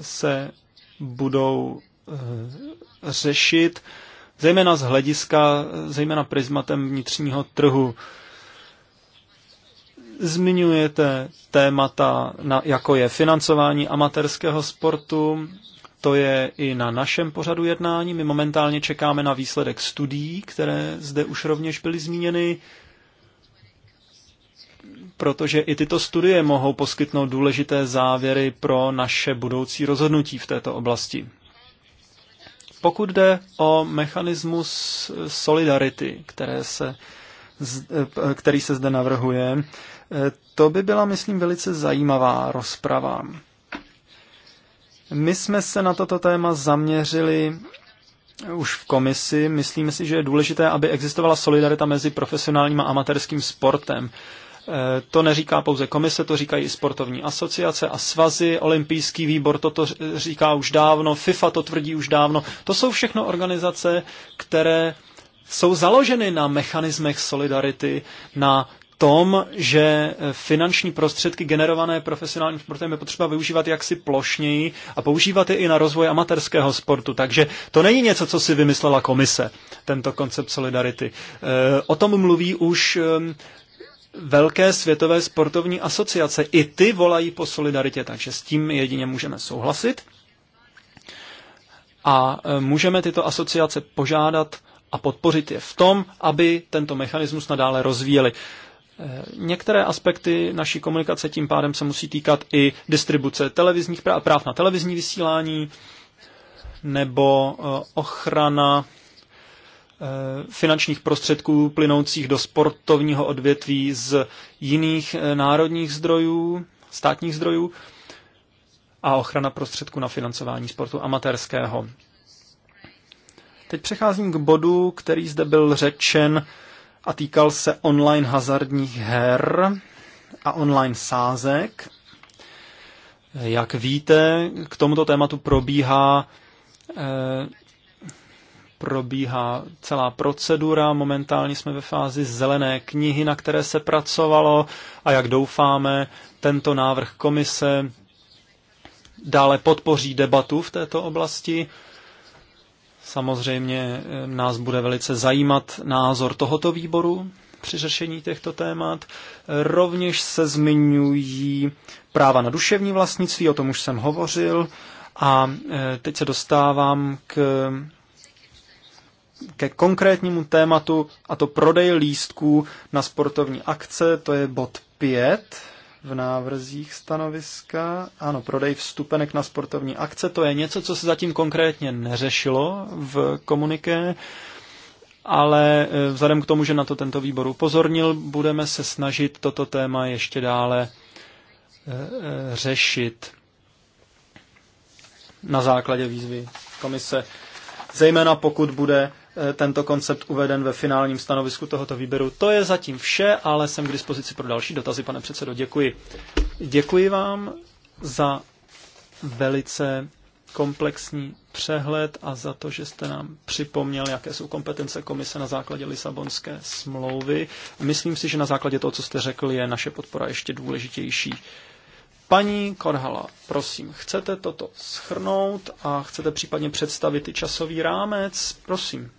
se budou eh, řešit, zejména z hlediska, zejména prismatem vnitřního trhu. Zmiňujete témata, na, jako je financování amatérského sportu, to je i na našem pořadu jednání. My momentálně čekáme na výsledek studií, které zde už rovněž byly zmíněny protože i tyto studie mohou poskytnout důležité závěry pro naše budoucí rozhodnutí v této oblasti. Pokud jde o mechanismus solidarity, které se, eh, který se zde navrhuje, eh, to by byla, myslím, velice zajímavá rozprava. My jsme se na toto téma zaměřili už v komisi. Myslíme si, že je důležité, aby existovala solidarita mezi profesionálním a amatérským sportem. Eh, to neříká pouze komise, to říkají i sportovní asociace a svazy, olympijský výbor toto říká už dávno, FIFA to tvrdí už dávno. To jsou všechno organizace, které jsou založeny na mechanismech solidarity, na tom, že eh, finanční prostředky generované profesionálním sportem je potřeba využívat jaksi plošněji a používat je i na rozvoj amatérského sportu. Takže to není něco, co si vymyslela komise, tento koncept solidarity. Eh, o tom mluví už ehm, velké světové sportovní asociace. I ty volají po solidaritě, takže s tím jedině můžeme souhlasit. A e, můžeme tyto asociace požádat a podpořit je v tom, aby tento mechanismus nadále rozvíjeli. E, některé aspekty naší komunikace tím pádem se musí týkat i distribuce televizních práv, práv na televizní vysílání nebo e, ochrana Eh, finančních prostředků plynoucích do sportovního odvětví z jiných eh, národních zdrojů, státních zdrojů a ochrana prostředků na financování sportu amatérského. Teď přecházím k bodu, který zde byl řečen a týkal se online hazardních her a online sázek. Jak víte, k tomuto tématu probíhá eh, probíhá celá procedura. Momentálně jsme ve fázi zelené knihy, na které se pracovalo a jak doufáme, tento návrh komise dále podpoří debatu v této oblasti. Samozřejmě eh, nás bude velice zajímat názor tohoto výboru při řešení těchto témat. Rovněž se zmiňují práva na duševní vlastnictví, o tom už jsem hovořil. A eh, teď se dostávám k ke konkrétnímu tématu, a to prodej lístků na sportovní akce, to je bod 5 v návrzích stanoviska. Ano, prodej vstupenek na sportovní akce, to je něco, co se zatím konkrétně neřešilo v komuniké, ale e, vzhledem k tomu, že na to tento výbor upozornil, budeme se snažit toto téma ještě dále e, e, řešit na základě výzvy komise, zejména pokud bude Eh, tento koncept uveden ve finálním stanovisku tohoto výběru. To je zatím vše, ale jsem k dispozici pro další dotazy, pane předsedo. Děkuji. Děkuji vám za velice komplexní přehled a za to, že jste nám připomněl, jaké jsou kompetence komise na základě Lisabonské smlouvy. Myslím si, že na základě toho, co jste řekl, je naše podpora ještě důležitější. Paní Korhala, prosím, chcete toto schrnout a chcete případně představit i časový rámec? Prosím.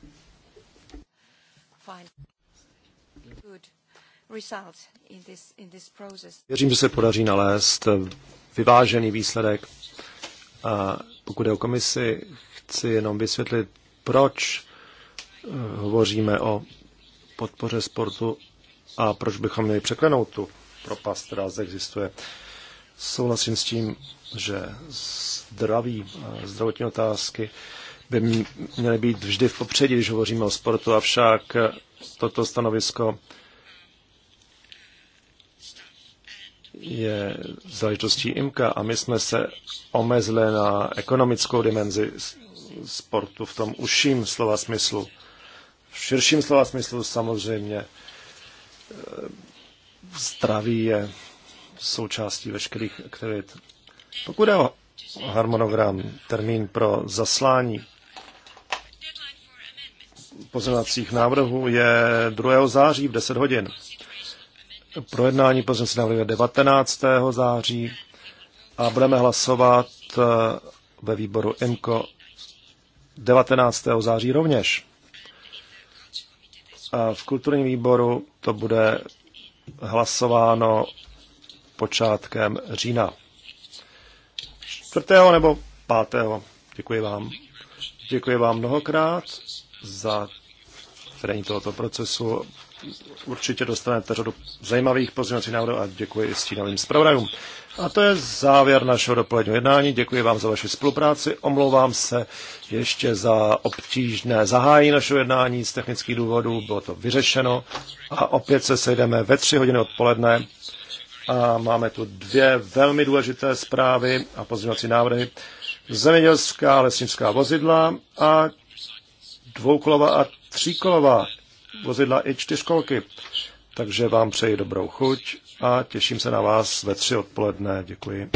Věřím, že se podaří nalézt vyvážený výsledek. A pokud je o komisi, chci jenom vysvětlit, proč eh, hovoříme o podpoře sportu a proč bychom měli překlenout tu propast, která zde existuje. Souhlasím s tím, že zdraví, eh, zdravotní otázky by měly být vždy v popředí, když hovoříme o sportu, avšak toto stanovisko je záležitostí IMKA a my jsme se omezili na ekonomickou dimenzi sportu v tom užším slova smyslu. V širším slova smyslu samozřejmě e, zdraví je součástí veškerých aktivit. Pokud je o harmonogram, termín pro zaslání pozměňovacích návrhů je 2. září v 10 hodin. Projednání pozměňovacích návrhů je 19. září a budeme hlasovat eh, ve výboru IMCO 19. září rovněž. A v kulturním výboru to bude hlasováno počátkem října. 4. nebo 5. Děkuji vám. Děkuji vám mnohokrát za vedení tohoto procesu. Určitě dostanete řadu zajímavých pozměňovacích návrhů a děkuji i stínovým zpravodajům. A to je závěr našeho dopoledního jednání. Děkuji vám za vaši spolupráci. Omlouvám se ještě za obtížné zahájení našeho jednání z technických důvodů. Bylo to vyřešeno. A opět se sejdeme ve tři hodiny odpoledne. A máme tu dvě velmi důležité zprávy a pozměňovací návrhy. Zemědělská lesnická vozidla a dvoukolová a tříkolová vozidla i čtyřkolky. Takže vám přeji dobrou chuť a těším se na vás ve tři odpoledne. Děkuji.